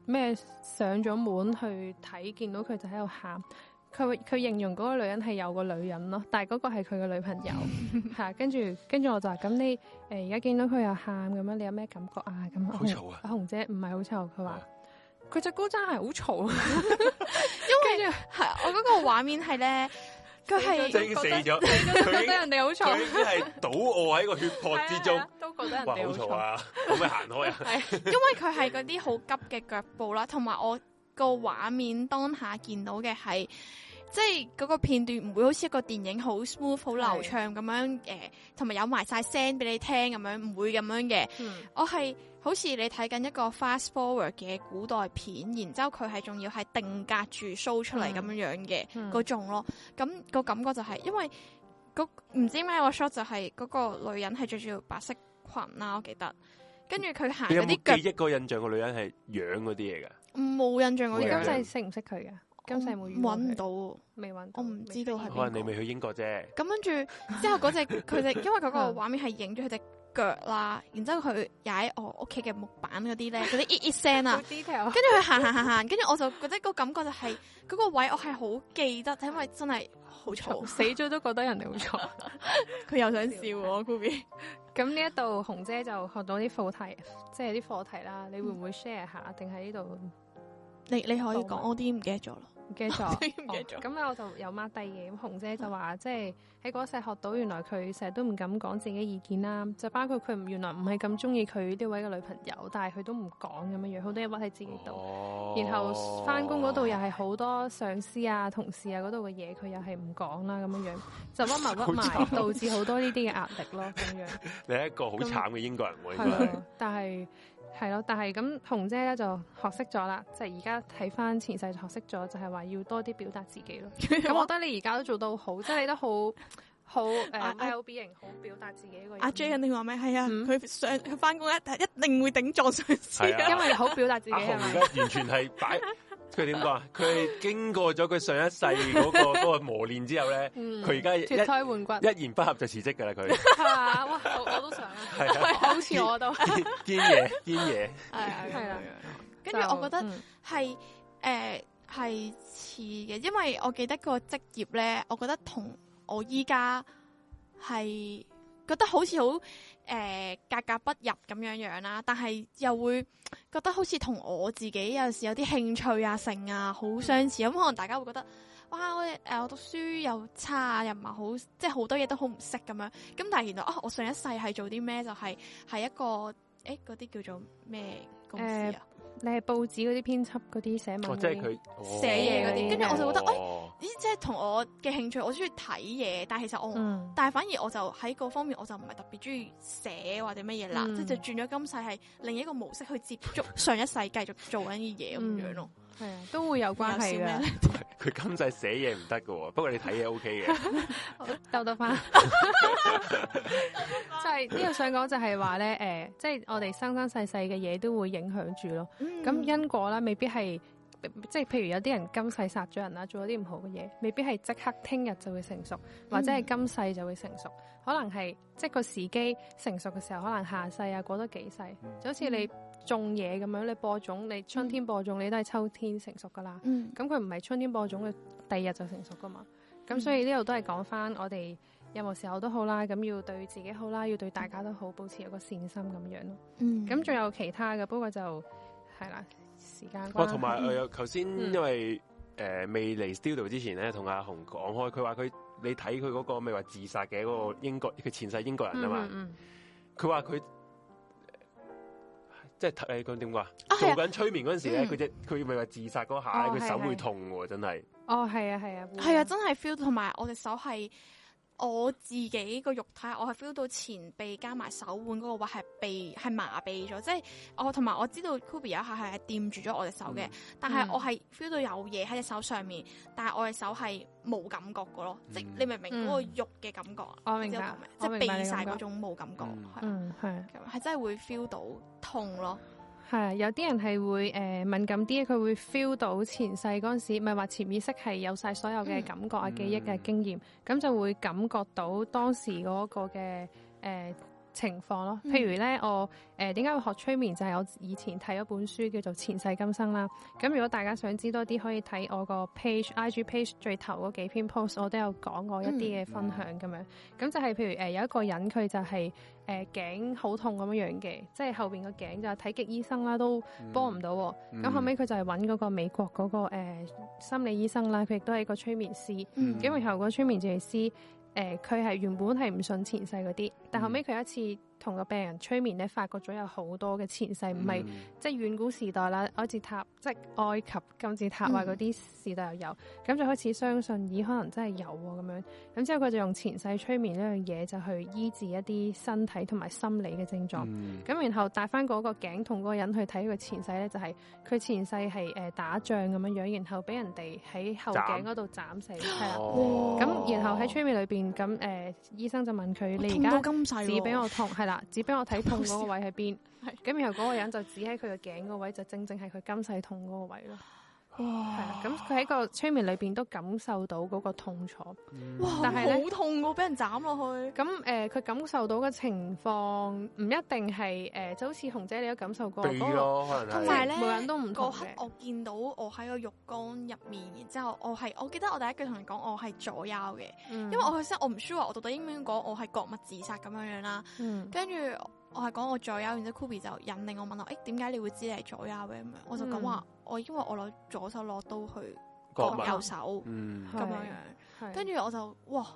咩上咗門去睇，見到佢就喺度喊，佢，佢形容嗰個女人係有個女人咯，但係嗰個係佢嘅女朋友，係、 啊、跟住跟住我就話咁你誒而家見到佢又喊咁樣，你有咩感覺啊？咁好嘈啊！阿紅、啊、姐唔係好嘈，佢話佢隻高踭係好嘈， 因為係後 我嗰個畫面係咧。佢係，佢已經死咗，佢她覺得人哋好嘈，佢已係倒卧喺個血泊之中，啊啊，都覺得人哋好嘈啊！咁咪行開啊，因為佢係嗰啲好急嘅腳步啦，同埋我個畫面當下見到嘅係。即係嗰、那個片段唔會好似一個電影好 smooth 好流暢咁樣誒，同埋是、呃、有埋晒聲俾你聽咁樣，唔會咁樣嘅。我係好似你睇緊一個 fast forward 嘅古代片，然之後佢係仲要係定格住 show 出嚟咁樣樣嘅嗰種咯。咁、嗯嗯、個感覺就係、是、因為唔、那個、知咩我 shot 就係嗰個女人係着住白色裙啦、啊，我記得。跟住佢行嗰啲腳。有冇記憶個印象個女人係樣嗰啲嘢噶？冇印象，我今世識唔識佢噶？今世冇搵唔到，未搵，我唔知道係邊個。可能你未去英國啫。咁跟住之後嗰隻佢隻，因為嗰個畫面係影咗佢隻腳啦，然之後佢踩我屋企嘅木板嗰啲咧，嗰啲咿咿聲啊，跟住佢行行行行，跟住我就覺得個感覺就係嗰個位我係好記得，因為真係好嘈，死咗都覺得人哋好嘈。佢又想笑，Gubi。咁呢一度紅姐就學到啲課題，即係啲課題啦，你會唔會 share 下？定喺呢度？你你可以講，我啲唔記得咗啦。繼續，咁咧我就有 mark 低嘅。咁紅姐就話，即係喺嗰時學到，原來佢成日都唔敢講自己嘅意見啦。就包括佢原來唔係咁中意佢呢位嘅女朋友，但係佢都唔講咁樣樣，好多嘢屈喺自己度。哦、然後翻工嗰度又係好多上司啊、同事啊嗰度嘅嘢，佢又係唔講啦咁樣樣，就屈埋屈埋， 慘導致好多呢啲嘅壓力咯咁樣。 你係一個好慘嘅英國人喎樣 ，但係。係咯，但係咁紅姐咧就學識咗啦，就係而家睇翻前世就學識咗，就係話要多啲表達自己咯。咁我覺得你而家都做到好，即係你都好好誒 L B 型，being, 好表達自己一個。阿 J，肯定話咩？係啊，佢上佢翻工一一定會頂撞上司，因為好表達自己。係咪？完全係擺。 佢點講啊？佢經過咗佢上一世嗰個磨練之後咧，佢而家脫胎換骨，一言不合就辭職噶啦佢。係啊！ 哇，我我都想啊，啊 好似我都堅嘢堅嘢，係係啦。跟住我覺得係誒係似嘅，因為我記得個職業咧，我覺得同我依家係覺得好似好。誒，uh, 格格不入咁樣樣啦，但係又會覺得好似同我自己有時有啲興趣啊、性啊好相似，咁、嗯、可能大家會覺得，哇，誒，我讀書又差，又唔係好，即係好多嘢都好唔識咁樣，咁但係原來，哦、啊，我上一世係做啲咩？就係、係、係一個誒，嗰、欸、啲叫做咩公司啊？Uh, 你係報紙嗰啲編輯嗰啲寫文，即係佢寫嘢嗰啲，跟、就、住、是哦、我就覺得，哦，咦、哎，即係同我嘅興趣，我中意睇嘢，但係其實我，嗯、但係反而我就喺嗰方面，我就唔係特別中意寫或者乜嘢啦，即係、嗯、就轉咗今世係另一個模式去接觸 上一世繼續做緊啲嘢咁樣咯，係啊，都會有關係嘅。 佢今世寫嘢唔得嘅喎，不過你睇嘢 OK 嘅，兜 得翻。 就係呢個想講就係話咧，誒、呃，即、就、係、是、我哋生生世世嘅嘢都會影響住咯。咁、嗯、因果啦，未必係即係譬如有啲人今世殺咗人啦，做咗啲唔好嘅嘢，未必係即刻聽日就會成熟，或者係今世就會成熟，嗯、可能係即、就是、個時機成熟嘅時候，可能下世啊過多幾世，就好似你，嗯嗯種嘢咁樣，你播種，你春天播種，你都係秋天成熟噶啦。咁佢唔係春天播種佢第二日就成熟噶嘛。咁、嗯、所以呢度都係講翻我哋任何時候都好啦，咁要對自己好啦，要對大家都好，保持一個善心咁樣咯。咁仲、嗯、有其他嘅，不過就係啦，時間。同埋誒，頭先、呃、因為誒、嗯呃、未嚟 Studio 之前咧，同阿雄講開，佢話佢你睇佢嗰個咪話自殺嘅嗰個英國佢前世英國人啊嘛，佢話佢。嗯嗯他即係睇佢點話，呃啊、做緊催眠嗰陣時咧，佢只佢咪話自殺嗰下，佢、哦、手會痛喎，真係。哦，係啊，係啊，係啊，真係 feel 同埋我隻手係。我自己個肉體，我係 feel 到前臂加埋手腕嗰個位係痹係麻痹咗，即係我同埋我知道 Kobe 有一下係掂住咗我隻手嘅，嗯、但係我係 feel 到有嘢喺隻手上面，但係我隻手係冇感覺嘅咯，嗯、即係你明唔明嗰個肉嘅感覺啊、嗯嗯？我明，即我明，即係痹晒嗰種冇感覺，係，係、嗯，係的、嗯、真係會 feel 到痛咯。係，有啲人係會誒、呃、敏感啲，佢會 feel 到前世嗰陣時，唔係話潛意識係有晒所有嘅感覺啊、記憶嘅經驗，咁、mm. 就會感覺到當時嗰個嘅誒。呃情況咯，譬如咧，我誒點解會學催眠？就係、是、我以前睇咗本書叫做《前世今生》啦。咁如果大家想知多啲，可以睇我個 page，IG page 最頭嗰幾篇 post，我都有講過一啲嘅分享咁、嗯、樣。咁就係譬如誒、呃、有一個人佢就係、是、誒、呃、頸好痛咁樣嘅，即係後邊個頸就睇極醫生啦，都幫唔到。咁、嗯、後尾，佢就係揾嗰個美國嗰、那個、呃、心理醫生啦，佢亦都係個催眠師，咁然後個催眠治療師。誒，佢係、呃、原本係唔信前世嗰啲，但後尾佢有一次，同個病人催眠咧，發覺咗有好多嘅前世，唔係、嗯、即係遠古時代啦，金字塔即係埃及金字塔啊嗰啲時代、嗯、又有，咁就開始相信咦，可能真係有喎、哦、咁樣。咁之後佢就用前世催眠呢樣嘢就去醫治一啲身體同埋心理嘅症狀。咁、嗯、然後帶返嗰個頸痛嗰個人去睇佢前世咧，就係、是、佢前世係誒、呃、打仗咁樣樣，然後俾人哋喺後頸嗰度斬死，係啊。咁然後喺催眠裏邊，咁誒、呃、醫生就問佢你而家今指俾我痛係啦。 只俾我睇痛嗰個位喺邊？咁 然後嗰個人就指喺佢個頸嗰位，就正正係佢今世痛嗰個位咯。哇，係啦、嗯，咁佢喺個催眠裏邊都感受到嗰個痛楚，哇！但係好痛㗎，俾人斬落去。咁誒，佢感受到嘅情況唔一定係誒、呃，就好似紅姐你都感受過。係咯，同埋咧，我呢每人都唔同嘅。嗰刻我見到我喺個浴缸入面，然之後我係，我記得我第一句同你講我係左右嘅，嗯、因為我先我唔 sure 我到底應唔應該講我係割物自殺咁樣樣啦。跟住、嗯。我係講我左右，然之後 Kobe 就引領我問我，誒、欸，點解你會知你係左右嘅咁樣？嗯、我就講話，我因為我攞左手攞刀去割右手，咁樣文、嗯、樣。跟住是我就哇，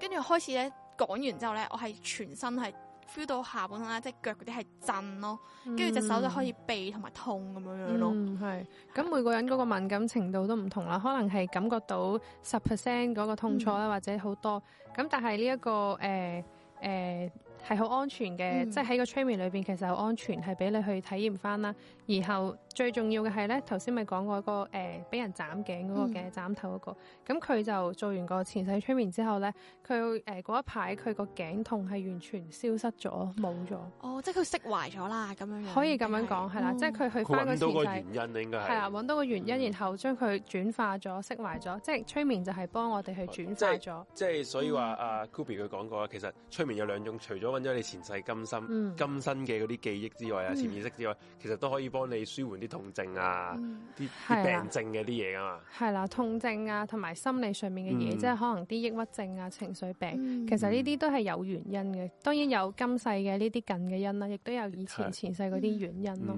跟住開始咧，講完之後咧，我係全身係 feel 到下半身咧，即係腳嗰啲係震咯，跟住隻手就可以痹同埋痛咁樣樣咯。係、嗯，咁每個人嗰個敏感程度都唔同啦，可能係感覺到十 percent 嗰個痛楚啦，嗯、或者好多。咁但係呢一個誒誒。呃呃呃係好安全嘅，嗯、即係喺個 training 裏邊，其實好安全，係俾你去體驗翻啦。然後最重要嘅係咧，頭先咪講過個誒俾人斬頸嗰個嘅斬頭嗰個，咁佢就做完個前世催眠之後咧，佢誒嗰一排佢個頸痛係完全消失咗，冇咗。哦，即係佢釋懷咗啦，咁樣樣。可以咁樣講，係啦，即係佢去翻個前世。揾到個原因應該係。係啦，揾到個原因，然後將佢轉化咗、釋懷咗，即係催眠就係幫我哋去轉化咗。即係所以話阿 Kobe 佢講過，其實催眠有兩種，除咗揾咗你前世今生、今生嘅嗰啲記憶之外啊、潛意識之外，其實都可以。幫你舒緩啲痛症啊，啲病症嘅啲嘢啊嘛。係啦的，痛症啊，同埋心理上面嘅嘢，嗯、即係可能啲抑鬱症啊、情緒病，嗯、其實呢啲都係有原因嘅。當然有今世嘅呢啲近嘅因啦，亦都有以前前世嗰啲原因咯。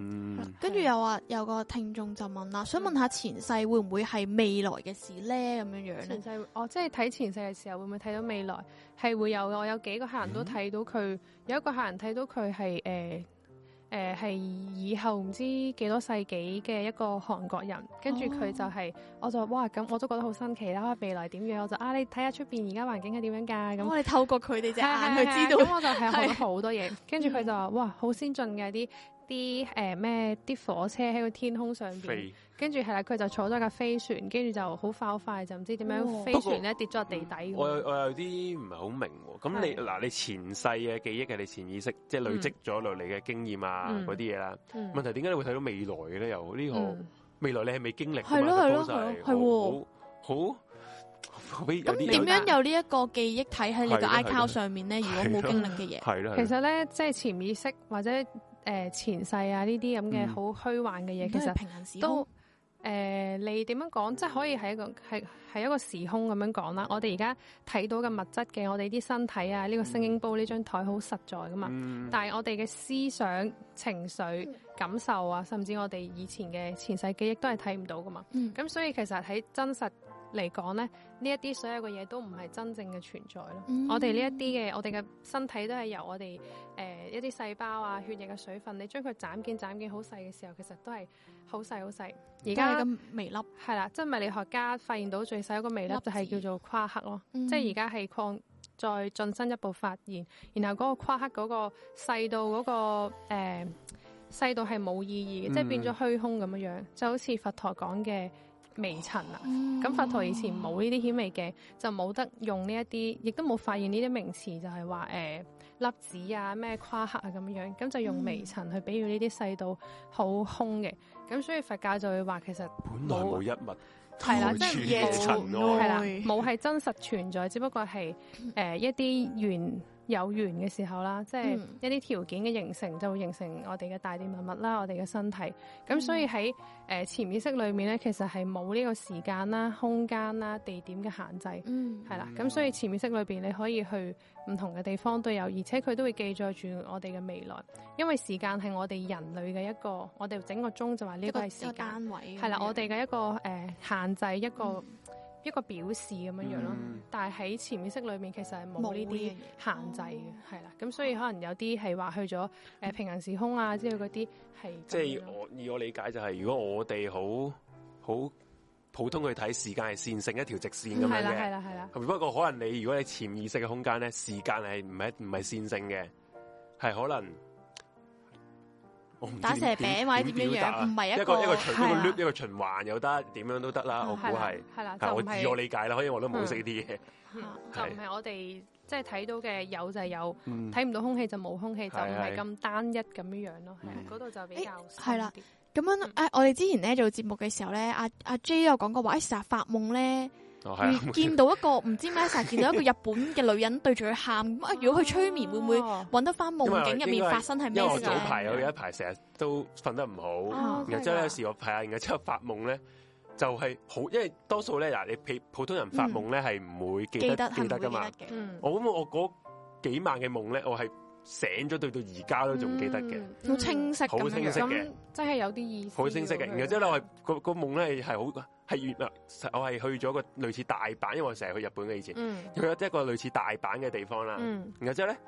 跟住又話有，有個聽眾就問啦，想問下前世會唔會係未來嘅事咧？咁樣樣前世我、哦、即係睇前世嘅時候，會唔會睇到未來？係會有，我有幾個客人都睇到佢，嗯、有一個客人睇到佢係誒。呃誒，係、呃、以後唔知幾多世紀嘅一個韓國人，跟住佢就係、是，oh. 我就哇咁，我都覺得好新奇啦，未來點樣？我就啊，你睇下出邊而家環境係點樣噶咁。我哋、oh, 樣透過佢哋隻眼去知道，咁、啊啊、我就係、啊、學咗好多嘢。啊、跟住佢就話哇，好先進嘅啲。啲誒咩啲火車喺個天空上邊飛，跟住係啦，佢就坐咗架飛船，跟住就好快快就唔知點樣，飛船咧跌咗地底。我我有啲唔係好明咁，你嗱，你前世嘅記憶嘅，你潛意識，即係累積咗落嚟嘅經驗啊嗰啲嘢啦。問題點解你會睇到未來嘅咧？又呢個未來你係未經歷嘅，係咯係咯係咯，好好咁點樣有呢一個記憶睇喺你個 icon 上面咧？如果冇經歷嘅嘢，其實咧即係潛意識或者。誒、呃、前世啊，呢啲咁嘅好虛幻嘅嘢，嗯、其實都誒、呃，你點樣講，嗯、即係可以係一個係係一個時空咁樣講啦、嗯。我哋而家睇到嘅物質嘅，我哋啲身體啊，呢、呢個水晶杯呢張台好實在噶嘛，嗯、但係我哋嘅思想情緒、嗯。嗯感受啊，甚至我哋以前嘅前世記憶都係睇唔到噶嘛。咁、嗯、所以其實喺真實嚟講咧，呢一啲所有嘅嘢都唔係真正嘅存在咯、嗯。我哋呢一啲嘅，我哋嘅身體都係由我哋誒、呃、一啲細胞啊、血液嘅水分，你將佢斬件斬件好細嘅時候，其實都係好細好細。而家嘅微粒係啦，即係物理學家發現到最細一個微粒就係叫做夸克咯。嗯、即係而家係擴再進深一步發現，然後嗰個夸克嗰個細到嗰、嗰個誒。呃細到係冇意義嘅，嗯、即係變咗虛空咁樣樣，就好似佛陀講嘅微塵啊。咁、嗯、佛陀以前冇呢啲顯微鏡，就冇得用呢一啲，亦都冇發現呢啲名詞，就係話誒粒子啊、咩夸克啊咁樣樣，咁就用微塵去比喻呢啲細到好空嘅。咁、嗯、所以佛教就會話其實本來冇一物，係啦，即係冇，係啦，冇係真實存在，只不過係誒、呃、一啲緣。有緣嘅時候啦，即係一啲條件嘅形成、嗯、就會形成我哋嘅大地物物啦，我哋嘅身體。咁、嗯、所以喺誒潛意識裏面咧，其實係冇呢個時間啦、空間啦、地點嘅限制，係啦、嗯。咁所以潛意識裏邊你可以去唔同嘅地方都有，而且佢都會記載住我哋嘅未來，因為時間係我哋人類嘅一個，我哋整個鐘就話呢個係時間位，係啦，我哋嘅一個誒限制、嗯、一個。一個表示咁樣樣咯，嗯、但係喺潛意識裏面其實係冇呢啲限制嘅，係啦，咁、哦、所以可能有啲係話去咗誒平行時空啊，之類嗰啲係。即係我以我理解就係、是，如果我哋好好普通去睇時間係線性一條直線咁樣嘅，係啦係啦係啦。不過可能你如果你潛意識嘅空間咧，時間係唔係唔係線性嘅，係可能。打蛇餅或者點樣樣，唔係一個一個一個 loop 一個循環又得，點樣都得啦。我估係，係我自我理解啦。可以我都唔好識啲嘢。就唔係我哋即係睇到嘅有就有，睇唔到空氣就冇空氣，就唔係咁單一咁樣樣咯。嗰度就比較。係啦，咁樣誒，我哋之前咧做節目嘅時候咧，阿阿 J 有講過話，阿 Sir 發夢咧。遇、oh, yeah, 見到一個唔 知咩事，見到一個日本嘅女人對住佢喊，啊， 如果佢催眠會唔會搵得返夢境入面發生係咩事咧？早排有有一排成日都瞓得唔好，然後之後有時我睇下，然後之後發夢咧就係、是、好，因為多數咧嗱你譬普通人發夢咧係唔會記得會記得噶嘛、嗯，我咁我嗰幾晚嘅夢咧，我係。醒咗對到而家都仲記得嘅，好、嗯嗯、清晰，好、嗯、清晰嘅，真係有啲意思，好清晰嘅。嗯、然後之、就是、後咧我係個個夢咧係好係原來，我係去咗個類似大阪，因為我成日去日本嘅以前，去咗、嗯、一個類似大阪嘅地方啦。嗯、然後之後咧，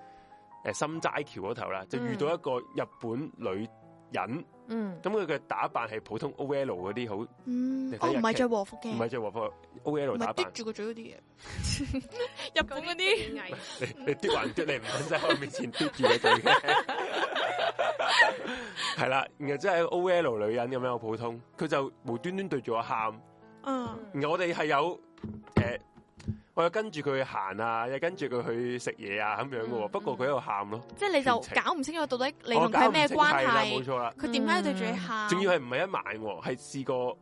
誒，心齋橋嗰頭啦，就遇到一個日本女。嗯嗯人，嗯，咁佢嘅打扮係普通 O L 嗰啲好，嗯，哦唔係着和服嘅，唔係着和服 O L，嘟住個嘴嗰啲嘢，日本嗰啲，你你嘟還嘟嚟，唔使喺我面前嘟住個嘴嘅，係啦，然後即係 O L 女人咁樣好普通，佢就無端端對住我喊，嗯，我哋係有誒。我又跟住佢行啊，又跟住佢去食嘢啊咁樣嘅，不過佢喺度喊咯。即係你就搞唔清楚到底你同佢咩關係？佢點解對住你喊？仲要係唔係一晚，係試過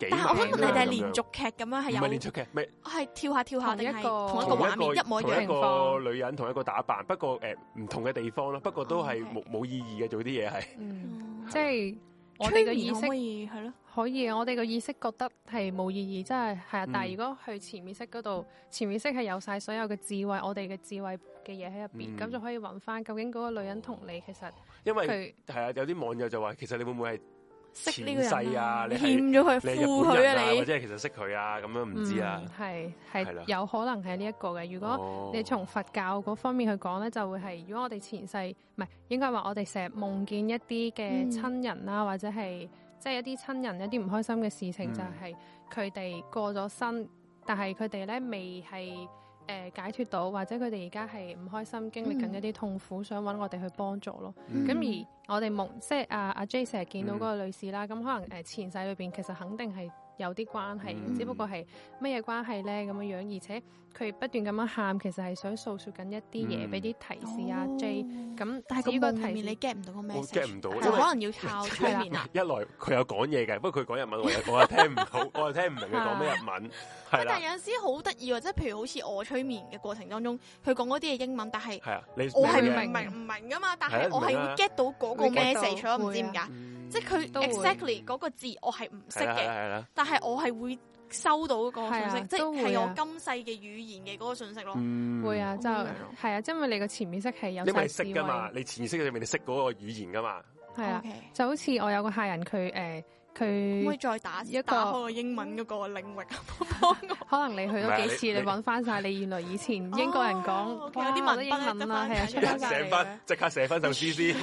幾晚。但係我個問題係連續劇咁樣，係唔係連續劇？係跳下跳下，定係同一個畫面一模一樣？一個女人同一個打扮，不過誒唔同嘅地方咯。不過都係冇冇意義嘅做啲嘢係，即係。我哋嘅意識係咯，可，可以啊！我哋嘅意識覺得係冇意義，真係係啊！嗯、但係如果去潛意識嗰度，潛意識係有晒所有嘅智慧，我哋嘅智慧嘅嘢喺入邊，咁、嗯、就可以搵返究竟嗰個女人同你其實因為佢係啊，有啲網友就話其實你會唔會係？識呢個人欠咗佢，負佢啊！你即係其實識佢啊，咁樣唔知啊，係係、嗯，有可能係呢一個嘅。如果、哦、你從佛教嗰方面去講咧，就會係如果我哋前世唔係，應該話我哋成日夢見一啲嘅親人啦、啊，嗯、或者係即係一啲親人一啲唔開心嘅事情就，就係佢哋過咗身，但係佢哋咧未係。誒、呃、解脫到，或者佢哋而家係唔開心，經歷緊一啲痛苦，想搵我哋去幫助咯。咁、嗯、而我哋夢，即係阿阿 Jay 成日見到嗰個女士啦。咁、嗯、可能誒、呃、前世裏邊其實肯定係。有啲關係，只不過係咩嘢關係咧咁樣樣，而且佢不斷咁樣喊，其實係想訴說緊一啲嘢，俾啲提示啊 J。咁但係喺個催眠你 get 唔到個 message，我 get 唔到，可能要靠催眠啊。一來佢有講嘢嘅，不過佢講日文，我又我又聽唔到，我又聽唔明佢講咩日文。但係有陣時好得意喎，即係譬如好似我催眠嘅過程當中，佢講嗰啲嘢英文，但係係啊，你我係唔明唔明噶嘛，但係我係會 get 到嗰個 message，唔知點解。即係佢 exactly 嗰、嗯、個字我，是我係唔識嘅，但係我係會收到嗰個信息，的即係是、啊、我今世嘅語言嘅嗰個信息咯，嗯、會啊，嗯、就係啊，即的因為你個潛意識係有，因為識噶嘛，你潛意識入面你識嗰個語言噶嘛，係啊的，Okay. 就好似我有個客人佢誒。佢他再打一個英文嗰個領域， 可能你去咗幾次，是你揾翻晒你，你原來以前英國人講有啲好多英文啊，係啊，出翻曬嚟。寫翻，即刻寫翻首詩先。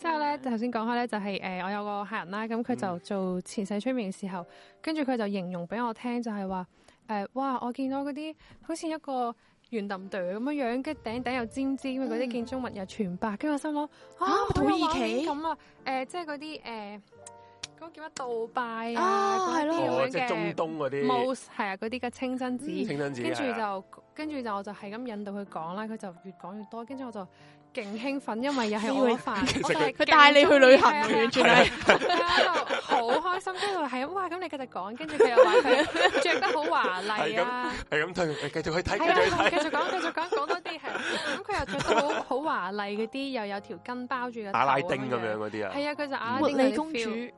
之後咧，頭先講開咧，就係誒，我有個客人啦，咁、嗯、佢 就做前世催眠嘅時候，跟住佢就形容俾我聽就，就係話誒，哇！我見到嗰啲好似一個。圓凼朵咁樣樣，跟頂頂又尖尖，嗰啲建築物又全白，跟住，嗯、我心諗啊，土耳其咁啊，誒、啊啊，即係嗰啲誒，嗰、啊、個叫乜？杜拜啊，係咯，啊、咁、哦、即係中東嗰啲。Most 係啊，嗰啲嘅清真寺。清真寺。跟住就，跟住就，我就係咁引導佢講啦，佢就越講越多，跟住我就。勁興奮，因為又係好快，佢帶你去旅行，完全係好開心。跟住話：係哇，咁你繼續講。跟住佢又話：佢著得好華麗啊！係咁，佢繼續去睇。係啊，繼續講，繼續講，講多啲。係咁，佢又著得好好華麗嗰啲，又有條巾包住嘅阿拉丁咁樣嗰啲啊。係啊，佢就阿拉丁公主誒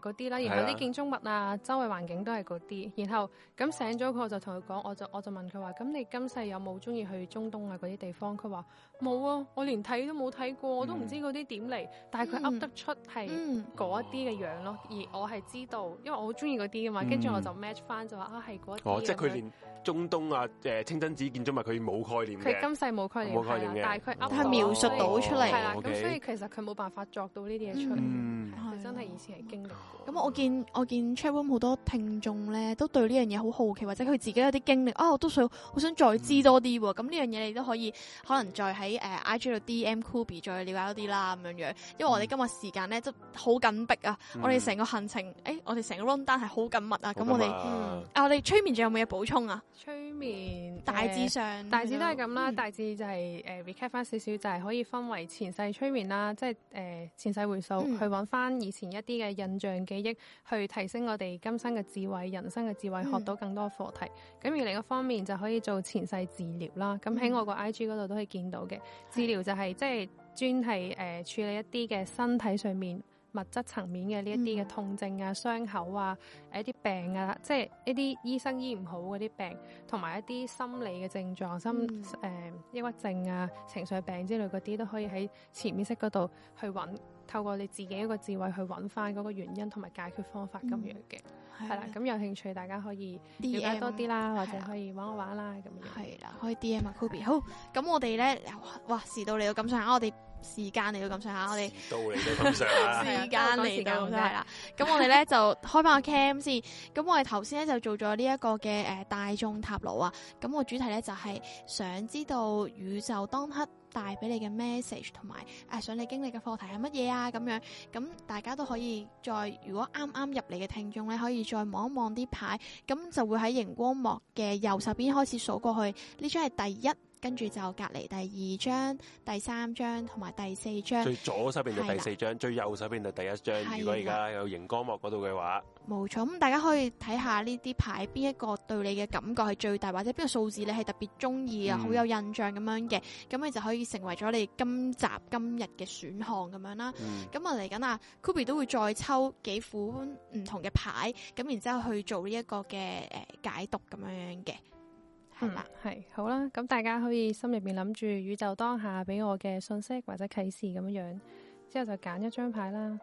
嗰啲啦。然後啲建築物啊，周圍環境都係嗰啲。然後咁醒咗佢，我就同佢講，我就我就問佢話：咁你今世有冇中意去中東啊嗰啲地方？佢話。冇啊！我連睇都冇睇過，我都唔知嗰啲點嚟。但係佢噏得出係嗰一啲嘅樣咯。而我係知道，因為我好中意嗰啲嘅嘛。跟住我就 match 翻，就話啊係嗰。哦，即係佢連中東啊，誒清真寺建築物佢冇概念嘅。佢今世冇概念，冇概念嘅。但係描述到出嚟，係啦。咁所以其實佢冇辦法作到呢啲嘢出嚟。佢真係以前係經歷。咁我見我見 Check One 好多聽眾咧，都對呢樣嘢好好奇，或者佢自己有啲經歷啊，我都想好想再知多啲。咁呢樣嘢你都可以可能再喺。誒，I G 度 D M Kubi 再了解多啲啦，咁樣樣，因為我哋今日時間咧都好緊迫啊，我哋成個行程，誒，我哋成個 rundown 係好緊密啊，咁我哋啊，我哋催眠仲有冇嘢補充啊？催眠大致上，大致都係咁啦，大致就係誒 recall 翻少少，就係可以分為前世催眠啦，即係誒前世回溯去揾翻以前一啲嘅印象記憶，去提升我哋今生嘅智慧，人生嘅智慧，學到更多課題。咁而另一方面就可以做前世治療啦，咁喺我個 I G 嗰度都可以見到嘅。治療就係、是、即係專係誒處理一啲嘅身體上面物質層面嘅呢一啲嘅痛症啊、傷口啊、一啲病啊，即係一啲醫生醫唔好嗰啲病，同埋一啲心理嘅症狀，心誒、呃、抑鬱症啊情緒病之類嗰啲都可以喺潛意識嗰度去揾。透過你自己一個智慧去揾翻嗰個原因同埋解決方法咁樣嘅，係啦。咁有興趣大家可以了解多啲啦，或者可以玩下玩啦咁樣。係啦，開 D M 啊，Kobe。好，咁我哋咧，哇，時到你到咁上下，我哋時間你到咁上下，我哋時到嚟到咁上下，時間嚟到咁上下。係啦，咁我哋咧就開翻個 cam 先。咁我哋頭先咧就做咗呢一個嘅誒大眾塔羅啊。咁個主題咧就係想知道宇宙當刻帶俾你嘅 message，同埋誒想你經歷嘅課題係乜嘢啊？咁樣，啊，咁樣，咁大家都可以再如果啱啱入嚟嘅聽眾咧，可以再望一望啲牌，咁就會喺熒光幕嘅右手邊開始數過去，呢張係第一。跟住就隔離第二張、第三張同埋第四張，最左手邊就第四張，的最右手邊就第一張。的如果而家有熒光幕嗰度嘅話，冇錯。咁大家可以睇下呢啲牌邊一個對你嘅感覺係最大，或者邊個數字你係特別中意啊，好、嗯、有印象咁樣嘅，咁你就可以成為咗你今集今日嘅選項咁樣啦。咁啊嚟緊啊，Kobe 都會再抽幾款唔同嘅牌，咁然之後去做呢一個嘅誒解讀咁樣樣嘅。係啦，係好啦，咁、嗯嗯嗯、大家可以心入邊諗住宇宙當下俾我嘅信息或者啟示咁樣樣，之後就揀一張牌啦。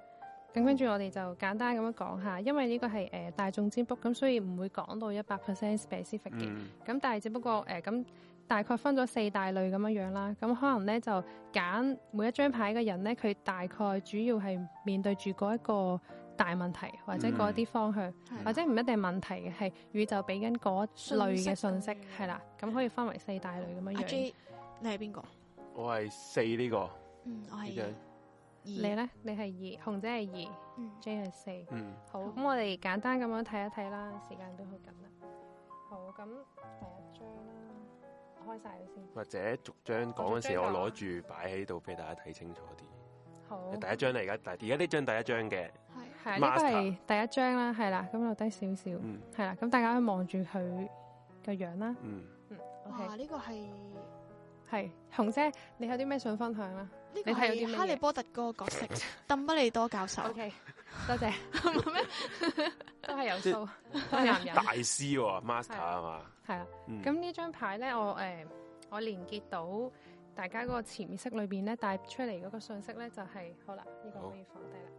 咁跟住我哋就簡單咁樣講下，因為呢個係誒、呃、大眾占卜，咁所以唔會講到一百 percent specific 嘅。咁、嗯、但係只不過誒咁、呃、大概分咗四大類咁樣樣啦。咁可能咧就揀每一張牌嘅人咧，佢大概主要係面對住嗰一個，大問題或者嗰啲方向，嗯、或者唔一定問題嘅係宇宙俾緊嗰類嘅信息，係啦、嗯，咁可以分為四大類咁樣樣。啊、J, 你係邊個？我係四呢個。嗯，我係二。你咧？你係二，紅姐係二、嗯、，J 係四。嗯，好。咁好我哋簡單咁樣睇一睇啦，時間都好緊啦。好，咁第一張啦，開曬佢先。或者逐張講嘅時，我攞住擺喺度俾大家睇清楚啲。楚好。第一張嚟噶，但而家呢張第一張嘅。係啊，呢個係第一張啦，係啦，咁留低少少，係啦，咁大家可以望住佢個樣啦。嗯，哇，呢個係係紅姐，你有啲咩想分享啊？呢個係哈利波特嗰個角色鄧不利多教授。OK，多謝。咩？都係有數，都係大師。master 啊嘛？係啦，咁呢張牌咧，我誒，我連結到大家嗰個潛意識裏邊咧帶出嚟嗰個信息咧，就係好啦，呢個可以放低啦。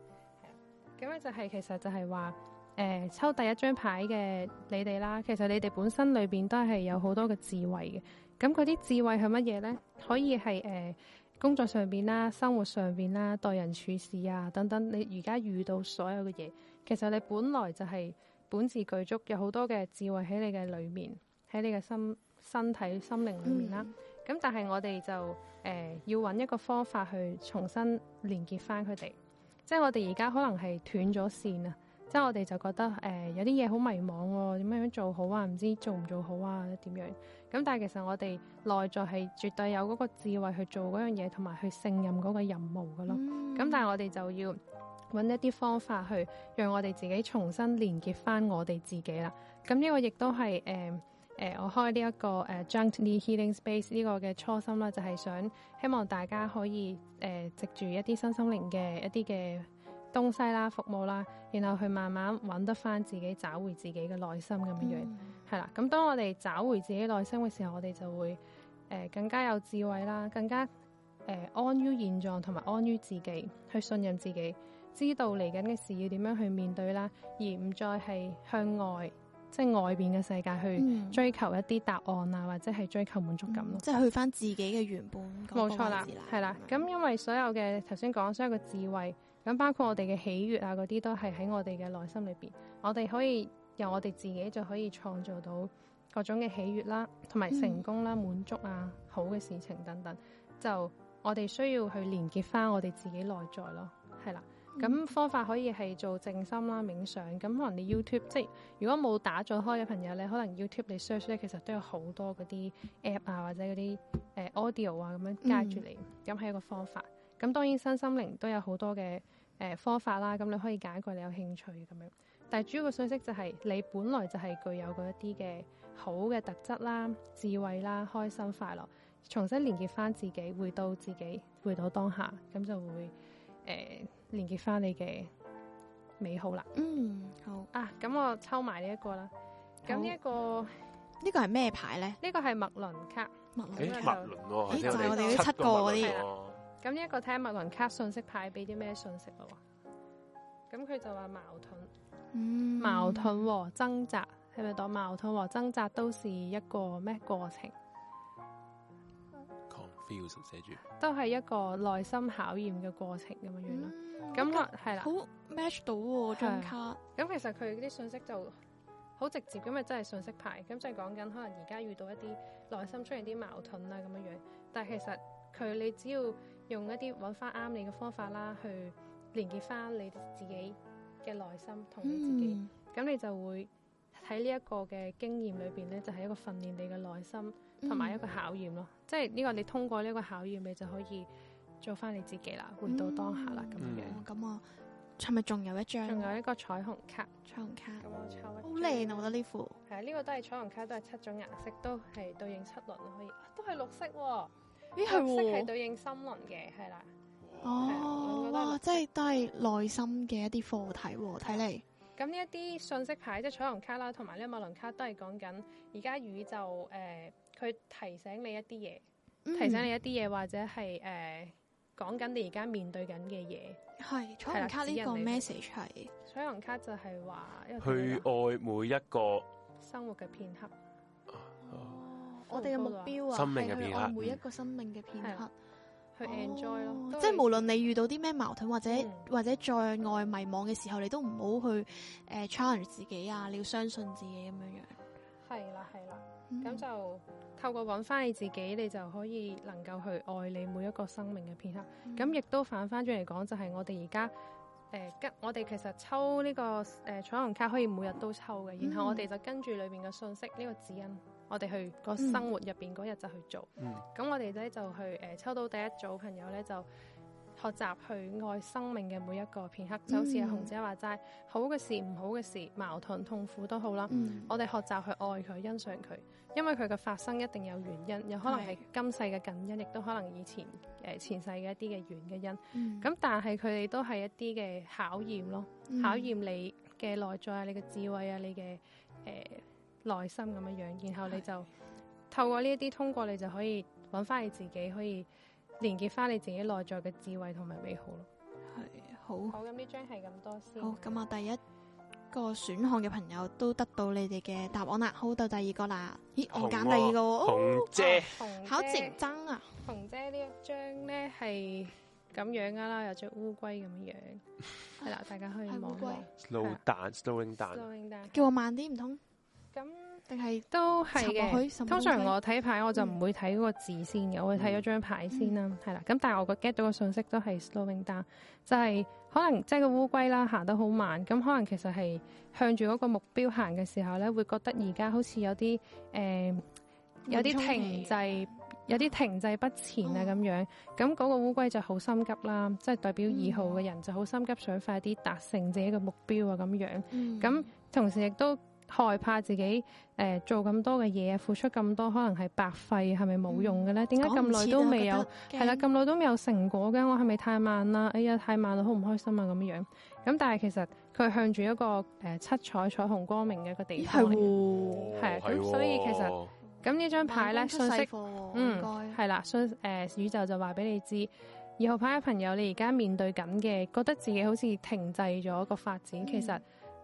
咁咧就係、是、其實就係話，誒、呃、抽第一張牌嘅你哋啦，其實你哋本身裏邊都係有好多嘅智慧嘅。咁嗰啲智慧係乜嘢呢？可以係誒、呃、工作上邊啦、生活上邊啦、待人處事啊等等。你而家遇到所有嘅嘢，其實你本來就係本自具足，有好多嘅智慧喺你嘅裏面，喺你嘅心、身體、心靈裏面啦。咁、嗯、但係我哋就誒、呃、要揾一個方法去重新連結翻佢哋。即係我哋而家可能係斷咗線啊！即係我哋就覺得誒、呃，有啲嘢好迷茫、哦，點樣樣做好啊？唔知做唔做好啊？點樣？咁但係其實我哋內在係絕對有嗰個智慧去做嗰樣嘢，同埋去勝任嗰個任務噶咯。咁、嗯、但係我哋就要揾一啲方法去讓我哋自己重新連結翻我哋自己啦。咁呢個亦都係誒。呃誒、呃，我開呢、這、一個誒、呃、，Junkie、e、Healing Space 呢個嘅初心啦，就係、是、想希望大家可以誒、呃，藉住一啲身心靈嘅一啲嘅東西啦、服務啦，然後去慢慢揾得返自己，找回自己嘅內心咁嘅樣。係啦、嗯，咁、嗯、當我哋找回自己內心嘅時候，我哋就會誒、呃、更加有智慧啦，更加誒、呃、安於現狀同埋安於自己，去信任自己，知道嚟緊嘅事要點樣去面對啦，而唔再係向外。即係外邊嘅世界去追求一啲答案啊，嗯、或者係追求滿足感咯、嗯。即係去翻自己嘅原本。冇錯啦，係吧啦。咁因為所有嘅頭先講，所有嘅智慧，咁包括我哋嘅喜悅啊，嗰啲都係喺我哋嘅內心裏邊。我哋可以由我哋自己就可以創造到各種嘅喜悅啦，同埋成功啦、滿、嗯、足啊、好嘅事情等等。就我哋需要去連結翻我哋自己內在咯，係啦。咁、嗯、方法可以係做靜心啦、冥想。咁可能你 YouTube，即係如果冇打咗開嘅朋友咧，可能 YouTube 你 search 咧，其實都有好多嗰啲 app 啊，或者嗰啲誒 audio 啊，咁樣加住嚟，咁係、嗯、一個方法。咁當然身心靈都有好多嘅誒、呃、方法啦。咁你可以揀一個你有興趣咁樣。但係主要嘅訊息就係你本來就係具有嗰一啲嘅好嘅特質啦、智慧啦、開心快樂，重新連結返自己，回到自己，回到當下，咁就會誒。呃連結翻你嘅美好啦。嗯，好啊，咁我抽埋好、這個、呢一個啦。咁呢一個呢個係咩牌咧？呢個係麥倫卡。麥倫卡就、啊、我哋呢七個嗰啲啦。咁呢一個睇下麥倫卡信息牌俾啲咩信息咯。咁佢就話矛盾，矛盾和掙扎係咪當矛盾和掙扎都是一個咩過程？confuse 寫住都係一個內心考驗嘅過程咁樣樣咯。嗯咁係啦，好 match 到喎張卡。咁其實佢啲信息就好直接，咁咪真係信息牌。咁即係講緊可能而家遇到一啲內心出現啲矛盾啊咁樣樣。但係其實佢你只要用一啲揾翻啱你嘅方法啦，去連結翻你自己嘅內心同你自己。咁、嗯、你就會喺呢一個嘅經驗裏邊咧，就係一個訓練你嘅內心同埋一個考驗咯。即係呢個你通過呢個考驗，你就可以。做翻你自己啦，回到當下啦咁、嗯、樣。咁、嗯、我係咪仲有一張？仲有一個彩虹卡。彩虹卡。咁我抽一張。好靚、啊，我覺得呢副。係啊，呢、這個都係彩虹卡，都係七種顏色，都係對應七輪可以。啊、都係綠色喎、啊。咦係、欸？綠色係對應三輪嘅，係啦、哦。哦。我覺得即係都係內心嘅一啲課題、啊。睇嚟。咁呢一啲信息牌，即係彩虹卡啦，同埋呢個脈輪卡，都係講緊而家宇宙誒，佢、呃、提醒你一啲嘢，嗯、提醒你一啲嘢，或者係誒。呃講緊你而家面對緊嘅嘢，係彩虹卡呢個 message 係，彩虹卡就係話去愛每一個生活嘅片刻。哦，我哋嘅目標啊，係啦，去愛每一個生命嘅片刻，去 enjoy 咯。即係無論你遇到啲咩矛盾或者、嗯、或者障礙、迷惘嘅時候，你都唔好去誒 challenge、呃、自己啊！你要相信自己咁樣樣。係啦，係啦，咁就。透過揾翻你自己，你就可以能夠去愛你每一個生命嘅片刻。咁亦都反翻轉嚟講，就係我哋而家誒吉，我哋其實抽呢個誒彩虹卡可以每日都抽嘅。然後我哋就跟住裏邊嘅信息，呢個指引，我哋去個生活入邊嗰日就去做。嗯。咁我哋咧就去誒抽到第一組朋友咧就。學習去愛生命嘅每一個片刻，就、嗯、好似阿紅姐話齋，好嘅事、唔好嘅事、矛盾、痛苦都好啦。嗯、我哋學習去愛佢、欣賞佢，因為佢嘅發生一定有原因，有可能係今世嘅近因，亦都可能以前誒、呃、前世嘅一啲嘅遠嘅因。咁、嗯、但係佢哋都係一啲嘅考驗咯，嗯、考驗你嘅內在啊，你嘅智慧啊，你嘅誒內心咁樣樣。然後你就透過呢一啲通過，你就可以揾翻你自己可以。.連結翻你自己內在嘅智慧同埋美好咯，係好。好，咁呢張係咁多先。好，咁我第一個選項嘅朋友都得到你哋嘅答案啦。好，到第二個啦，咦？啊、我揀第二個，哦、紅姐，好，直爭啊，紅姐、啊、紅姐一張呢一張咧係咁樣噶、啊、啦，有隻烏龜咁樣樣，係啦，大家去望。slow down slow down，叫我慢啲唔通？咁。 定係都係嘅，海通常我睇牌、嗯、我就唔會睇嗰個字先嘅，嗯、我會睇咗張牌先啦，係啦、嗯。咁但係我個 get 到個信息都係 slowing down，就係可能即係、就是、個烏龜啦行得好慢，咁可能其實係向住嗰個目標行嘅時候咧，會覺得而家好似有啲誒有啲停滯，有啲停滯不前啊咁、哦、樣。咁嗰個烏龜就好心急啦，即係代表二號嘅人就好心急，就是心急嗯、想快啲達成自己嘅目標啊咁樣。咁、嗯、同時亦都。害怕自己誒、呃、做咁多嘅嘢，付出咁多可能係白費，係咪冇用嘅咧？點解咁耐都未有？係啦，咁耐都未有成果嘅，我係咪太慢啦？哎呀，太慢啦，好唔開心啊！咁樣樣咁，但係其實佢向住一個誒、呃、七彩彩虹光，光明嘅一個地方。係喎，係啊，咁所以其實咁呢張牌咧，信息嗯，係啦，信誒該宇宙就話俾你知。二號牌嘅朋友，你而家面對緊嘅，覺得自己好似停滯咗個發展，其實。嗯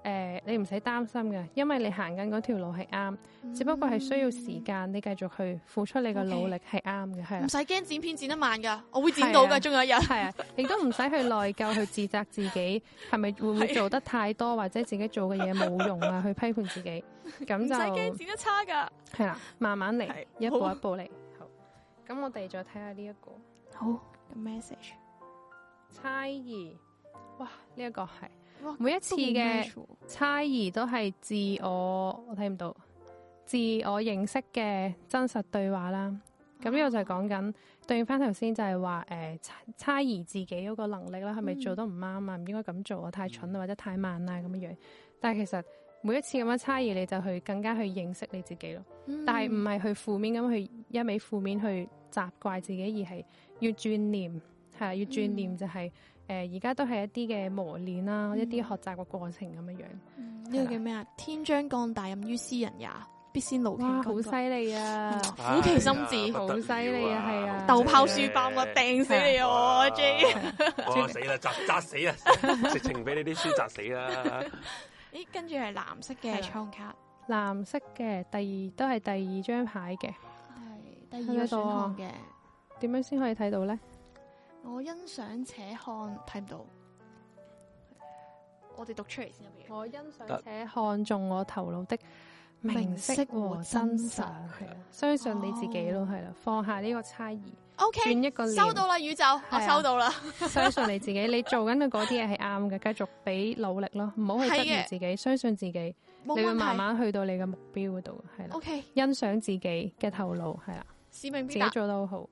誒、呃，你唔使擔心噶因為你行緊嗰條路係啱，嗯、只不過係需要時間，你繼續去付出你嘅努力係啱嘅，係唔使驚剪片剪得慢噶，我會剪到噶，仲、啊、有一日。係啊，亦都唔使去內疚 去自責自己，係咪會唔會做得太多， 或者自己做嘅嘢冇用啊？去批判自己，咁就唔使驚剪得差噶。係啦、啊，慢慢嚟，一步一步嚟。好，咁我哋再睇下呢一個好嘅 The message，猜疑，哇，呢、這、一個係。每一次嘅猜疑都係自我，我睇唔到自我認識嘅真實對話啦。咁呢個就係講緊，對應翻頭先就係話誒，猜、呃、猜疑自己嗰個能力啦，係咪做得唔啱啊？唔、mm. 應該咁做啊，太蠢啦，或者太慢啦咁樣。但係其實每一次咁樣猜疑，你就去更加去認識你自己咯。Mm. 但係唔係去負面咁去一味負面去責怪自己，而係要轉念，係要轉念就係、是。Mm. 誒，而家都係一啲嘅磨練啦，一啲學習嘅過程咁樣樣。呢個叫咩啊？天將降大任於斯人也，必先勞其好犀利啊！苦其心志，好犀利啊！係啊，豆泡書包，我掟死你啊！我 J，死啦，砸砸死啊！直情俾你啲書砸死啦！咦，跟住係藍色嘅創卡，藍色嘅第二都係第二張牌嘅，係第二個選項嘅，點樣先可以睇到咧？我欣賞且看，睇唔到。我哋讀出嚟，先。我欣賞且看中我頭腦的明晰和真實。係啊，相信你自己咯，係啦，放下呢個差異。OK，轉一個，收到啦，宇宙，我收到啦。相信你自己，你做緊嘅嗰啲嘢係啱嘅，繼續俾努力咯，唔好去質疑自己，相信自己，你會慢慢去到你嘅目標嗰度，係啦。OK，欣賞自己嘅頭腦，係啦，自己做到好。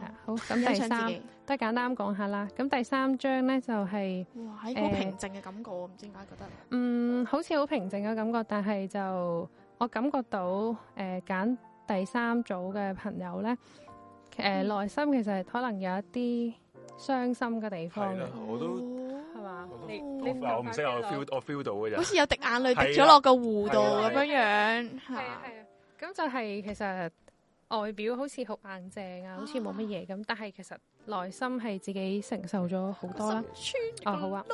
係啊，好咁第三都係簡單講下啦。咁第三張咧就係哇，係好平靜嘅感覺，唔知點解覺得。嗯，好似好平靜嘅感覺，但係就我感覺到誒揀第三組嘅朋友咧，誒內心其實可能有一啲傷心嘅地方。係啦，我都係嘛，我唔識我 feel，我 feel 到嘅，好似有滴眼淚滴咗落個湖度咁樣樣。係啊係啊，咁就係其實。外表好似好硬淨啊，好似冇乜嘢咁，但係其實內心係自己承受咗好多啦。哦，好啊，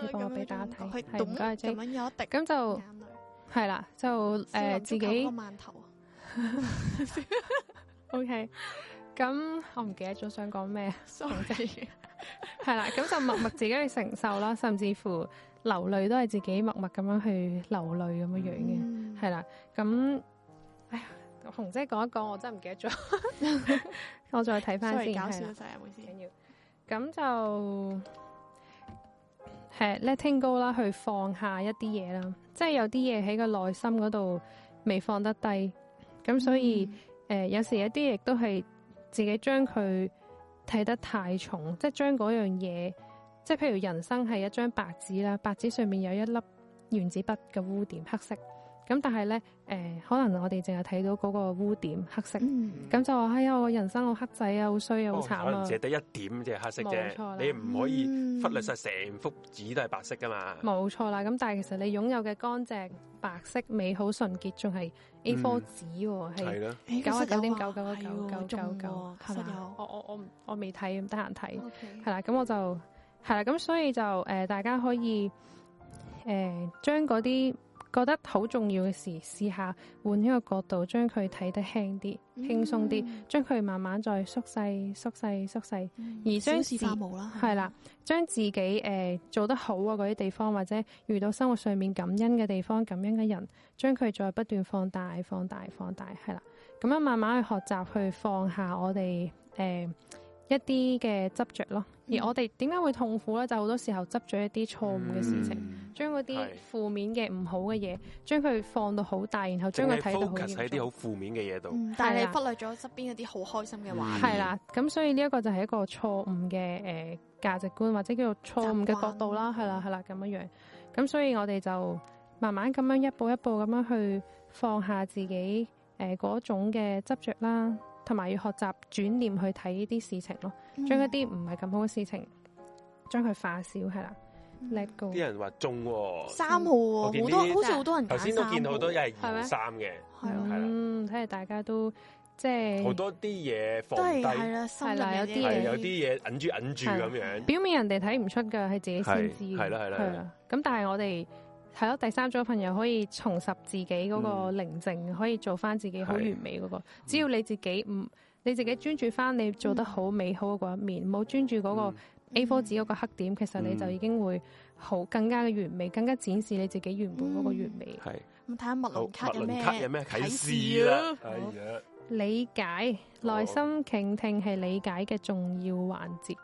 你幫我俾大家睇，唔該啊，姐。咁就咁就，係啦，就誒自己個饅頭。OK，咁我唔記得咗想講咩，sorry。係啦，咁就默默自己去承受啦，甚至乎流淚都係自己默默咁樣去流淚咁樣樣嘅，係啦，咁。紅姐講一講，我真係唔記得咗， 我再睇翻 Sorry, 先。搞笑嗰陣，冇事緊要。咁就係 Letting go 啦，去放下一啲嘢啦。即係有啲嘢喺個內心嗰度未放得低，咁所以誒、嗯呃，有時一啲亦都係自己將佢睇得太重，即係將嗰樣嘢，即係譬如人生係一張白紙啦，白紙上面有一粒原子筆嘅污點，黑色。咁但係咧，誒可能我哋淨係睇到嗰個污點黑色，咁就話：哎呀，我人生好黑仔啊，好衰啊，好慘啊！可能只得一點隻黑色啫，你唔可以忽略晒成幅紙都係白色㗎嘛？冇錯啦。咁但係其實你擁有嘅乾淨、白色、美好、純潔，仲係 A4 紙喎，係囉、嗯的欸、九十九點九九九九九九，係咪？我我我我未睇，唔得閒睇，係啦 Okay.。咁我就係啦。咁所以就誒，大家可以誒將嗰啲。呃覺得好重要嘅事，試下換一個角度，將佢睇得輕啲、輕鬆啲，將佢慢慢再縮細、縮細、縮細，而將事啦，係啦，將自己誒、嗯呃、做得好啊嗰啲地方，或者遇到生活上面感恩嘅地方、感恩嘅人，將佢再不斷放大、放大、放大，係啦，咁樣慢慢去學習去放下我哋誒、呃、一啲嘅執着咯。而我哋點解會痛苦咧？就好、是、多時候執咗一啲錯誤嘅事情，嗯、將嗰啲負面嘅唔好嘅嘢，嗯、將佢放到好大，然後將佢睇到好嚴重。focus 喺啲好負面嘅嘢度，但係你忽略咗側邊一啲好開心嘅話題。係啦、嗯，咁、嗯、所以呢一個就係一個錯誤嘅誒、呃、價值觀，或者叫做錯誤嘅角度啦。係啦慣，係啦，咁樣樣咁，所以我哋就慢慢咁樣一步一步咁樣去放下自己誒嗰、呃、種嘅執着啦，同埋要學習轉念去睇呢啲事情咯。將一啲唔係咁好嘅事情，將佢化少，係啦，叻高啲人話中三號，好多好似好多人頭先都見到好多一係二三嘅，係啦，睇下大家都即係好多啲嘢放低係啦，係啦，有啲嘢有啲嘢忍住忍住咁樣，表面人哋睇唔出噶，係自己先知嘅，係啦係啦，係啦，咁但係我哋係咯，第三組朋友可以重拾自己嗰個寧靜，可以做翻自己好完美嗰個，只要你自己唔。你自己專注翻你做得好美好嗰一面，冇專、嗯、注嗰個 A4 紙嗰個黑點，嗯、其實你就已經會好更加嘅完美，更加展示你自己原本嗰個完美。係、嗯。咁睇下密倫卡，好卡有咩啟示啊？示啊好理解，好耐心傾聽係理解嘅重要環節。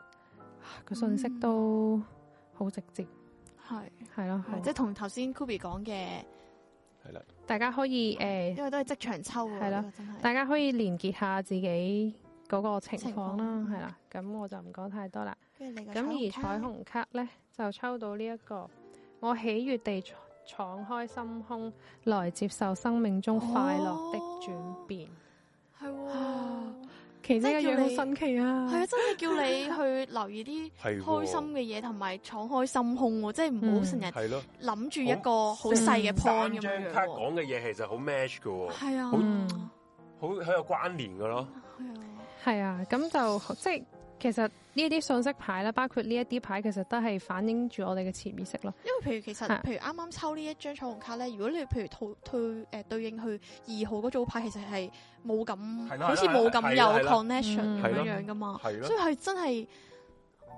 個、嗯、信息都好直接。係係咯係。即係同頭先 Kobe 講嘅。大家可以誒，欸、因為都係即場抽，係咯，真係大家可以連結下自己嗰個情況啦，係啦況，咁我就唔講太多啦。咁而彩虹卡呢，啊、就抽到呢、這、一個，我喜悦地敞開心胸來接受生命中快樂的轉變。係、哦 即係叫你神奇啊！係啊， 真係叫你去留意啲開心嘅嘢，同埋敞開心胸喎，即係唔好成日諗住一個好細嘅 point 咁樣。嗯、三張卡講嘅嘢其實好 match 噶，係、嗯、啊，好好有關聯噶咯。係啊，咁就即係其實。呢一啲信息牌啦，包括呢一啲牌，其實都係反映住我哋嘅潛意識咯。因為譬如其實，是譬如啱啱抽呢一張彩虹卡咧，如果你譬如對對誒對應去二號嗰組牌，其實係冇咁，的好似冇咁有，有 connection 咁樣樣噶嘛，所以係真係。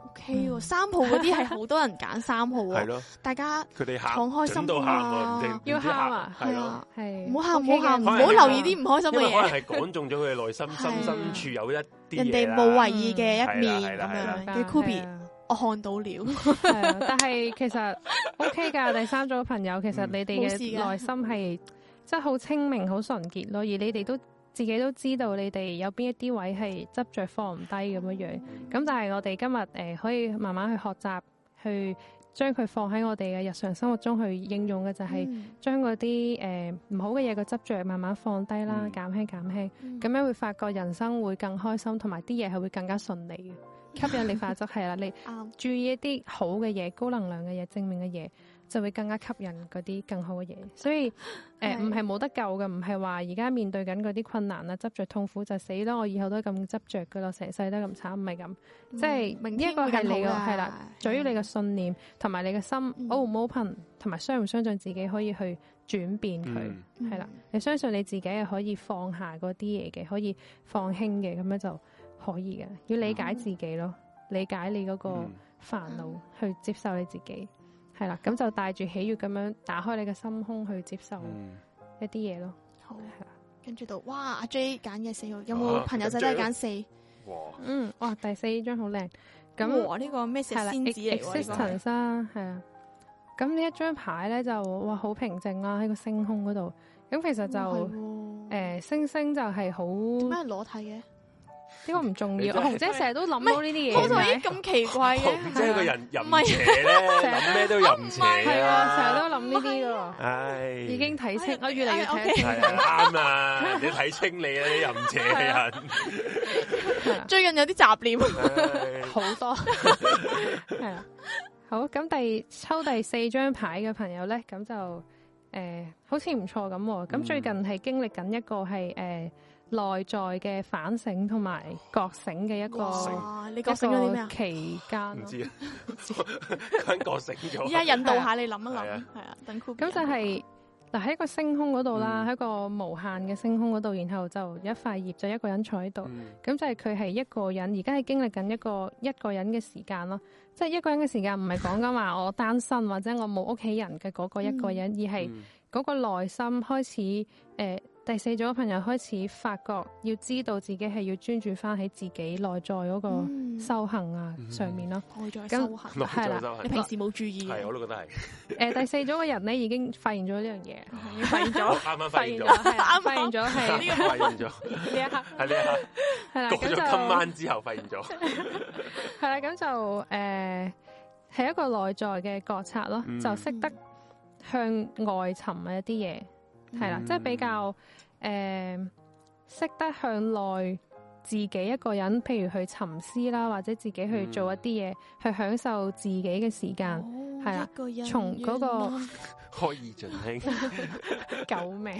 O K，三號嗰啲係好多人揀三號啊！大家，佢哋喊，忍到喊啊！要喊啊！係啊，係，唔好喊，唔好喊，唔好留意啲唔開心嘅嘢，係講中咗佢嘅內心深深處有一啲人哋冇為意嘅一面咁樣嘅 Kobe，我看到了。但係其實 O K 噶，第三組嘅朋友，其實你哋嘅內心係即係好清明、好純潔咯，而你哋都。自己都知道你哋有邊一啲位係執着放唔低咁樣樣，咁、嗯、但係我哋今日誒、呃、可以慢慢去學習，去將佢放喺我哋嘅日常生活中去應用嘅就係、是嗯、將嗰啲誒唔好嘅嘢嘅執着慢慢放低啦，嗯、減輕減輕，咁、嗯、樣會發覺人生會更開心，同埋啲嘢係會更加順利嘅，吸引力法則係啦， 你注意一啲好嘅嘢、高能量嘅嘢、正面嘅嘢。就會更加吸引嗰啲更好嘅嘢，所以誒唔係冇得救嘅，唔係話而家面對緊嗰啲困難啦，執着痛苦就死咯，我以後都咁執着嘅咯，成世都咁慘，唔係咁，嗯、即係是呢一個係你嘅係啦，在於你嘅信念同埋、嗯、你嘅心、嗯哦、open，同埋相唔相信自己可以去轉變佢係啦，你相信你自己係可以放下嗰啲嘢嘅，可以放輕嘅咁樣就可以嘅，要理解自己咯，理解你嗰個煩惱，嗯、去接受你自己。係啦，咁就帶住喜悅咁樣打開你嘅心胸去接受一啲嘢咯。嗯、了好，係啦，跟住到，哇，阿 J 揀嘅四號，有冇朋友仔都係揀四？哇嗯，哇，第四張好靚。咁呢、這個咩小仙子嚟了？我呢張係啊。咁、這個、呢一張牌咧就哇好平靜啦，喺個星空嗰度。咁其實就誒、欸、星星就係好點解係裸體嘅？呢個唔重要，紅姐成日都諗到呢啲嘢，我已經咁奇怪嘅，即係個人人唔邪咧，諗咩都有唔邪啊，成日都諗呢啲嘅，唉，已經睇清，我越嚟越睇清，啱啊，你睇清你啊你人唔邪嘅人，最近有啲雜念好多，係啦，好咁第抽第四張牌嘅朋友咧，咁就誒好似唔錯咁，咁最近係經歷緊一個係誒。內在嘅反省同埋覺醒嘅一個，覺醒啲咩啊？期間唔知啊，啱覺醒咗。而家引導下你諗一諗，係啊，等。咁就係嗱，喺一個星空嗰度啦，喺個無限嘅星空嗰度，然後就一塊葉就一個人坐喺度。咁就係佢係一個人，而家係經歷緊一個一個人嘅時間咯。即係一個人嘅時間，唔係講緊話，我單身或者我冇屋企人嘅嗰個一個人，而係嗰個內心開始誒。第四組嘅朋友開始發覺，要知道自己係要專注翻喺自己內在嗰個修行啊，上面咯。內在修行係啦，你平時冇注意。係我都覺得係。誒，第四組嘅人咧已經發現咗呢樣嘢，發現咗，啱啱發現咗，啱啱發現咗係呢個，發現咗呢一刻，係呢一刻，係啦。過咗今晚之後發現咗，係啦。咁就誒，係一個內在嘅覺察咯，就識得向外尋一啲嘢。係啦，即係比較誒識、呃、得向內自己一個人，譬如去沉思啦，或者自己去做一啲嘢，去享受自己嘅時間。係啦、哦，從嗰的個可、那個、 以盡興，救 狗命！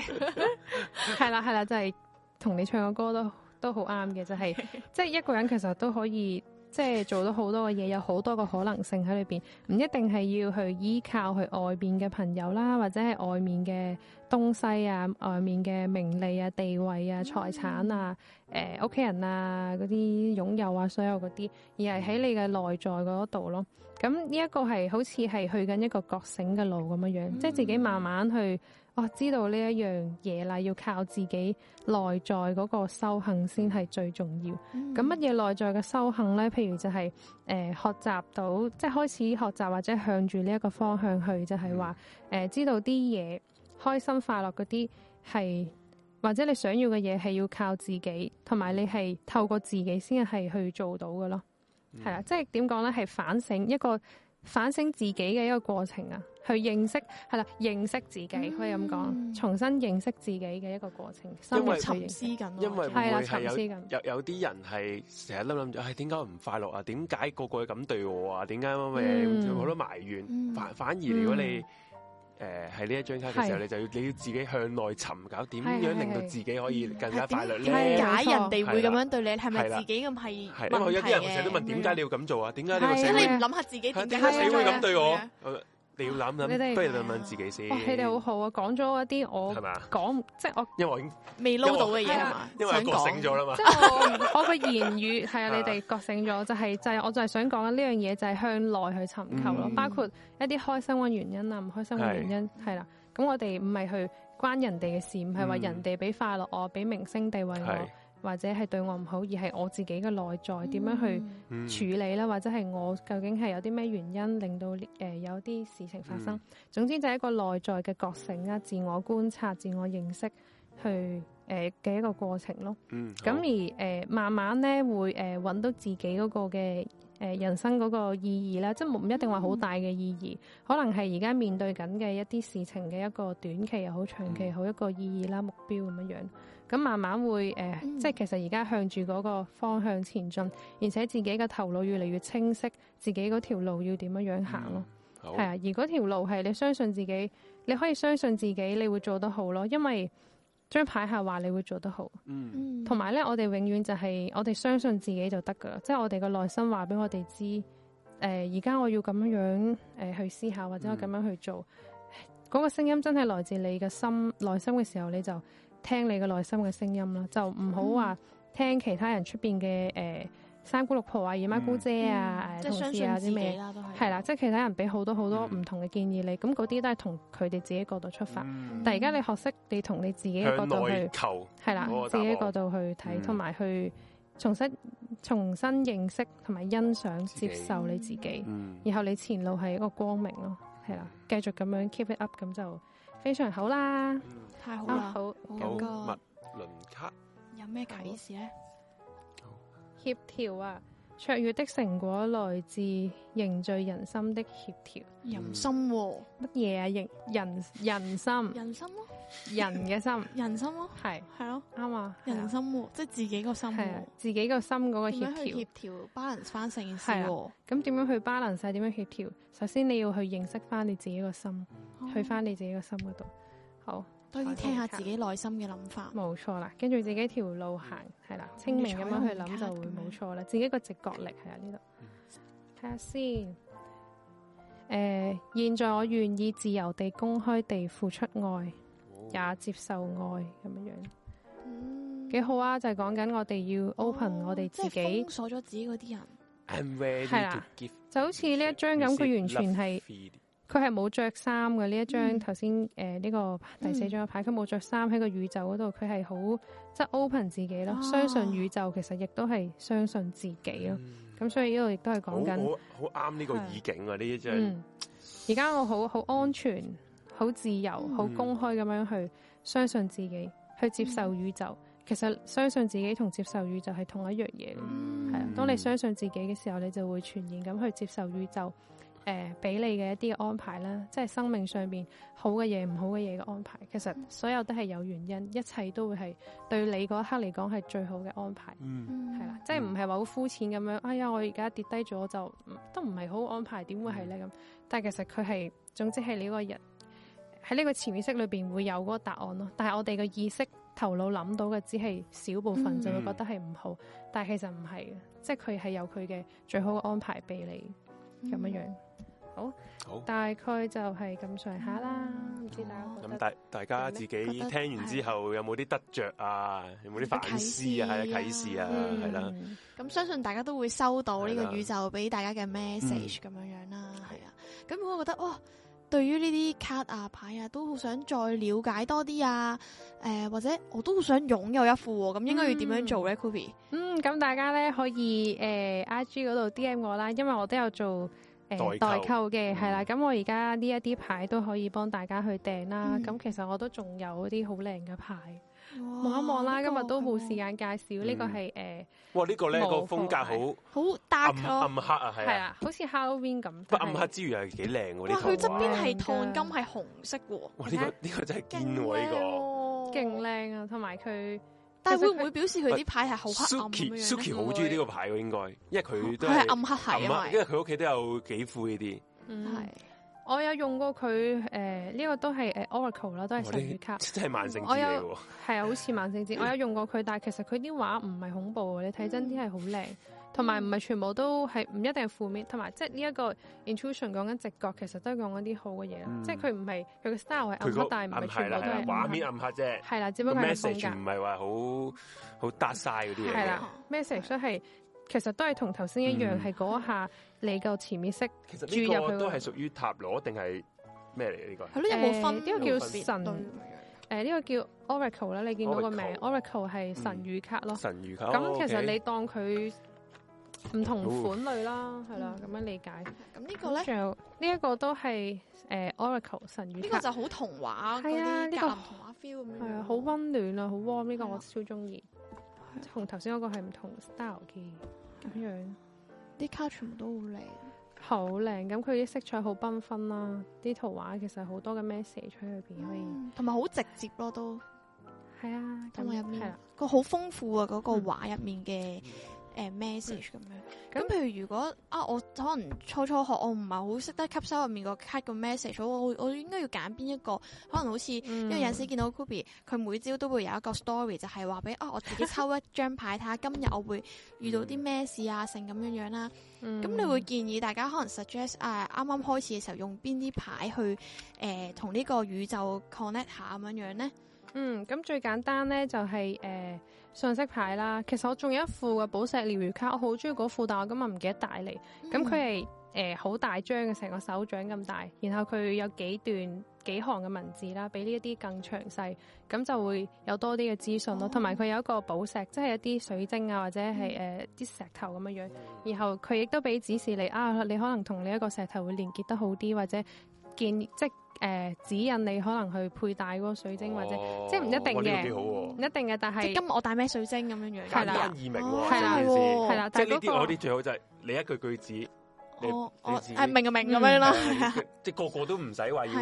係啦係啦，就係、是、同你唱嘅歌都都好啱嘅，就係即係一個人其實都可以。即係做到好多嘅嘢，有好多個可能性喺裏邊，唔一定係要去依靠去外邊嘅朋友啦，或者係外面嘅東西啊、外面嘅名利啊、地位啊、財產啊、誒屋企人啊嗰啲擁有啊，所有嗰啲，而係喺你嘅內在嗰度咯。咁呢一個係好似係去緊一個覺醒嘅路咁樣樣，即係自己慢慢去。哇、哦！知道呢一樣嘢啦，要靠自己內在嗰個修行先係最重要。咁乜嘢內在嘅修行咧？譬如就係、是、誒、呃、學習到，即係開始學習或者向住呢一個方向去，就係話誒知道啲嘢，開心快樂嗰啲係，或者你想要嘅嘢係要靠自己，同埋你係透過自己先係去做到嘅咯。係啦、嗯，即係點講咧？係反省一個反省自己嘅一個過程啊！去認識，係啦，認識自己，可以咁講，重新認識自己嘅一個過程，生活沉思緊，係啦，沉思緊。有有啲人係成日諗諗住，點解我唔快樂啊？點解個個咁對我啊？點解咩好多埋怨？反而如果你誒喺呢一張卡嘅時候，你就要你要自己向內尋找點樣令到自己可以更加快樂。點解人哋會咁樣對你？係咪自己咁係問題嘅？因為有啲人成日都問：點解你要咁做啊？點解呢個，你唔諗下自己，點解你會咁對我？你要諗諗，不如諗諗自己先。你哋好好啊，講咗一啲我講，即係我因為未撈到嘅嘢啊嘛，因為覺醒咗啦嘛。即係我個言語係啊，你哋覺醒咗，就係就係我就係想講啊，呢樣嘢就係向內去尋求咯，包括一啲開心嘅原因啊，唔開心嘅原因係啦。咁我哋唔係去關人哋嘅事，唔係話人哋俾快樂我，俾明星地位我。或者係對我唔好，而係我自己嘅內在點樣去處理啦，嗯、或者係我究竟係有啲咩原因令到誒、呃、有啲事情發生？嗯、總之就係一個內在嘅覺醒啦，自我觀察、自我認識去，去誒嘅一個過程咯。咁、嗯、而誒、呃、慢慢咧會誒揾、呃、到自己嗰個嘅誒人生嗰個意義啦，即係唔一定話好大嘅意義，嗯、可能係而家面對緊嘅一啲事情嘅一個短期又好、長期、嗯、好一個意義啦、目標咁樣樣。咁慢慢會誒、呃，即係其實而家向住嗰個方向前進，而且自己嘅頭腦越嚟越清晰，自己嗰條路要點樣樣行咯，係啊、嗯。而嗰條路係你相信自己，你可以相信自己你會做得好咯，因為張牌係話你會做得好。嗯，同埋咧，我哋永遠就係我哋相信自己就得噶啦，即、就、係、是、我哋嘅內心話俾我哋知，誒、呃，而家我要咁樣樣誒、呃、去思考，或者我咁樣去做，嗰、嗯、個聲音真係來自你嘅心內心嘅時候，你就。聽你嘅內心嘅聲音啦，就唔好話聽其他人出邊嘅誒三姑六婆啊、姨媽姑姐啊、嗯、同事啊啲咩，係、嗯、啦，即係其他人俾好多好多唔同嘅建議你，咁嗰啲都係同佢哋自己角度出發。嗯、但係而家你學識你同你自己嘅角度去，係啦，的自己角度去睇，同埋、嗯、去重新重新認識同埋欣賞己接受你自己，嗯、然後你前路係一個光明咯，係啦，繼續咁樣 keep it up，咁就。非常好啦，太好啦，好，好。好密倫卡有咩啟示咧？協調好啊，卓越的成果來自凝聚人心的協調、嗯哦。人心乜嘢啊？人人人心、哦？人心咯。人嘅心，人心咯，係係咯，啱啊。人心即係自己個心，自己個心嗰個協調協調 balance 翻成件事。咁點樣去 balance？點樣協調？首先你要去認識翻你自己個心，去翻你自己個心嗰度。好都要聽下自己內心嘅諗法，冇錯啦。跟住自己條路行係啦，清明咁樣去諗就會冇錯啦。自己個直覺力喺呢度睇下先。誒，現在我願意自由地、公開地付出愛。也接受愛咁樣樣，幾好啊！就係講緊我哋要 open 我哋自己鎖咗自己嗰啲人，係啦，就好似呢一張咁，佢完全係佢係冇着衫嘅呢一張。頭先誒呢個第四張嘅牌，佢冇着衫喺個宇宙嗰度，佢係好即係 open 自己咯，相信宇宙其實亦都係相信自己咯。咁所以呢度亦都係講緊好啱呢個意境啊！呢一張，而家我好好安全。好自由，好公開咁樣去相信自己，去接受宇宙。其實相信自己同接受宇宙係同一樣嘢。係啦、嗯，當你相信自己嘅時候，你就會全然咁去接受宇宙誒俾，呃、你嘅一啲安排啦，即係生命上邊好嘅嘢，唔好嘅嘢嘅安排。其實所有都係有原因，一切都會係對你嗰刻嚟講係最好嘅安排。係啦，即係唔係話好膚淺咁樣。哎呀，我而家跌低咗我就都唔係好安排，點會係咧咁？但係其實佢係，總之係你個人。喺呢個潛意識裏邊會有嗰個答案咯，但係我哋嘅意識頭腦諗到嘅只係少部分就會覺得係唔好，嗯、但係其實唔係嘅，即係佢係有佢嘅最好嘅安排俾你咁樣、嗯、樣。好，好大概就係咁上下啦，唔、嗯、知大家覺得，大家自己聽完之後有冇啲得着啊？有冇啲反思啊？啟示啊？係、啊嗯、啦，咁相信大家都會收到呢個宇宙俾大家嘅 message 咁樣樣啦，係啊啦，咁、嗯、我覺得哇！喔對於呢啲卡啊牌啊，都好想再了解多啲啊！誒、呃，或者我都好想擁有一副、啊，咁應該要點樣做咧？Kobe，嗯，咁、嗯嗯、大家咧可以誒、呃、I G 嗰度 D M 我啦，因為我都有做誒、呃、代購嘅，係啦，咁、嗯、我而家呢一啲牌都可以幫大家去訂啦。咁、嗯、其實我都仲有啲好靚嘅牌。望一望啦，今日都冇時間介紹呢個係誒。哇，呢個咧個風格好好 dark，暗黑啊，係啊，好似 Halloween 咁。不暗黑之餘又係幾靚喎，呢，佢側邊係燙金，係紅色嘅。哇，呢個呢個真係堅喎，呢個勁靚啊！同埋佢，但係會唔會表示佢啲牌係好黑？Suki 好中意呢個牌嘅，應該，因為佢都係暗黑系啊，因為佢屋企都有幾副呢啲。嗯，係。我有用過佢，誒、呃、呢、這個都係誒 Oracle 啦，都係神諭卡。即係萬聖節嚟喎！啊、我有係 好似萬聖節， 我有用過佢，但係其實佢啲畫唔係恐怖、嗯、你睇真啲係好靚，同埋唔係全部都係唔一定係負面，同埋、嗯、即係呢一個 intuition 講緊直覺，其實都係講緊啲好嘅嘢，嗯、即係佢唔係佢嘅 style 係暗黑，但係唔係全部都係畫面暗黑啫。係啦，只不過係 message 唔係話好好 dark 晒嗰啲嘢。係啦，message 所以係。 其實都係同頭先一樣，係嗰下你夠前面其實住入去，都係屬於塔羅定係咩嚟嘅？呢個係咯，有冇分？呢個叫神誒，呢個叫 Oracle 啦。你見到個名 Oracle 係神諭卡咯。神諭卡，咁其實你當佢唔同款類啦，係啦，咁樣理解。咁呢個咧？呢一個都係誒 Oracle 神諭卡。呢個就好童話，係啊，呢個童話 feel 咁樣。係啊，好温暖啊，好 warm 呢個，我超中意。同頭先嗰個係唔同 style 嘅。咁樣，啲卡全部都好靚，好靚。咁佢啲色彩好繽紛啦，啲、嗯、圖畫其實好多嘅咩 e s 喺裏邊，可以同埋好直接咯、啊，都係啊。咁入面，個好豐富啊，嗰、那個畫入面嘅。嗯誒、呃、message 咁樣，咁、嗯、譬如，如果啊，我可能初初學，我唔係好識得吸收入面個 card 個 message，我我我應該要揀邊一個？可能好似、嗯、因為有陣時見到 Kobe，佢每朝都會有一個 story，就係話俾啊，我自己抽一張牌睇下 今日我會遇到啲咩事啊，性咁樣樣啦。咁、嗯、你會建議大家可能 suggest 啊，啱啱開始嘅時候用邊啲牌去誒同呢個宇宙 connect 下，咁樣樣咧？嗯，咁最簡單咧就係、是、誒。呃信息牌啦，其實我仲有一副嘅寶石鰻魚卡，我好中意嗰副，但我今日唔記得帶嚟。咁佢係誒好大張嘅，成個手掌咁大，然後佢有幾段幾行嘅文字啦，比呢一啲更詳細，咁就會有多啲嘅資訊咯。同埋佢有一個寶石，即係一啲水晶啊，或者係誒啲石頭咁樣樣。然後佢亦都俾指示你啊，你可能同呢一個石頭會連結得好啲，或者建即。誒指引你可能去佩戴嗰個水晶或者，即係唔一定嘅，唔一定嘅。但係今日我戴咩水晶咁樣樣，係啦，一耳明喎，係啦，係啦，即係呢啲我啲最好就係你一句句子，你，句係明就明咁樣咯，即係個個都唔使話要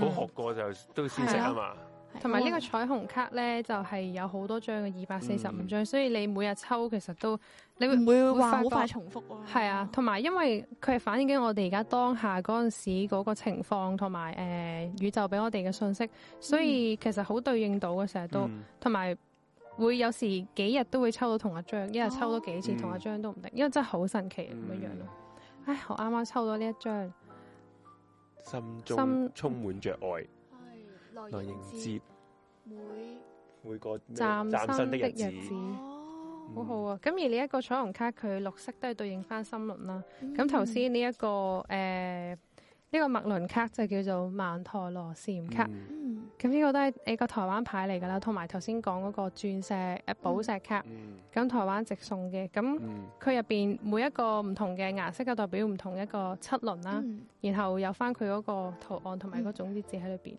好好學過就都先識啊嘛。同埋呢個彩虹卡咧，就係、是、有好多張嘅二百四十五張，張嗯、所以你每日抽其實都你會唔會發覺好快重複係啊，同埋、啊、因為佢係反映緊我哋而家當下嗰陣時嗰個情況，同埋誒宇宙俾我哋嘅信息，所以其實好對應到嘅成日都，同埋、嗯、會有時幾日都會抽到同一張，嗯、一日抽多幾次、哦、同一張都唔定，因為真係好神奇咁、嗯、樣樣咯。唉，我啱啱抽到呢一張，心中充滿着愛。心來迎接每每個嶄新的日子，好、哦、好啊。咁而呢一個彩虹卡，佢綠色都係對應翻心輪啦。咁頭先呢一個誒呢、呃這個麥倫卡就叫做曼陀羅試驗卡，咁呢、嗯、個都係一個台灣牌嚟噶啦同埋頭先講嗰個鑽石誒寶、呃、石卡，咁、嗯、台灣直送嘅。咁佢入邊每一個唔同嘅顏色，就代表唔同一個七輪啦。嗯、然後有翻佢嗰個圖案同埋嗰種字喺裏邊。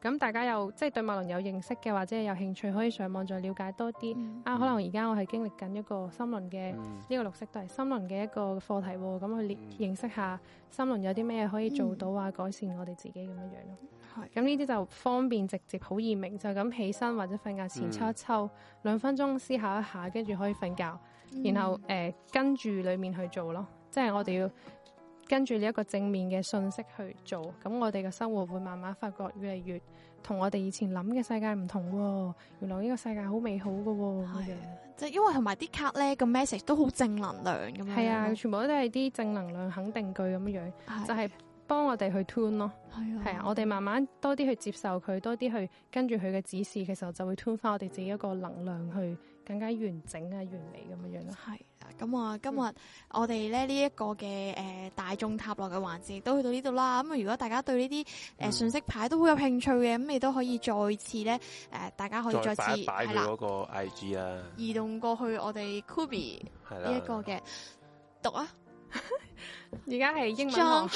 咁大家有即係、就是、對脈輪有認識嘅，或者有興趣，可以上網再了解多啲。嗯、啊，可能而家我係經歷緊一個心輪嘅呢個綠色，都係心輪嘅一個課題。咁、嗯、去認識下心輪有啲咩可以做到啊，嗯、改善我哋自己咁樣樣咯。係、嗯。咁呢啲就方便直接好易明，就咁起身或者瞓覺前抽一抽、嗯、兩分鐘思考一,一下，跟住可以瞓覺，嗯、然後誒、呃、跟住裡面去做咯。即、就、係、是、我哋要。跟住呢一個正面嘅信息，去做，咁我哋嘅生活會慢慢發覺越嚟越同我哋以前諗嘅世界唔同，哦，原來呢個世界好美好嘅，哦，即係係啊，咁樣，因為同埋啲卡咧個 message 都好正能量咁樣，係啊，全部都都係啲正能量肯定句咁樣樣，係啊，就係幫我哋去 tune 咯，係啊係啊，我哋慢慢多啲去接受佢，多啲去跟住佢嘅指示嘅時候，就會 tune 翻我哋自己一個能量去。更加完整啊，完美咁樣樣咯，係，咁啊，今日我哋咧呢一個嘅誒大眾塔羅嘅環節都去到呢度啦，咁啊，如果大家對呢啲誒信息牌都好有興趣嘅，咁你都可以再次咧誒、呃，大家可以再次係、啊、啦，嗰個 I G 啊，移動過去我哋 Kubi 呢一個嘅讀啊。 而家係英文呢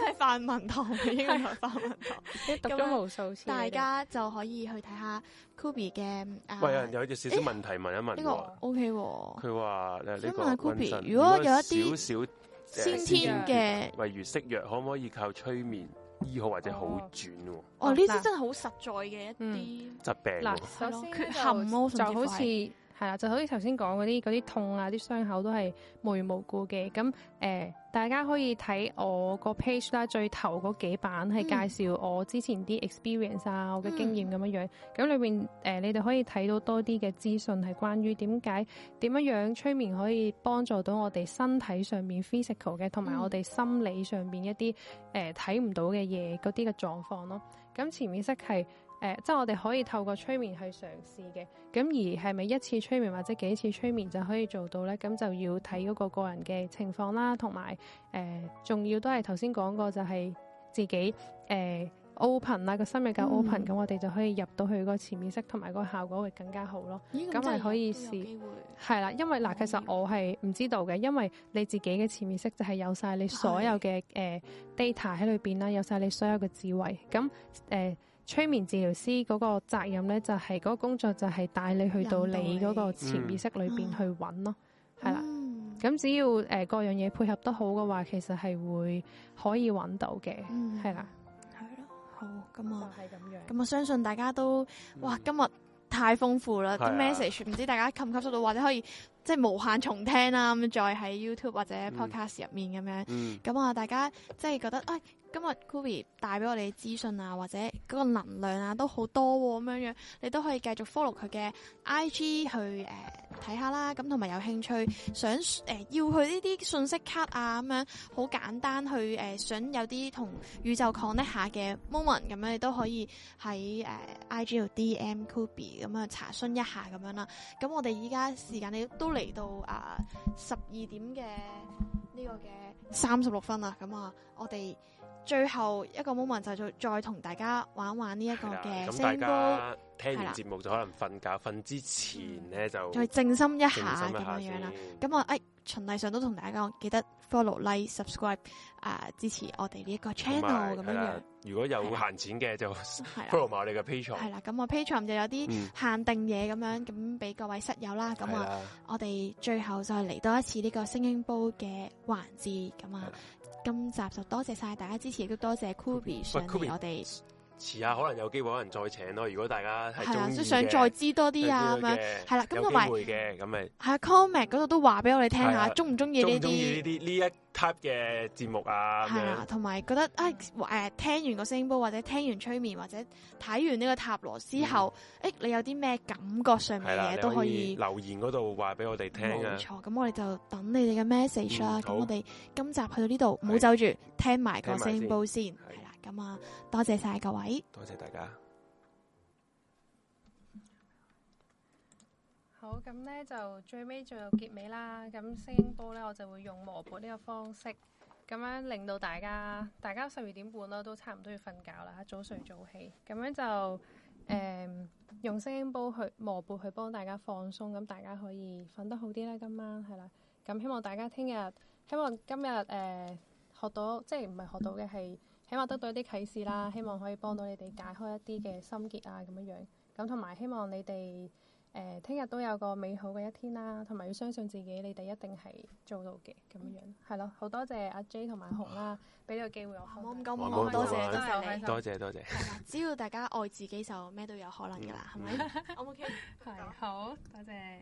個係範文堂英文範文堂 讀咗無數次，大家就可以去睇下 Kobe 嘅。們喂，有人有隻小小問題問一問。呢、欸這個 O、okay 哦這個 K。佢話呢個 Kobe，如果有一啲少少先天嘅，例如色弱，可唔可以靠催眠醫好或者好轉，哦？哦，呢啲真係好實在嘅一啲疾病，嗱、嗯，缺陷，就像好似。係啦，就好似頭先講嗰啲啲痛啊，啲傷口都係無緣無故嘅。咁誒、呃，大家可以睇我個 page 啦，最頭嗰幾版係介紹我之前啲 experience 啊，嗯、我嘅經驗咁樣樣。咁裏邊誒，你哋可以睇到多啲嘅資訊係關於點解點樣催眠可以幫助到我哋身體上面 physical 嘅，同埋我哋心理上面一啲誒睇唔到嘅嘢嗰啲嘅狀況咯。咁前面即係。誒、呃，即係我哋可以透過催眠去嘗試嘅。咁而係咪一次催眠或者幾次催眠就可以做到呢？咁就要睇嗰個個人嘅情況啦，同埋誒，仲要都係頭先講過就係自己誒、呃、open 啦、啊，個心裏夠 open、嗯。咁我哋就可以入到去嗰個潛意識，同埋嗰個效果會更加好咯。咁咪可以試係啦，因為嗱、呃，其實我係唔知道嘅，因為你自己嘅潛意識就係有晒你所有嘅誒的、uh, data 喺裏邊啦，有晒你所有嘅智慧咁誒。催眠治療師嗰個責任咧、就係，就係嗰個工作就係帶你去到你嗰個潛意識裏邊去揾咯，係啦。咁只要誒各樣嘢配合得好嘅話，其實係會可以揾到嘅，係啦、嗯。係咯了，好，咁我係咁樣，咁我相信大家都，哇，嗯、今日～太豐富啦，啲 message 唔知大家吸唔吸收到，或者可以即係、就是、無限重聽啦、啊，咁再喺 YouTube 或者 podcast 入面咁樣。咁啊、嗯，大家即係覺得啊、哎，今日 Kobe 帶俾我哋嘅資訊啊，或者嗰個能量啊，都好多喎、啊，咁樣樣你都可以繼續 follow 佢嘅 IG 去誒。呃睇下啦，咁同埋有興趣想誒、呃、要去呢啲信息卡啊，咁樣好簡單去誒、呃，想有啲同宇宙 connect 一下嘅 moment 咁樣，你都可以喺誒 IG 度 DM Kobi 咁樣查詢一下咁樣啦。咁我哋依家時間咧都嚟到啊十二點嘅呢個嘅三十六分啦。咁啊，我哋。最後一個 moment 就再同大家玩玩呢一個嘅聲波，係啦。咁大家聽完節目就可能瞓覺，瞓的之前咧就再靜心一下咁樣樣啦。咁我誒、哎、循例上都同大家講，記得 follow like subscribe 啊，支持我哋呢一個 channel 咁樣樣。如果有閒錢嘅的就，follow 埋我哋嘅 Patreon 係啦，咁我 Patreon 就有啲限定嘢咁樣，咁俾、嗯、各位室友啦。咁我的我哋最後再嚟多一次呢個聲煲嘅環節咁啊。今集就多謝晒大家支持，亦都多謝 Kobe 上嚟我哋。遲下可能有機會，可能再請咯。如果大家係中意嘅、啊、想再知多啲啊，咁樣係啦。咁同埋有機會嘅，咁咪係 comment 嗰度都話俾我哋聽下，中唔中意呢啲？呢啲呢一輯嘅節目啊？係啊，同埋覺得誒、啊呃、聽完個聲波，或者聽完催眠，或者睇完呢個塔羅之後，誒、嗯欸、你有啲咩感覺上面嘅嘢都可以，可以留言嗰度話俾我哋聽啊。冇錯，咁我哋就等你哋嘅 message 啦。咁、嗯、我哋今集去到呢度，唔好走住，聽埋個聲波先。咁啊，多謝晒各位，多謝大家。好，咁咧就最尾最後結尾啦。咁聲波咧，我就會用磨撥呢個方式，咁樣令到大家，大家十二點半啦，都差唔多要瞓覺啦。早睡早起，咁樣就誒、呃、用聲波去磨撥，去幫大家放鬆。咁大家可以瞓得好啲啦。今晚係啦，咁希望大家聽日，希望今日誒、呃、學到，即係唔係學到嘅係。希望得到一啲啟示啦，希望可以幫到你哋解開一啲嘅心結啊，咁樣樣。咁同埋希望你哋誒，聽、呃、日都有個美好嘅一天啦、啊，同埋要相信自己，你哋一定係做到嘅，咁樣樣。係咯，好、啊嗯、多謝阿 J 同埋紅啦，俾呢個機會我。好唔敢，多謝，真係多謝多謝。只要大家愛自己，就咩都有可能噶啦，係咪？O 唔 OK？係， 好多謝。